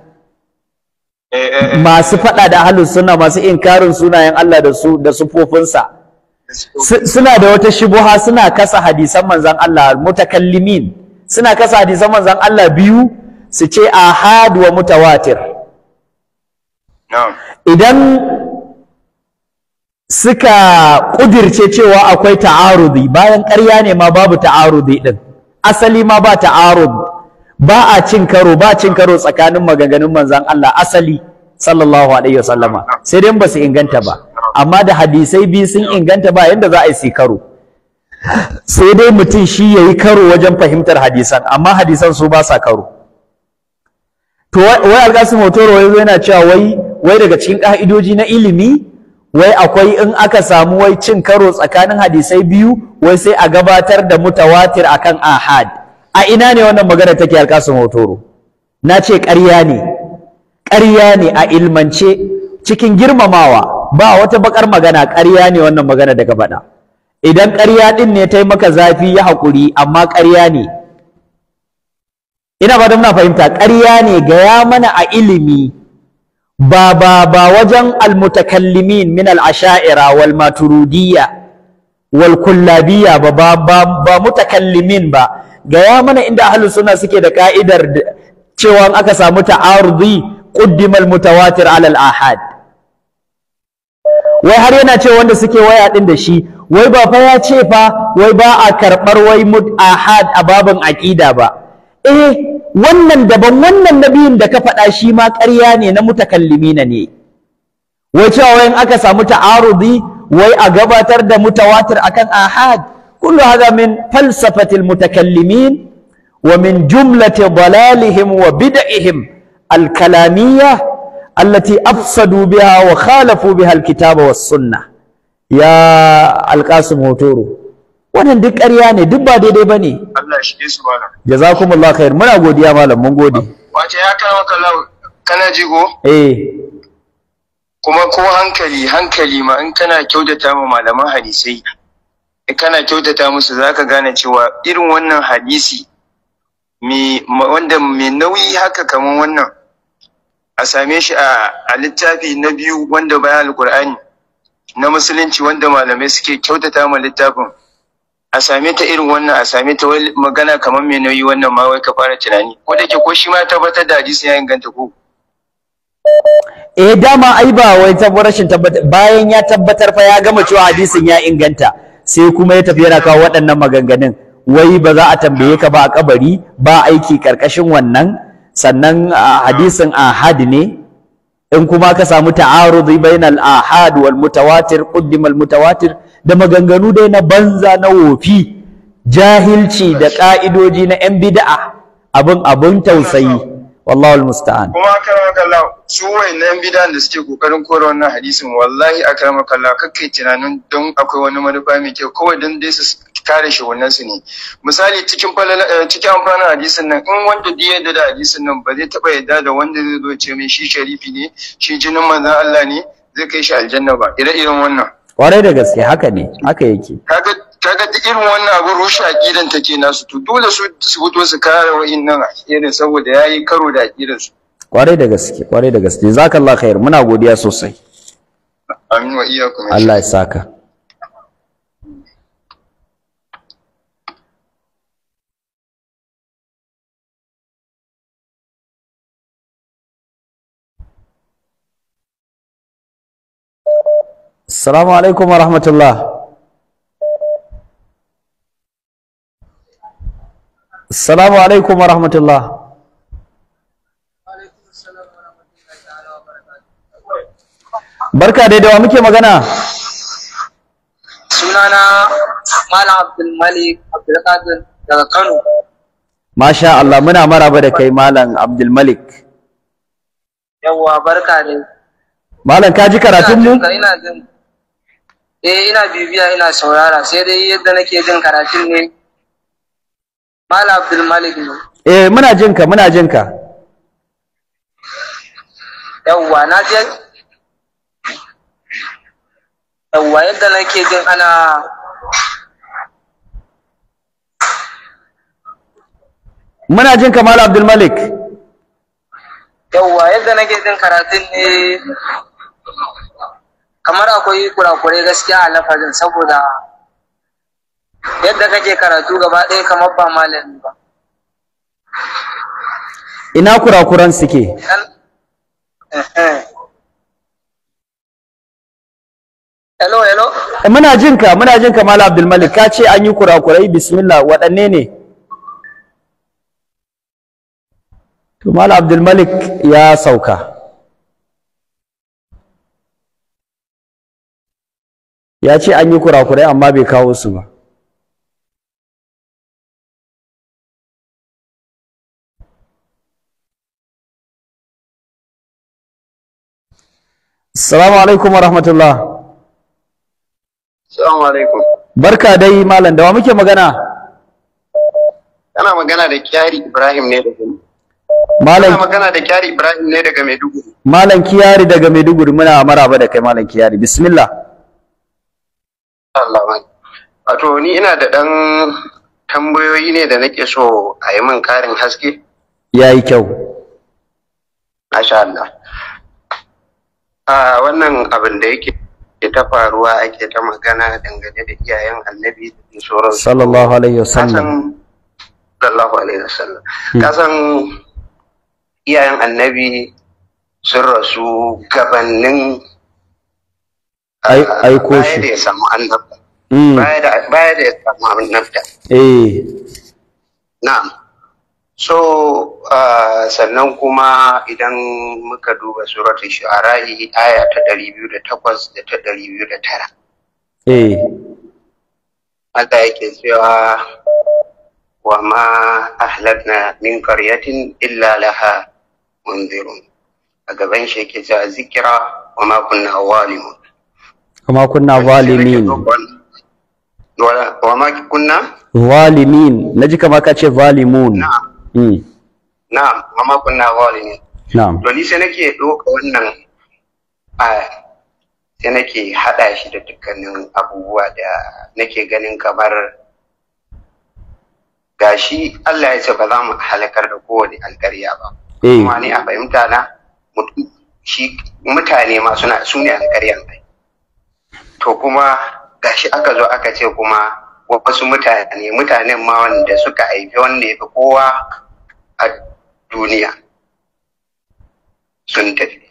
A: eh, eh, eh. masu fada da ahlus suna masu inkarin sunayen Allah da su da sufofinsa suna da wata shibuha suna kasa hadisan manzon Allah mutakallimin suna kasa hadisan manzon Allah biyu su ce ahad wa mutawatir idan suka kudirce cewa akwai ta'arudi bayan ƙarya ne ma babu ta'arudi din asali ma ba ta'arud ba a cin karo ba cin karo tsakanin maganganun manzon Allah asali sallallahu alaihi wasallama sai dai ba su inganta ba amma da hadisai biyu sun inganta ba yanda za a yi karo sai dai mutum shi yayi karo wajen fahimtar hadisan amma hadisan su ba sa karo to wai alƙasim hotoro yanzu yana cewa wai wai daga cikin ƙa'idoji na ilimi wai akwai in aka samu wai cin karo tsakanin hadisai biyu wai sai a gabatar da mutawatir akan ahad a ina ne wannan magana take alƙasu Motoro? na ce ƙarya ne ƙarya ne a ilmance cikin girmamawa ba wata bakar magana ƙarya ne wannan magana daga faɗa idan ƙarya ɗin ne ta yi maka zafi ya haƙuri amma ƙarya ne ina ba da muna fahimta ƙarya ne gaya mana a ilimi ba ba ba wajen almutakallimin min al'asha'ira wal maturidiyya wal kullabiyya ba ba ba, ba mutakallimin ba gaya mana inda ahlus suna suke da ka'idar cewa aka samu ta'arudi ƙuddimal al mutawatir ala al ahad wai har yana cewa wanda suke waya din da shi wai ba fa ya ce fa wai ba a karbar wai mut ahad a babin aƙida ba eh wannan daban wannan nabiyin da ka faɗa shi ma ƙarya ne na mutakallimina ne wai cewa wayan aka samu ta'arudi wai a gabatar da mutawatir akan ahad kullu hada min falsafatil mutakallimin wa min jumlati dalalihim wa bid'ihim al-kalamiyya allati afsadu biha wa khalafu biha al-kitaba was sunnah ya al-qasim wannan duk ƙarya ne duk ba daidai ba ne
C: Allah shi su malam
A: jazakumullahu khair muna godiya malam mun gode
C: wace ya maka lau kana jigo eh kuma ko hankali hankali ma in kana kyautata ma malaman hadisai kana kyautata musu zaka gane cewa irin wannan hadisi me wanda me nauyi haka kaman wannan a same shi a littafi na biyu wanda bayan Alƙur'ani na musulunci wanda malamai suke kyautata ma littafin a same ta irin wannan a same ta wani magana kamar mai nauyi wannan ma wai ka fara tunani ko da ke ko shi ma tabbatar da hadisi ya inganta ko
A: eh dama ai ba wai tabbatar rashin tabbatar bayan ya tabbatar fa ya gama cewa hadisin ya inganta sai kuma ya tafi yana kawo waɗannan maganganun wai ba za a tambaye ka ba a kabari ba aiki karkashin wannan sannan hadisin ahad ne in kuma ka samu ta'arudi bainal ahad wal mutawatir quddimal mutawatir da maganganu dai na banza na wofi jahilci da ka'idoji na yan bida'a, abin abin tausayi wallahu almusta'an
C: kuma akrama kallahu su 'yan bid'an da suke kokarin kore wannan hadisin wallahi akrama kallahu kakkai tunanin don akwai wani manufa mai kyau kawai don dai su kare shi wannan su ne misali cikin eh, cikin amfanin hadisin nan in wanda da yadda da hadisin nan ba zai taba yadda da wanda zai zo ce mai shi sharifi ne shi jinin manzon Allah ne zai kai shi aljanna ba ire-iren wannan
B: kwarai
A: da gaske haka ne haka yake
C: kaga duk irin wannan abu rushe aqidan ta kenan su to dole su su fito su kare wa'annan aqidan saboda yayi karo da aqidan su
A: kwarai da gaske kwarai da gaske jazakallahu khair muna godiya sosai
C: amin wa iyyakum
A: Allah ya saka
B: Assalamu alaikum wa rahmatullah. Assalamu alaikum wa rahmatullah. Barka dai da wa muke magana? Sunana Malam Abdul Malik Abdul Qadir daga Kano.
A: Masha Allah muna maraba da kai Malam Abdul Malik.
B: Yawwa barka ne. Malam ka ji karatun mu? Ina jin eh ina bibiya ina saurara sai dai yadda nake jin karatun ne Mala Abdul Malik ne
A: eh muna jin ka muna jin ka
B: yawwa na je yawwa yadda nake jin ana muna jin ka Mala Abdul Malik yawwa yadda nake jin karatun ne kamar akwai kurakurai gaskiya a lafazin saboda yadda kake karatu gaba ɗaya kamar ba malami ba ina kurakuran suke eh, eh. hello hello
A: eh, muna jinka muna jinka malam abdulmalik ka ce an yi kurakurai bismillah waɗanne ne
B: to malam abdulmalik ya sauka ya ce an yi kurakurai amma bai kawo su ba Assalamu alaikum wa rahmatullah.
C: Assalamu alaikum.
B: Barka dai malam da wa muke magana?
D: Kana magana da Kyari Ibrahim ne daga Malam Kana magana da Kyari Ibrahim ne daga Maiduguri.
A: Malam Kyari daga Maiduguri muna maraba da kai malam Kyari. Bismillah. Allah wato ni ina da ɗan tambayoyi
D: ne da nake so a yi min karin haske ya yi kyau masha Allah a wannan abin da yake ta faruwa ake ta magana dangane da iyayen annabi da sauran
B: sallallahu alaihi wasallam
D: sallallahu alaihi wasallam hmm. kasan iyayen annabi sun rasu gabanin
B: aiko shi baya da ya
D: samu annabta mm. baya da ya samu annabta eh na'am so uh, sannan kuma idan muka duba a shu'ara'i aya ta ɗari biyu da takwas da ta ɗari biyu da tara
B: eh Allah yake cewa wa ma ahlakna min qaryatin illa laha munzirun a gaban shi yake cewa zikira wa ma kunna zalimun kuma كنا ظالمين
D: ولا وما كنا
B: ظالمين نجي كما كاتشي
A: ظالمون نعم
D: na'am hmm. amma kunna zalimin na'am to ni sai nake doka wannan a sai nake hada shi da dukkanin abubuwa da nake ganin kamar gashi Allah ya ce ba za mu halakar da kowane alƙarya ba eh. kuma ni a fahimta na shi mutane ma suna su ne alƙaryan to kuma gashi aka zo aka ce kuma wasu mutane mutanen ma wanda suka haifi wanda ya fi kowa a duniya sun tafi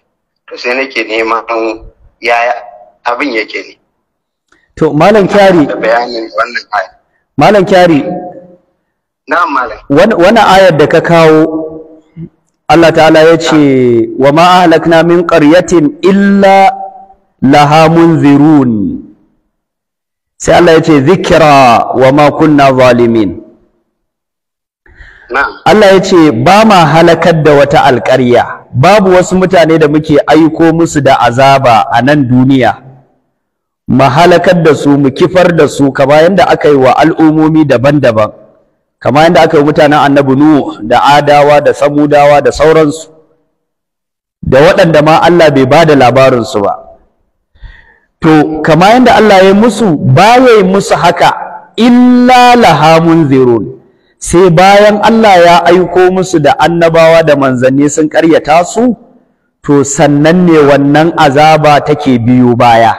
D: to sai nake neman yaya abin yake ne
B: to malam kyari malam kyari
C: na'am malam
A: wannan ayar da ka kawo Allah ta'ala ya ce wa ma ahlakna min qaryatin illa laha munzirun sai Allah ya ce zikira wa ma kunna zalimin Allah ya ce ba ma halakar da wata alƙarya babu wasu mutane da muke aiko musu da azaba a nan duniya mu halakar da su mu kifar da su kama yadda aka yi wa al'ummomi daban-daban kama yadda aka yi mutanen annabi nuhu da adawa da samudawa da sauransu da waɗanda ma Allah bai ba da labarinsu ba to kama yadda Allah ya musu ba ya yi musu haka illa lahamun zirun. sai bayan Allah ya aiko musu da annabawa da manzanni sun karyata su to sannan ne wannan azaba take biyu baya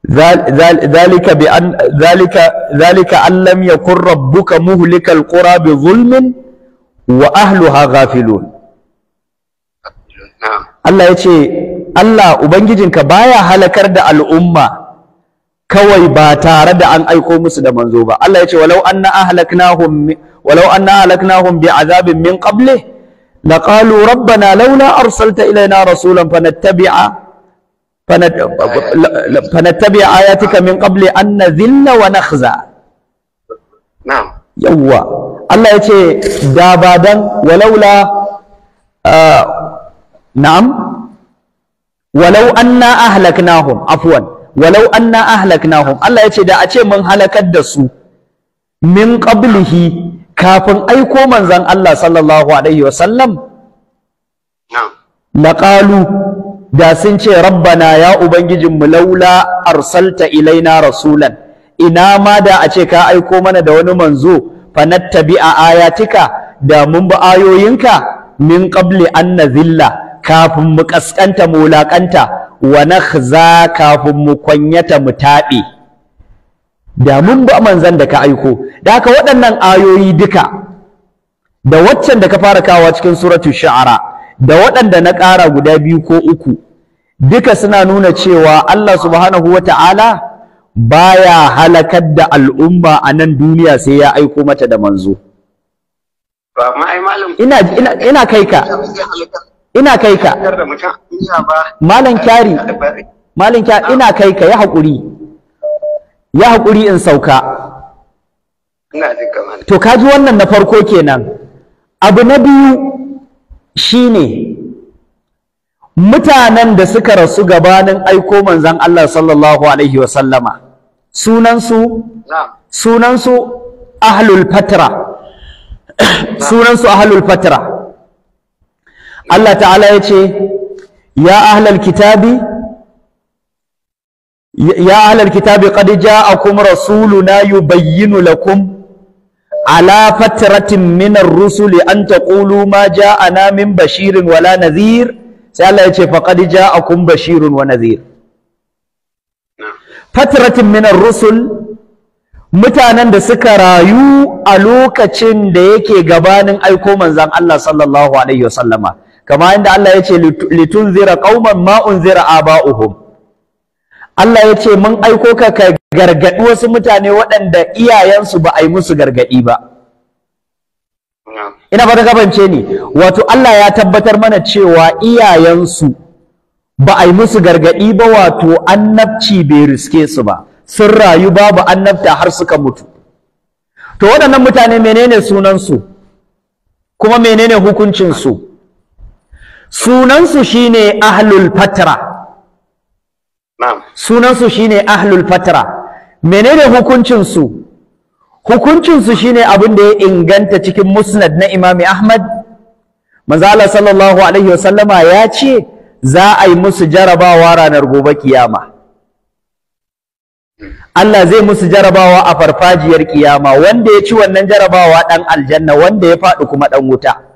A: zalika an ذلك ذلك أن لم يكن ربك zulmin wa بظلم وأهلها غافلون Allah ubangijinka baya halakar da al'umma kawai ba tare da an aiko musu da manzo ba Allah ya ce walau anna ahlaknahum walau anna ahlaknahum bi'adabin min qabli laqalu rabbana laula arsalta ilaina rasulan fanattabi'a فنتبع آياتك من قبل أن نذل ونخزى
B: نعم يوا
A: الله يتي دابادا ولولا آه نعم walau anna ahlaknahum afwan walau anna ahlaknahum Allah yace da a ce mun halakar da su min qablihi kafin aiko manzon Allah sallallahu alaihi wasallam laqalu da sun ce rabbana ya ubangijinmu laula arsalta ilaina rasulan ina ma da a ce ka aiko mana da wani manzo fanattabi fanattabi'a ayatika da mun bi ayoyinka min qabli an kafin mu kaskanta mu wulakanta wa nakhza kafin mu kwanyata mu taɓe da mun ba manzan da ka aiko da haka waɗannan ayoyi duka da waccan da ka fara kawo cikin suratu sha'ara, da waɗanda na ƙara guda biyu ko uku duka suna nuna cewa Allah subhanahu wata'ala baya halakar da al'umma a nan duniya sai ya aiko mata da manzo
D: ina ina ina kai ka ina kai ka malam kyari
A: malam kyari ina kai ka ya haƙuri ya haƙuri in sauka to kaji wannan na farko kenan abu na biyu shine mutanen da suka rasu gabanin aiko manzon Allah sallallahu alaihi wasallama sunansu sunansu ahlul
B: fatra sunansu ahlul fatra Allah ta'ala ya ce ya ahlal kitabi
A: ya ahlal kitabi qad ja'akum rasuluna yubayyinu lakum ala fatratin min ar-rusuli an taqulu ma ja'ana min bashirin wala nadhir sai Allah ya ce faqad ja'akum bashirun wa nadhir fatratin min ar-rusul mutanen da suka rayu a lokacin da yake gabanin aiko manzon Allah sallallahu alaihi wasallama kama inda Allah ya ce litunzira qauman ma unzira aba'uhum Allah ya ce mun aiko ka ka gargaɗi wasu mutane waɗanda iyayensu ba a yi musu gargadi ba ina ba ta gabance ni wato Allah ya tabbatar mana cewa iyayensu ba a yi musu gargaɗi ba wato annabci bai riske su ba sun rayu babu annabta har suka mutu to waɗannan mutane menene sunansu kuma menene hukuncinsu sunansu shine ahlul fatra sunansu shine ahlul fatra menene hukuncinsu hukuncinsu shine abin da ya inganta cikin musnad na imami ahmad manzala sallallahu alaihi wasallama ya ce za a yi musu jarabawa ranar gobe kiyama Allah zai musu jarabawa a farfajiyar kiyama wanda ya ci wannan jarabawa ɗan aljanna wanda ya faɗi kuma ɗan wuta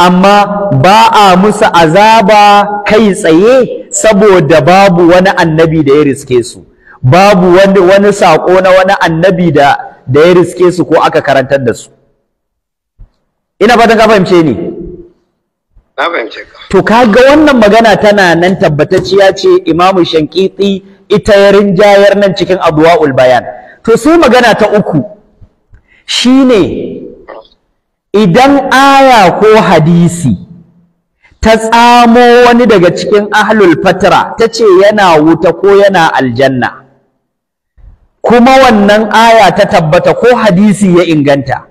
A: amma ba a musu azaba kai tsaye saboda babu wani annabi da ya riske su babu wani wani saƙo na wani annabi da da ya riske su ko aka karantar da su
D: ina fatan ka fahimce ni na fahimce ka
A: to kaga wannan magana tana nan tabbatacciya ce imamu shankiti ita ya rinjayar nan cikin adwaul bayan to su magana ta uku shine idan aya ko hadisi ta tsamo wani daga cikin ahlul fatra ta ce yana wuta ko yana aljanna kuma wannan aya ta tabbata ko hadisi ya inganta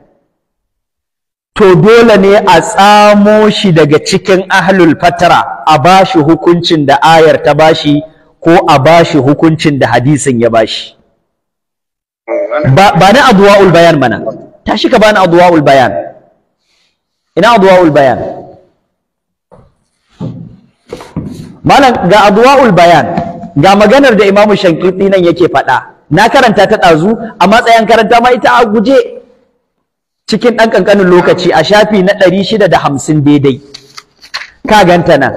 A: to dole ne a tsamo shi daga cikin ahlul fatara a bashi hukuncin da ayar ta bashi ko a bashi hukuncin da hadisin ya bashi ba ni adwa'ul bayan mana tashi ka bani adwa'ul bayan ina adwa'ul bayan malam ga bayan ga maganar da imamu shankirti nan yake faɗa na karanta ta ɗazu a matsayin karanta ma ita a guje cikin ɗan ƙanƙanin lokaci a shafi na ɗari shida da hamsin daidai ka ganta nan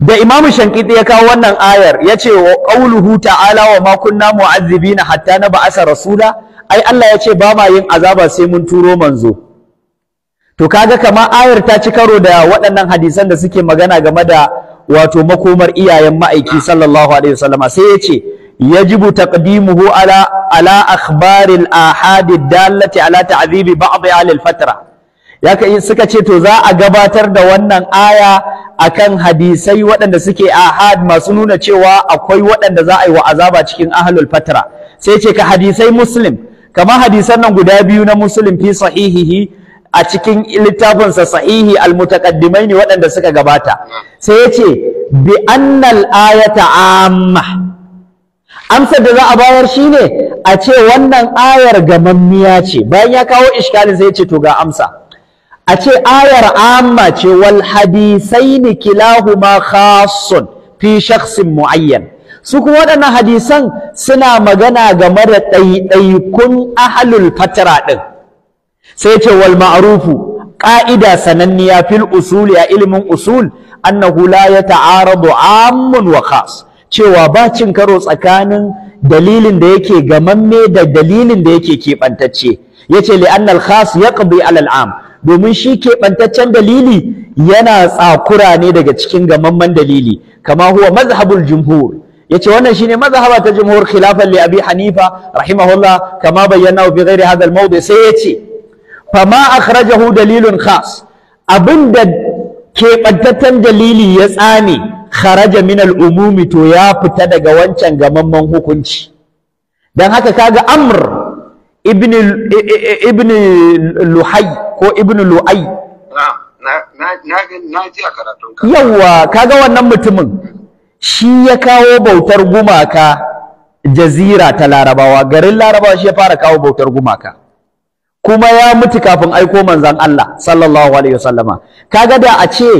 A: da imamu shankiti ya kawo wannan ayar ya ce wa ƙauluhu ta'ala wa ma kunna na hatta na ba'asa rasula ai Allah ya ce ba ma yin azaba sai mun turo manzo to kaga kamar ayar ta ci karo da waɗannan hadisan da suke magana game da wato makomar iyayen ma'aiki sallallahu alaihi wasallama sai ya ce yajibu taqdimuhu ala ala akhbaril ahadi dallati ala ta'dhibi ba'd ahli al-fatra yaka suka ce to za a gabatar da wannan aya akan hadisai waɗanda suke ahad masu nuna cewa akwai waɗanda za a yi wa azaba cikin ahlul fatra sai ce ka hadisai muslim kamar hadisan nan guda biyu na muslim fi sahihihi a cikin littafinsa sahihi almutaqaddimai ne waɗanda suka gabata sai ya ce bi annal ayata amma amsar da za a bayar shine a ce wannan ayar gamammiya ce bayan ya kawo iskalin sai ya ce to ga amsa a ce ayar amma ce wal hadisaini kilahuma khassun fi shakhsin muayyan su kuma waɗannan hadisan suna magana game da ɗaiɗaikun ahalul fatra ɗin sai ce wal ma'rufu ƙa'ida sananniya fil usuli a ilimin usul annahu la yata'aradu ammun wa khas cewa ba cin karo tsakanin dalilin da yake gamamme da dalilin da yake keɓantacce yace li annal khas yaqdi alal am domin shi keɓantaccen dalili yana tsakura ne daga cikin gamamman dalili kama huwa mazhabul jumhur yace wannan shine mazhaba ta jumhur khilafan li abi hanifa rahimahullah kama bayyana fi ghairi hadha al mawdi sai yace fama akhrajahu dalilun khas abinda keɓantaccen dalili ya tsane kharaja min al'umumi to ya fita daga wancan gamamman hukunci don haka kaga amr ibn luhai ko ibn lu'ai yawa kaga wannan mutumin shi ya kawo bautar gumaka jazira ta larabawa garin larabawa shi ya fara kawo bautar gumaka kuma ya mutu kafin aiko manzan Allah sallallahu alaihi wasallama kaga da a ce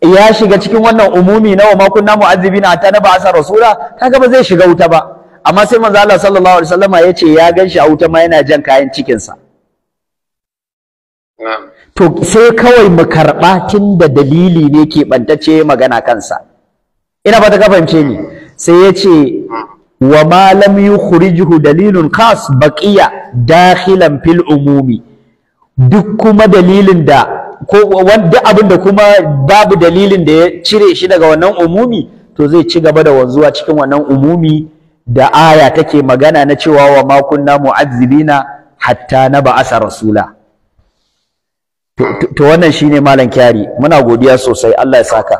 A: ya shiga cikin wannan umumi na wa ma kunna mu'azzibina hatta na ba'asa rasula kaga ba zai shiga wuta ba amma sai manzan Allah sallallahu alaihi wasallama ya ce ya ganshi a wuta ma yana jan kayan cikinsa to sai kawai mu karɓa tun da dalili ne ke ɓantacce magana kansa ina ba ta ka fahimce ni sai ya ce wa ma lam yukhrijhu dalilun khas baqiya dakhilan fil umumi duk kuma dalilin da ko wanda abin da kuma babu dalilin da ya cire shi daga wannan umumi to zai ci gaba da wanzuwa cikin wannan umumi da aya take magana na cewa wa ma kunna mu'azzibina hatta na ba'asa rasula to wannan shine malam kyari muna godiya sosai Allah ya saka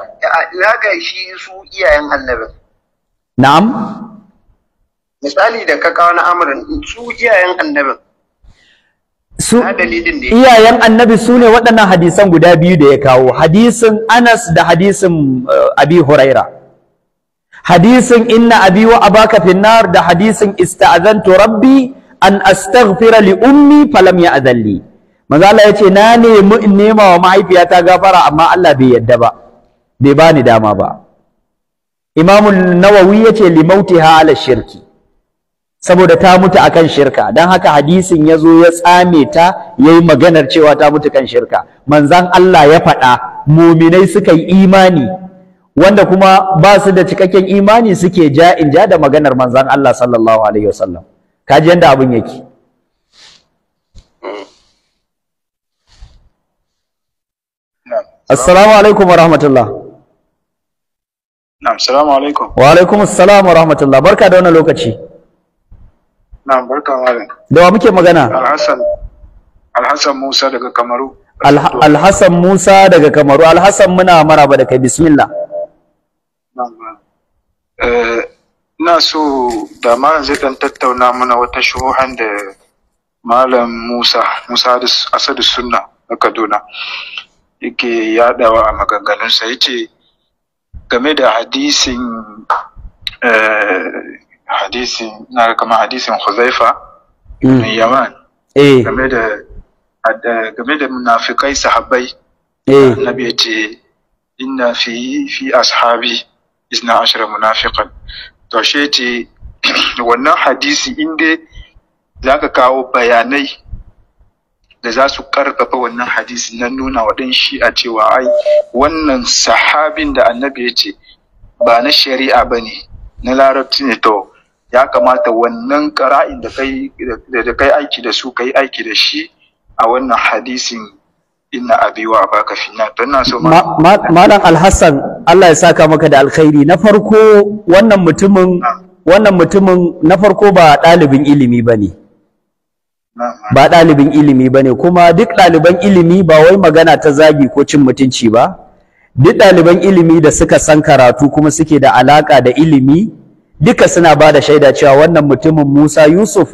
D: ya ga shi su iyayen annabi na'am misali da ka kawo na amurin su iyayen annabin su iyayen
A: annabi su ne waɗannan hadisan guda biyu da ya kawo hadisin anas da hadisin eh, abi huraira hadisin inna abi wa abaka finnar da hadisin ista'azantu rabbi an astaghfira li ummi falam ya-azalli. Mazala Allah yace na nemi in nema wa mahaifiyata gafara amma Allah bai yadda ba bai bani dama ba Imamun Nawawi yace limauti mautiha ala shirki saboda ta mutu akan shirka don haka hadisin ya zo ya tsame ta ya yi maganar cewa ta mutu kan shirka manzan Allah ya faɗa muminai suka yi imani wanda kuma ba su da cikakken imani suke ja in ja da maganar manzan Allah sallallahu alaihi wasallam kaji yanda abin yake
B: assalamu alaikum wa rahmatullah
C: na'am assalamu alaikum
B: wa alaikum assalam wa rahmatullah
A: barka da wannan lokaci Na'am Da wa muke magana?
C: Alhassan. Musa daga Kamaru.
A: Alhassan Musa daga Kamaru. Alhassan muna maraba da kai bismillah.
C: Eh, ina so da malam zai dan tattauna mana wata shuhan da malam Musa Musa Asadu Sunna na Kaduna yake yadawa a maganganunsa yace game da hadisin eh, hadisi na kamar hadisin Huzaifa mai hmm. Yaman eh. game da game da munafikai sahabbai
B: eh. annabi
C: ce inna fi fi ashabi isna ashara munafiqan to shi ce wannan hadisi inda za ka kawo bayanai da za su karfafa wannan hadisi na nuna wa ɗan a cewa ai wannan sahabin da annabi ya ce ba na shari'a ba ne na larabci ne to ya kamata wannan ƙara'in da kai da kai aiki da su kai aiki da shi a wannan hadisin inna abi wa baka finna don na so malam
A: alhassan Allah ya saka maka da alkhairi na farko wannan mutumin wannan mutumin na farko ba ɗalibin ilimi bane ba ɗalibin ilimi bane kuma duk ɗaliban ilimi ba wai magana ta zagi ko cin mutunci ba duk ɗaliban ilimi da suka san karatu kuma suke da alaƙa da ilimi duka suna ba da shaida cewa wannan mutumin Musa Yusuf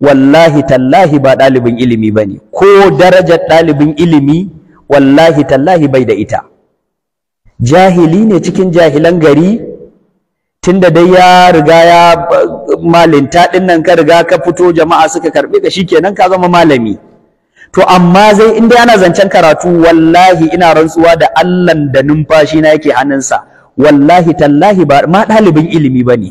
A: wallahi tallahi ba ɗalibin ilimi ba ne ko darajar ɗalibin ilimi wallahi tallahi bai da ita jahili ne cikin jahilan gari tunda dai ya riga ya malinta ɗin nan ka riga ka fito jama'a suka karɓe ka shikenan ka zama malami to amma zai in dai ana zancen karatu wallahi ina rantsuwa da allahn da numfashi na yake hannunsa wallahi tallahi ba ma ɗalibin ilimi ba ne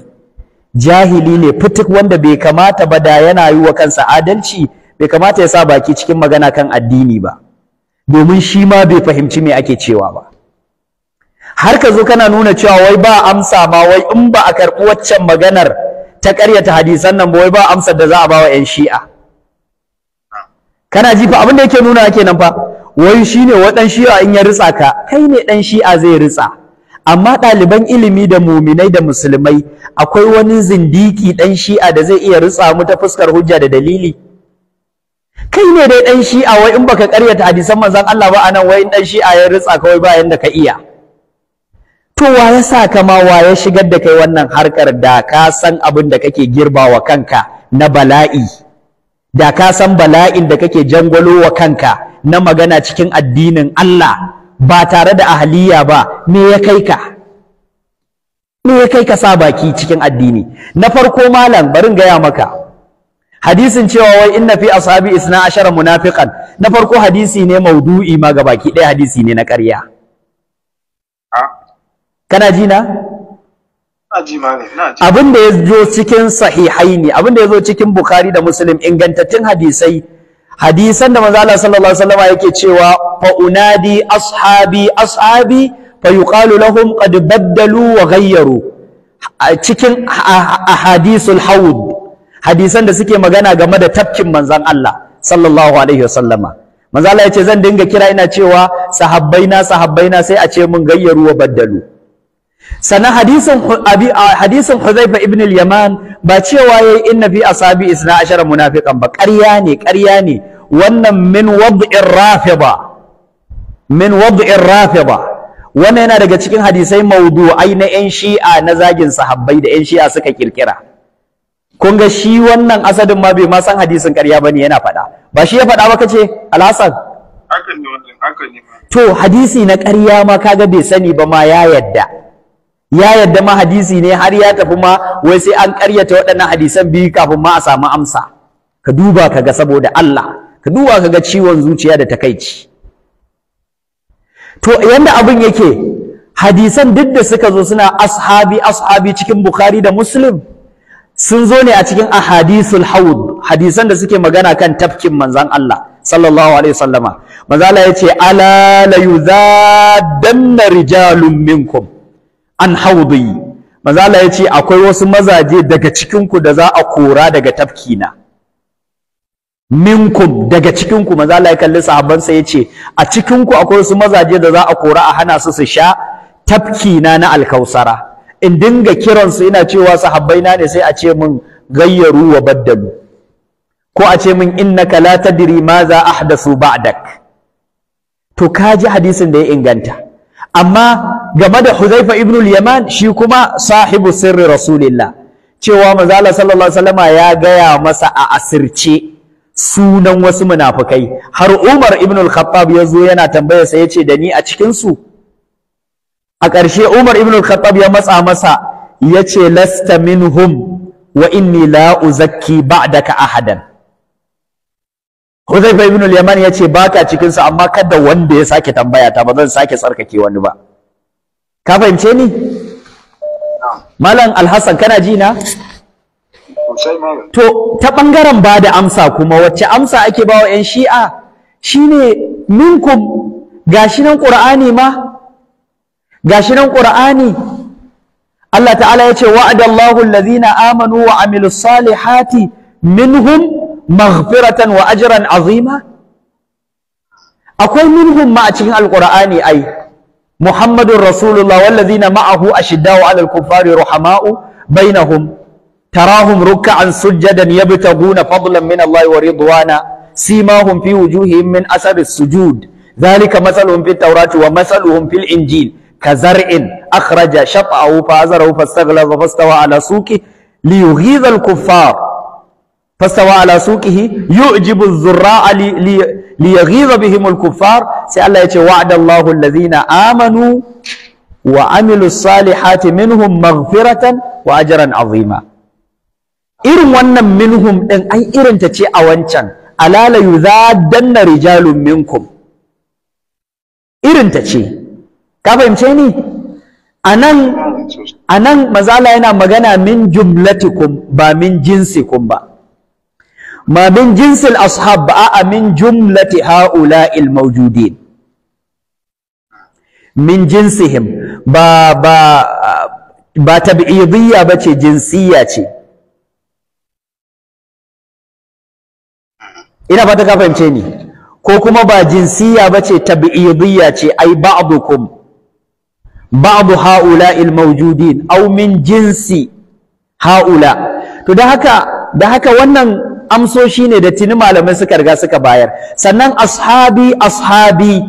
A: jahili ne fituk wanda bai kamata ba da yana yi wa kansa adalci bai kamata ya sa baki cikin magana kan addini ba domin shi ma bai fahimci me ake cewa ba har ka zo kana nuna cewa wai ba amsa ma wai in ba a karɓi waccan maganar ta ƙaryata hadisan nan ba wai ba amsar da za a ba wa 'yan shi'a kana ji fa abin da yake nuna kenan fa wai shine wa shi'a in ya ritsa ka kai ne ɗan shi'a zai ritsa amma ɗaliban ilimi da muminai da musulmai akwai wani zindiki ɗan shi'a da zai iya ritsa mu ta fuskar hujja da dalili kai ne dai ɗan shi'a wai in baka karyata hadisan manzon Allah ba anan wai ɗan shi'a ya ritsa kawai ba yanda ka iya to wa ya sa ka ma wa ya shigar da kai wannan harkar da ka san abin da kake girbawa kanka na bala'i da ka san bala'in da kake jangwalo wa kanka na magana cikin addinin Allah ba tare da ahaliya ba me ya kai ka me ya kai ka sa baki cikin addini na farko malam barin gaya maka hadisin cewa wai inna fi ashabi isna ashara munafiqan na farko hadisi ne maudu'i ma gabaki ɗaya hadisi ne na ƙarya kana ji na abin da ya zo cikin sahihaini abin da ya zo cikin bukhari da muslim ingantattun hadisai hadisan da manzo Allah sallallahu alaihi wasallam yake cewa fa unadi ashabi ashabi fa yuqalu lahum qad baddalu wa ghayyaru cikin ahadisul hadisan da suke magana game da tafkin manzon Allah sallallahu alaihi wasallama manzo Allah yace zan dinga kira ina cewa sahabbaina sahabbaina sai a ce mun gayyaru wa baddalu sannan hadisin hadisin Huzaifa ibn al-Yaman ba cewa yayi inna fi ashabi isna ashara munafiqan ba ƙarya ne ƙarya ne wannan min wad'ir rafida min wad'ir rafida wannan yana daga cikin hadisai ai na yan shi'a na zagin sahabbai da yan shi'a suka kirkira kun ga shi wannan asadin ma bai ma san hadisin ƙarya bane yana faɗa ba shi ya faɗa ba kace alhasan to hadisi na ƙarya ma kaga bai sani ba ma ya yadda ya yadda ma hadisi ne har ya tafi ma wai sai an karyata waɗannan hadisan biyu kafin ma a samu amsa ka duba ka ga saboda Allah ka duba ka ga ciwon zuciya da takaici to yanda abin yake hadisan duk da suka zo suna ashabi ashabi cikin bukhari da muslim sun zo ne a cikin ahadisul haud hadisan da suke magana kan tafkin manzan Allah sallallahu alaihi wasallama manzala yace ala la yudaddanna rijalun minkum an haudi manzo Allah ya ce akwai wasu mazaje daga cikin da za a kora daga tafkina
B: minkum
A: daga cikinku ku manzo Allah ya kalli sahabban sa yace a cikinku akwai wasu mazaje da za a kora a hana su su sha tafkina na alkausara in dinga kiransu ina cewa na ne sai a ce min gayyaru wa baddalu ko a ce min innaka la tadri ma za ahdathu ba'dak to kaji hadisin da ya inganta amma game da Huzaifa ibn al-Yaman shi kuma sahibu sirri Rasulillah cewa manzo sallallahu alaihi ya gaya masa a asirce sunan wasu munafukai har Umar ibn al-Khattab ya zo yana tambaya ya yace da ni a cikin su a ƙarshe Umar ibn al-Khattab ya matsa masa yace lasta minhum wa inni la uzakki ba'daka ahadan huzaifa ibn al-Yaman yace baka cikin su amma kada wanda ya sake tambaya ta ba zan sake tsarkake wani ba ka fahimce ni malam alhassan kana ji na to ta ɓangaren ba da amsa kuma wacce amsa ake bawa yan shi'a shine minkum gashi nan ma gashi nan qur'ani Allah ta'ala ya ce wa'adallahu lazina amanu wa amilus salihati minhum maghfiratan wa ajran azima akwai minhum ma a cikin alqur'ani ai muhammadun rasulullah wallazina ma'ahu ashiddau alal kuffari ruhama'u bainahum tarahum ruk'an sujjadan ya bi yabtaguna fadlan min Allah wa ridwana simahum wujuhi wujuhihim min asari sujud dhalika mathaluhum fit tawrati wa mathaluhum fil injil kazar'in akhraja shat'ahu fa azarahu fastaghlaza fastawa ala suqi liyughidha al kuffar fastawa ala suqihi yu'jibu az-zurra'a li yaghiza bihim al-kuffar sai Allah ya ce wa'adallahu amanu wa amilu salihati minhum maghfiratan wa ajran azima irin wannan minhum din ai irin ta ce a wancan alala yuzadanna rijalun minkum irin ta ce ka fahimce ni anan anan mazala yana magana min jumlatikum ba min jinsikum ba ma min jinsil ashab A'a min jumlati ha'ula'il mawjudin min
B: jinsihim ba ba ba tab'idiyya bace jinsiyya ce ina fata ka fahimce ni ko kuma ba jinsiyya bace tab'idiyya ce ai ba'dukum
A: ba'du ha'ula'il mawjudin aw min jinsi ha'ula to da haka wannan amsoshi ne da tuni malamai suka riga suka bayar sannan ashabi ashabi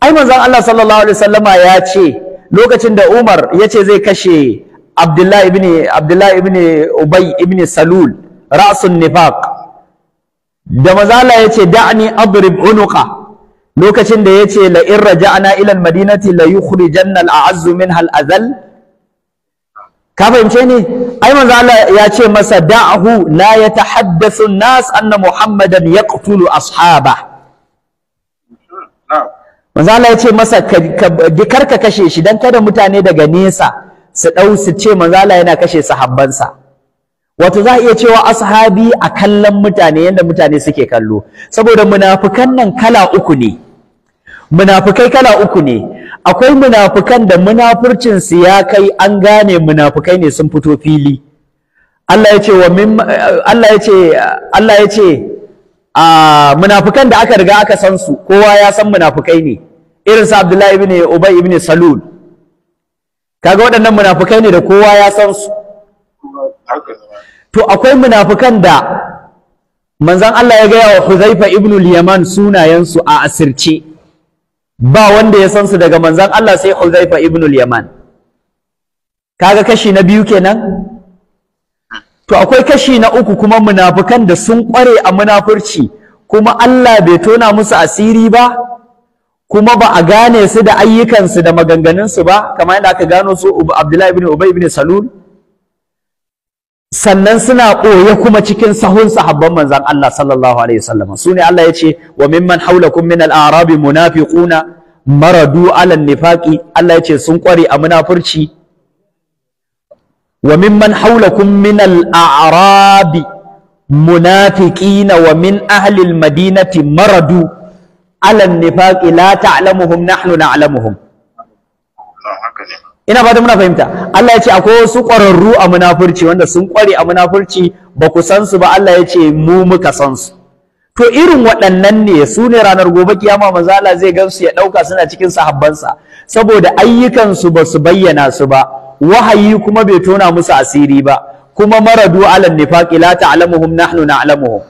A: ai manzon Allah sallallahu alaihi wasallama ya ce lokacin da Umar ya ce zai kashe Abdullah ibn Abdullah ibn Ubay ibn Salul ra'sun nifaq da mazala ya ce da'ni adrib unuqa lokacin da ya ce la in raja'na ila al-madinati la yukhrijanna al-a'azzu minha al-azal ka fahimce ni ai manzo Allah ya ce masa da'ahu la yatahaddathu an-nas anna muhammadan yaqtulu ashaba manzo Allah ya ce masa kar ka kashe shi dan kada mutane daga nesa su dau su ce manzo Allah yana kashe sahabbansa wato za a iya cewa ashabi a kallon mutane yadda mutane suke kallo saboda munafukan nan kala uku ne munafukai kala uku ne akwai munafukan da munafurcinsu ya kai an gane munafukai ne sun fito fili Allah ya ce wa min Allah ya ce Allah ya ce a munafukan da aka riga aka san su kowa ya san munafukai ne irin sa Abdullahi ibn Ubay ibn Salul kaga waɗannan munafukai ne da kowa ya san su to akwai munafukan da manzon Allah ya gaya wa Huzaifa ibn al-Yaman sunayensu a asirce ba wanda ya san su daga manzan Allah sai Huzaifa ibn al-Yaman kaga kashi na biyu kenan to akwai kashi na uku kuma munafukan da sun kware a munafurci kuma Allah bai tona musu asiri ba kuma ba a gane su da ayyukansu da maganganunsu ba kamar yadda aka gano su Abdullahi ibn Ubay ibn Salul sannan suna ɓoye kuma cikin sahun sahabban manzan Allah sallallahu alaihi wasallam su ne Allah ya ce wa mimman haulakum min al-arabi munafiquna maradu ala nifaqi Allah ya ce sun kware a munafurci wa mimman haulakum min al-arabi munafiqina wa min ahli al-madinati maradu ala nifaqi la ta'lamuhum nahnu na'lamuhum ina da muna fahimta Allah ya ce akwai wasu ƙwararru a munafurci wanda sun ƙware a munafurci ba ku san su ba Allah ya ce mu muka san su to irin waɗannan ne su ne ranar gobe kiyama manzo Allah zai gan ya ɗauka suna cikin sahabbansa saboda ayyukan su ba su bayyana su ba wahayi kuma bai tona musu asiri ba kuma maradu alal nifaqi la ta'lamuhum nahnu na'lamuhum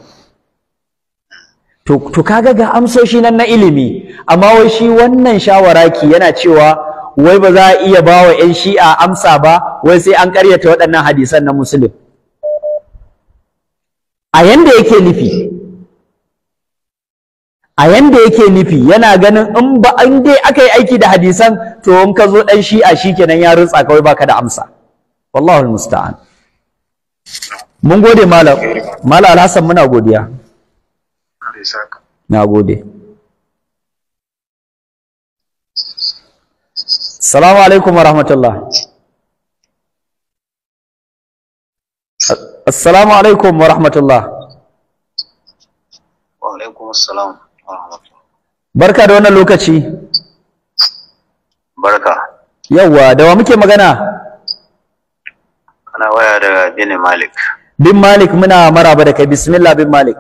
A: to kaga ga amsoshi nan na ilimi amma wai shi wannan shawaraki yana cewa wai ba za a iya ba wa 'yan shi'a amsa ba wai sai an karyata waɗannan hadisan na musulun a yanda yake nufi a yanda yake nufi yana ganin in ba an dai aka yi aiki da hadisan to in ka zo ɗan shi'a kenan ya rutsa kawai baka da amsa wallahu musta'an
B: mun gode malam malam alhassan muna godiya na gode salamu alaikum wa rahmatullah assalamu alaikum wa rahmatullah
C: wa alaikum assalam wa rahmatullah
B: barka da wannan lokaci barka yawwa da wa muke magana
D: kana waya da bin malik
A: bin malik muna maraba da kai bismillah bin malik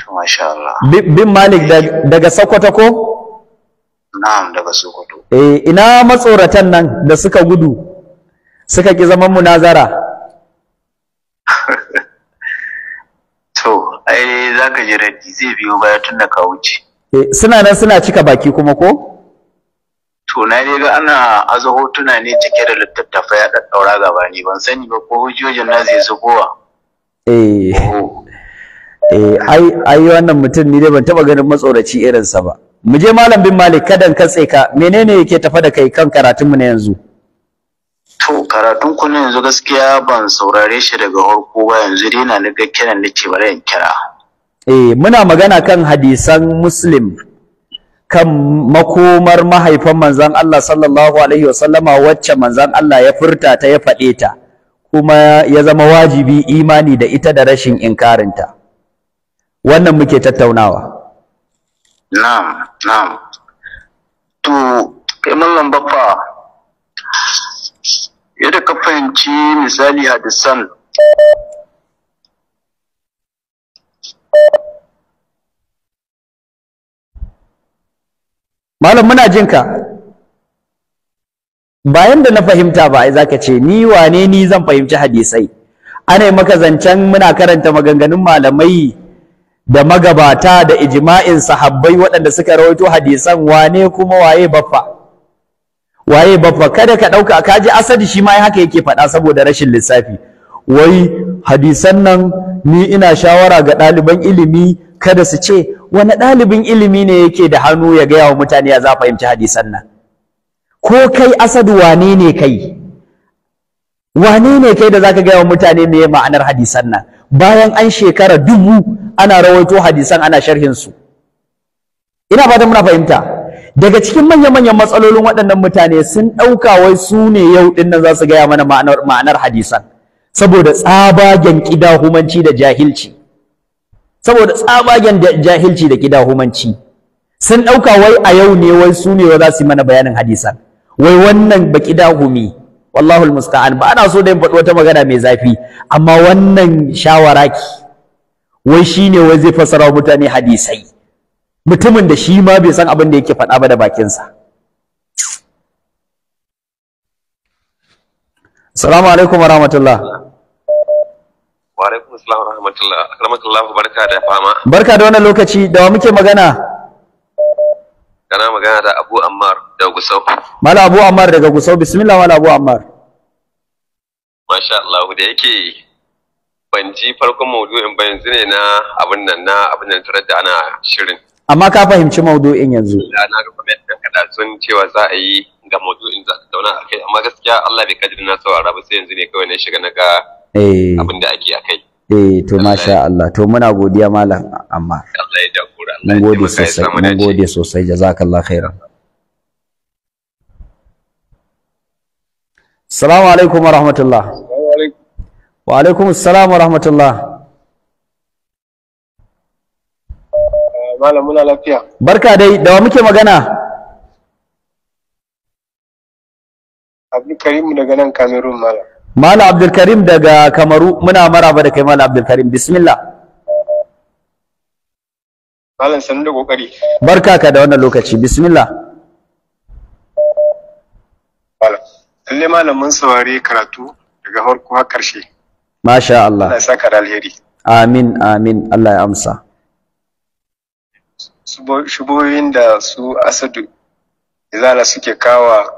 E: to masha Allah
A: bin malik daga sokoto ko
E: na'am daga Sokoto
A: eh ina matsoratan nan da suka gudu suka ki zaman munazara
E: to ai zaka ji
C: raddi zai biyo baya tunda ka wuce
B: eh suna nan suna cika baki kuma ko to na dai ga ana aza hotuna ne
C: cike da littattafa ya daddaura gaba ne ban sani ba ko hujjojin na zai zubowa
B: eh oh. eh ai ai
A: wannan mutum ni dai ban taba ganin matsoraci irinsa ba mu je malam bin malik kadan katse ka menene yake tafa da kai kan karatunmu na yanzu
C: to karatun ku na yanzu gaskiya ban saurare shi daga farko ba yanzu dai na ga kiran da ce bari in kira
A: eh muna magana kan hadisan muslim kan makomar mahaifan manzan Allah sallallahu alaihi wasallama wacce manzan Allah ya furta ta ya faɗe ta kuma ya zama wajibi imani da ita da rashin inkarinta wannan muke
B: tattaunawa
E: na'am na'am to kai mallam baffa yadda ka fahimci misali
B: hadisan malam muna jinka. bayan da na fahimta ba ai zaka ce ni wane ni zan fahimci
A: hadisai ana maka zancen muna karanta maganganun malamai da magabata da ijma'in sahabbai waɗanda suka rawaito hadisan wane kuma waye baffa waye baffa kada ka ɗauka ka ji asadi shi ma haka yake faɗa saboda rashin lissafi wai hadisan nan ni ina shawara ga ɗaliban ilimi kada su ce wani ɗalibin ilimi ne yake da hannu ya gaya wa mutane ya za fahimci hadisan nan ko kai asadu wane ne kai wane ne kai da zaka gaya wa mutane me ma'anar hadisan nan bayan an shekara dubu ana rawaito hadisan ana sharhin su ina fatan muna fahimta daga cikin manyan manyan matsalolin waɗannan mutane sun ɗauka wai su ne yau ɗin nan za su gaya mana ma'anar hadisan saboda tsabagen ƙidahumanci da jahilci saboda tsabagen jahilci da kidahumanci sun ɗauka wai a yau ne wai su ne za su yi mana bayanin hadisan wai wannan ba ƙidahumi. wallahul musta'an ba ana so da yin faɗi wata magana mai zafi amma wannan shawara ki wai shine wai zai fassara mutane hadisai mutumin da shi ma bai san abin da yake faɗa ba da bakinsa
B: Assalamu alaikum wa rahmatullah.
C: Wa alaikum assalam wa rahmatullah. Akramakallahu barka da fama.
B: Barka da
A: wannan lokaci da wa muke magana?
C: Kana magana da Abu Ammar daga Gusau.
A: Mala Abu Ammar daga Gusau. Bismillah mala Abu Ammar.
C: Masha Allah da yake ban ji farkon maudu'in ba yanzu ne na abin nan na abin nan tare da ana shirin
A: amma ka fahimci maudu'in yanzu da na ga kuma da kada sun cewa za a
C: yi ga maudu'in za su zauna a kai amma gaskiya Allah bai kaji na saurara ba sai yanzu ne kawai na shiga na ga
A: eh. abin da ake a kai eh to masha Allah to muna godiya malam amma Allah ya jagora mun gode sosai mun gode sosai jazakallahu khairan
B: Salamu alaikum wa rahmatullah. wa alaikum assalam wa rahmatullah
C: malam muna lafiya
B: barka dai da wa muke magana
C: Abdulkarim daga nan Kamerun malam
B: Malam Abdulkarim daga Kamaru muna maraba da kai Malam Abdulkarim bismillah
C: Malam sanu da kokari.
A: Barka ka da wannan lokaci. Bismillah.
C: Malam. Lalle malam mun saurari karatu daga farko har karshe
A: Masha Allah.
C: Allah saka da alheri.
A: Amin amin Allah ya amsa.
C: Shubohin da su Asadu izala suke kawa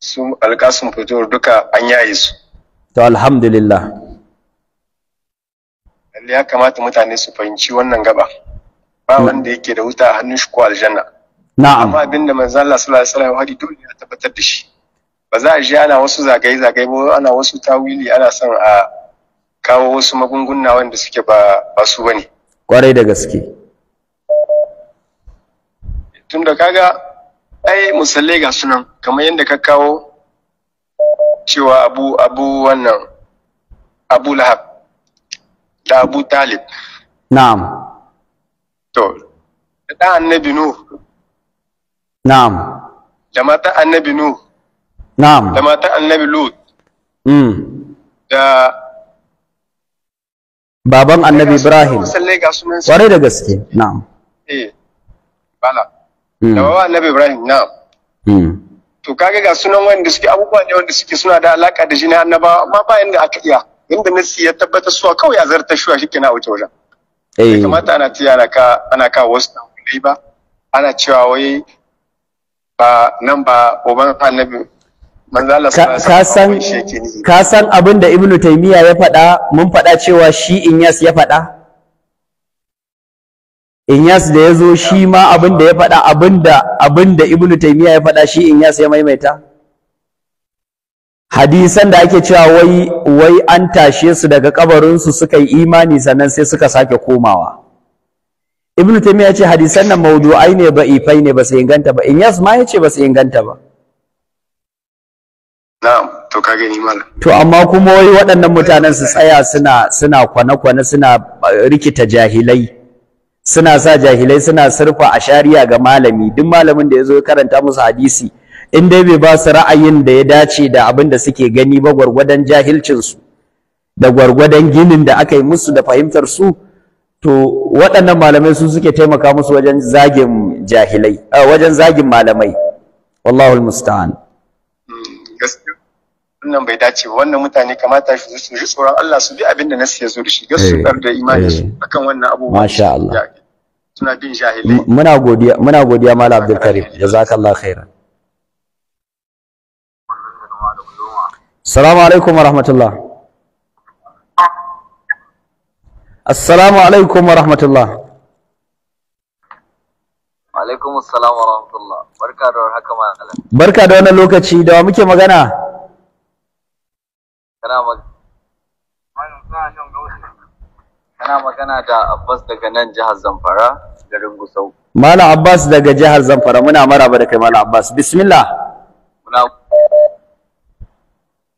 C: su alƙasun fitowar duka an yaye su.
A: To alhamdulillah.
C: Ya kamata mutane su fahimci wannan gaba. Ba mm. wanda yake da wuta a hannun shi ko aljanna. Na'am. Amma abinda manzo Allah sallallahu alaihi wasallam hadi dole ya tabbatar da shi. ba za a ji ana wasu zagaye-zagaye ba ana wasu tawili ana son a kawo wasu magunguna wanda suke ba ba su bane
B: kwarai da gaske
C: tunda kaga ai musallai ga sunan kamar yadda ka kawo cewa abu abu wannan abu lahab da abu talib na'am to da annabi nuh na'am da mata annabi nuh na'am da matan annabi lut mm. da
B: baban annabi ibrahim ware da gaske na'am
C: eh bala mm. da baban annabi ibrahim na'am mm. to kaga ga sunan wanda suke abubuwa ne wanda suke suna da alaka da jini annaba amma ba yanda aka iya inda nasi ya tabbatar suwa kawai a zartar shuwa shike na wuce wajen eh kamata ana tiya ana ka ana ka wasu ba ana cewa wai ba nan ba uban annabi
B: ka san
A: abin da ibnu taimiyya ya faɗa mun faɗa cewa shi inyas ya faɗa inyas da ya zo shi ma abin da ya faɗa abin da ibnu taimiyya ya faɗa shi inyas ya maimaita hadisan da ake cewa wai wai an tashe su daga kabarinsu suka yi imani sannan sai suka sake komawa ibnu taimiyya ya ce hadisan nan mawdu'ai ne ba ifai ne ba su inganta ba inyas ma ya ce ba su inganta
C: ba to ka gani
A: to amma kuma wai waɗannan mutanen su tsaya suna suna kwana kwane suna eh, rikita jahilai suna sa jahilai suna surfa a shari'a ga malami duk malamin da ya zo karanta musu hadisi in dai bai ba su ra'ayin da ya dace da abin da suke gani ba gwargwadon jahilcinsu da gwargwadon ginin da aka yi musu da fahimtar su to waɗannan malamai su suke taimaka musu wajen zagin jahilai eh, wajen zagin malamai wallahu musta'an
C: wannan bai dace ba wannan mutane kamata su su ji tsoron Allah su bi abinda na suke ya zo da shi gaskiyar eh, da imani su eh. akan wannan abubuwa masha Allah suna bin jahili
A: muna godiya muna godiya malam Abdul Karim jazakallahu khairan
B: Assalamu alaikum wa rahmatullah. Assalamu alaikum wa rahmatullah. alaikum assalam wa rahmatullah barka da warhaka malam barka da wannan lokaci da wa muke magana
C: kana magana magana da Abbas daga nan jihar Zamfara garin Gusau
A: Malam Abbas daga jihar Zamfara muna maraba da kai Malam Abbas
B: bismillah
C: muna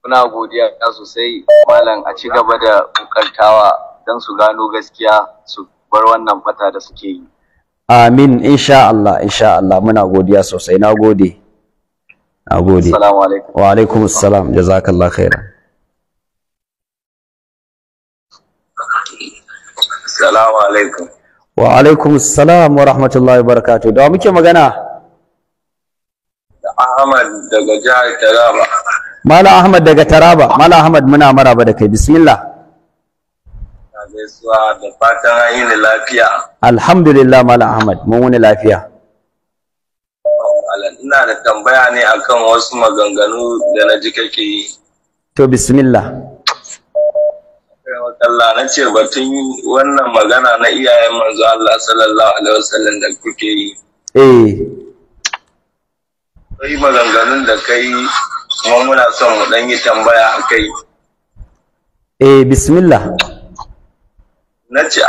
C: muna godiya sosai malam a ci gaba da kokartawa don su gano gaskiya su bar wannan fata da suke yi
A: amin insha Allah insha Allah muna godiya sosai na gode
B: na gode alaikum wa alaikum assalam jazakallah khairan assalamu alaikum wa alaikum assalam wa rahmatullahi wa barakatuh da muke magana
C: Ahmad daga jihar Taraba
A: Mala Ahmad daga Taraba Mala Ahmad muna maraba da kai bismillah
C: gaisuwa da fatan an lafiya.
A: Alhamdulillah Malam Ahmad, mun wani lafiya.
C: Ina da tambaya ne akan wasu maganganu da na ji kake yi. To bismillah. Allah na ce batun wannan magana na iyayen manzo Allah
A: sallallahu alaihi wasallam da kuke yi. Eh. Kai maganganun da kai kuma muna son mu dan yi tambaya akai. Eh bismillah.
C: na ce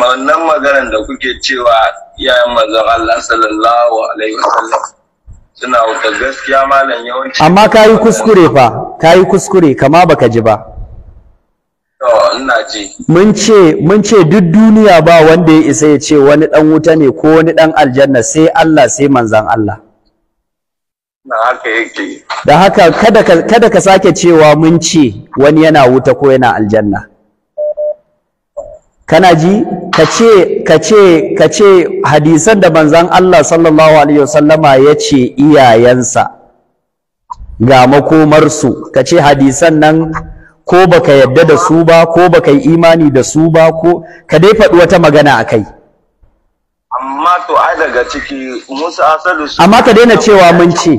C: wannan maganar da kuke cewa iyayen mazan Allah sallallahu alaihi wasallam suna wuta gaskiya malam yawanci amma
A: kayi kuskure fa kayi kuskure kama baka ji ba mun ce mun ce duk duniya ba wanda ya isa ya ce wani dan wuta ne ko wani dan aljanna sai Allah sai manzan Allah
E: na haka yake
A: da haka kada ka kada ka sake cewa mun ce wani yana wuta ko yana aljanna kana ji ce ka ce hadisan da manzan Allah sallallahu alaihi wasallama ce iyayensa ga makomarsu ce hadisan nan ko baka yadda da su ba ko baka yi imani da su ba ko ka dai faɗi wata magana a kai
C: amma to ai daga ciki musa asalu amma ka daina cewa mun ce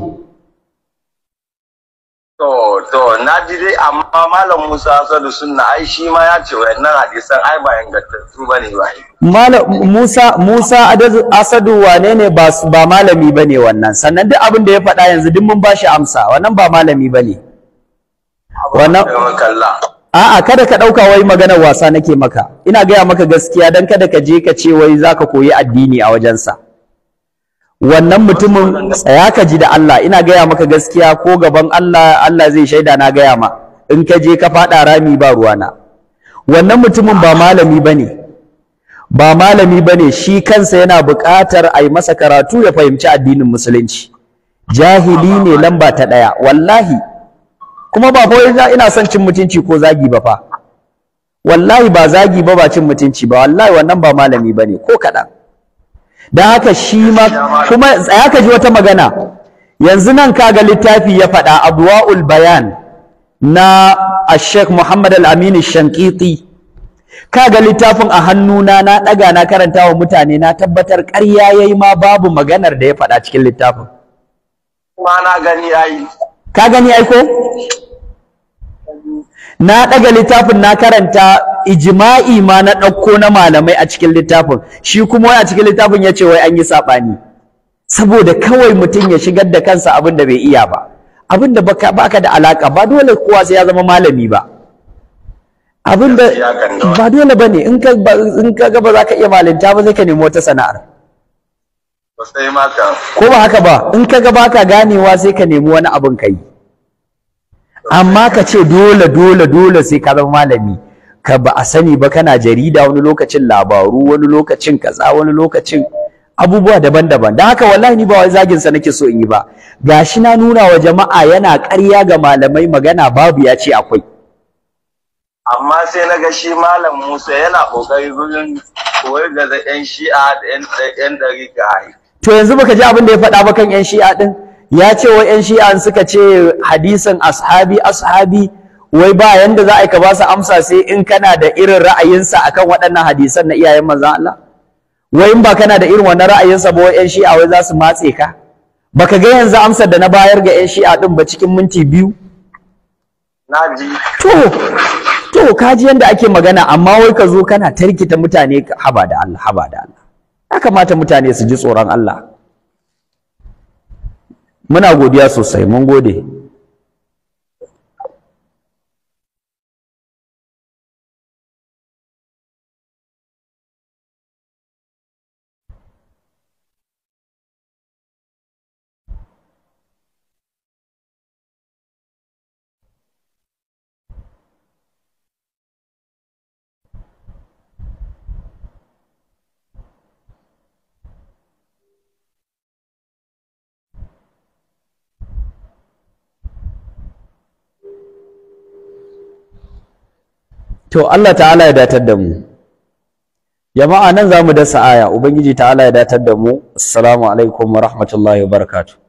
C: To, to, na ji dai amma Malam Musa Sadu Sunna ai shi ma ya ce nan hadisan ai ba ingantattu ba ne ba.
B: Malam
A: Musa Musa Asadu wane ne ba ba malami ba ne wannan sannan duk abin da ya faɗa yanzu duk mun bashi amsa wannan ba malami ba ne. Wannan A'a kada ka ɗauka wai maganar wasa nake maka ina gaya maka gaskiya dan kada ka je ka ce wai zaka koyi addini a wajensa. wannan mutumin tsaya ka ji da Allah ina gaya maka gaskiya ko gaban Allah Allah zai shaida na gaya ma in ka je ka faɗa rami ba ruwa na. wannan mutumin ba malami bane ba malami bane shi kansa yana buƙatar a yi masa karatu ya fahimci addinin musulunci jahili ne lamba ta ɗaya wallahi kuma ba fa ina son cin mutunci ko zagi ba fa wallahi ba zagi ba ba cin mutunci ba wallahi wannan ba malami bane ko kaɗan don haka shi ma kuma tsaya ka ji wata magana yanzu nan kaga littafi ya faɗa abuwaul bayan na ashek muhammad al-amini shankiti kaga littafin a hannuna na ɗaga na karanta wa mutane na tabbatar ƙarya ya yi ma babu maganar da ya faɗa cikin littafin
E: ma na gani ai ka gani ai ko
A: na ɗaga littafin na karanta ijma'i ma na ɗauko na malamai a cikin littafin shi kuma a cikin littafin ya ce wai an yi saɓani saboda kawai mutum ya shigar da kansa abin da bai iya ba abin da baka da alaka ba dole kowa sai ya zama malami ba abin da ba dole bane in ka in ka ga ba za ka iya malinta ba sai ka nemi wata sana'ar ko ba haka ba in ka ga baka ganewa sai ka nemi wani abin kai amma ka ce dole dole dole sai ka zama malami ka ba a sani ba kana jarida wani lokacin labaru wani lokacin kaza wani lokacin abubuwa daban-daban don haka wallahi ni ba wai zagin sa nake so in yi ba gashi na nuna wa jama'a yana ƙarya ga malamai magana babu ya ce akwai
C: amma sai na ga shi malam Musa yana kokari gurin koyar da yan shi'a da yan ɗari ga
A: to yanzu baka ji abin da ya faɗa ba kan yan shi'a din ya ce wa 'yan shi'an suka ce hadisin ashabi ashabi wai ba yanda za a ka ba su amsa sai in kana da irin ra'ayinsa akan waɗannan hadisan na iyayen manzon Allah wai in ba kana da irin wannan ra'ayinsa ba wai 'yan shi'a wai za su matse ka baka ga yanzu amsar da na bayar ga 'yan shi'a din ba cikin minti biyu naji to to kaji yanda ake magana amma wai ka zo kana tarkita mutane haba da Allah haba da Allah ya kamata mutane su ji tsoron Allah
B: muna godiya sosai mun gode
A: to Allah ta'ala ya datar da mu jama'a nan za mu dasa aya ubangiji ta'ala ya datar da mu assalamu alaikum wa rahmatullahi wa barakatuh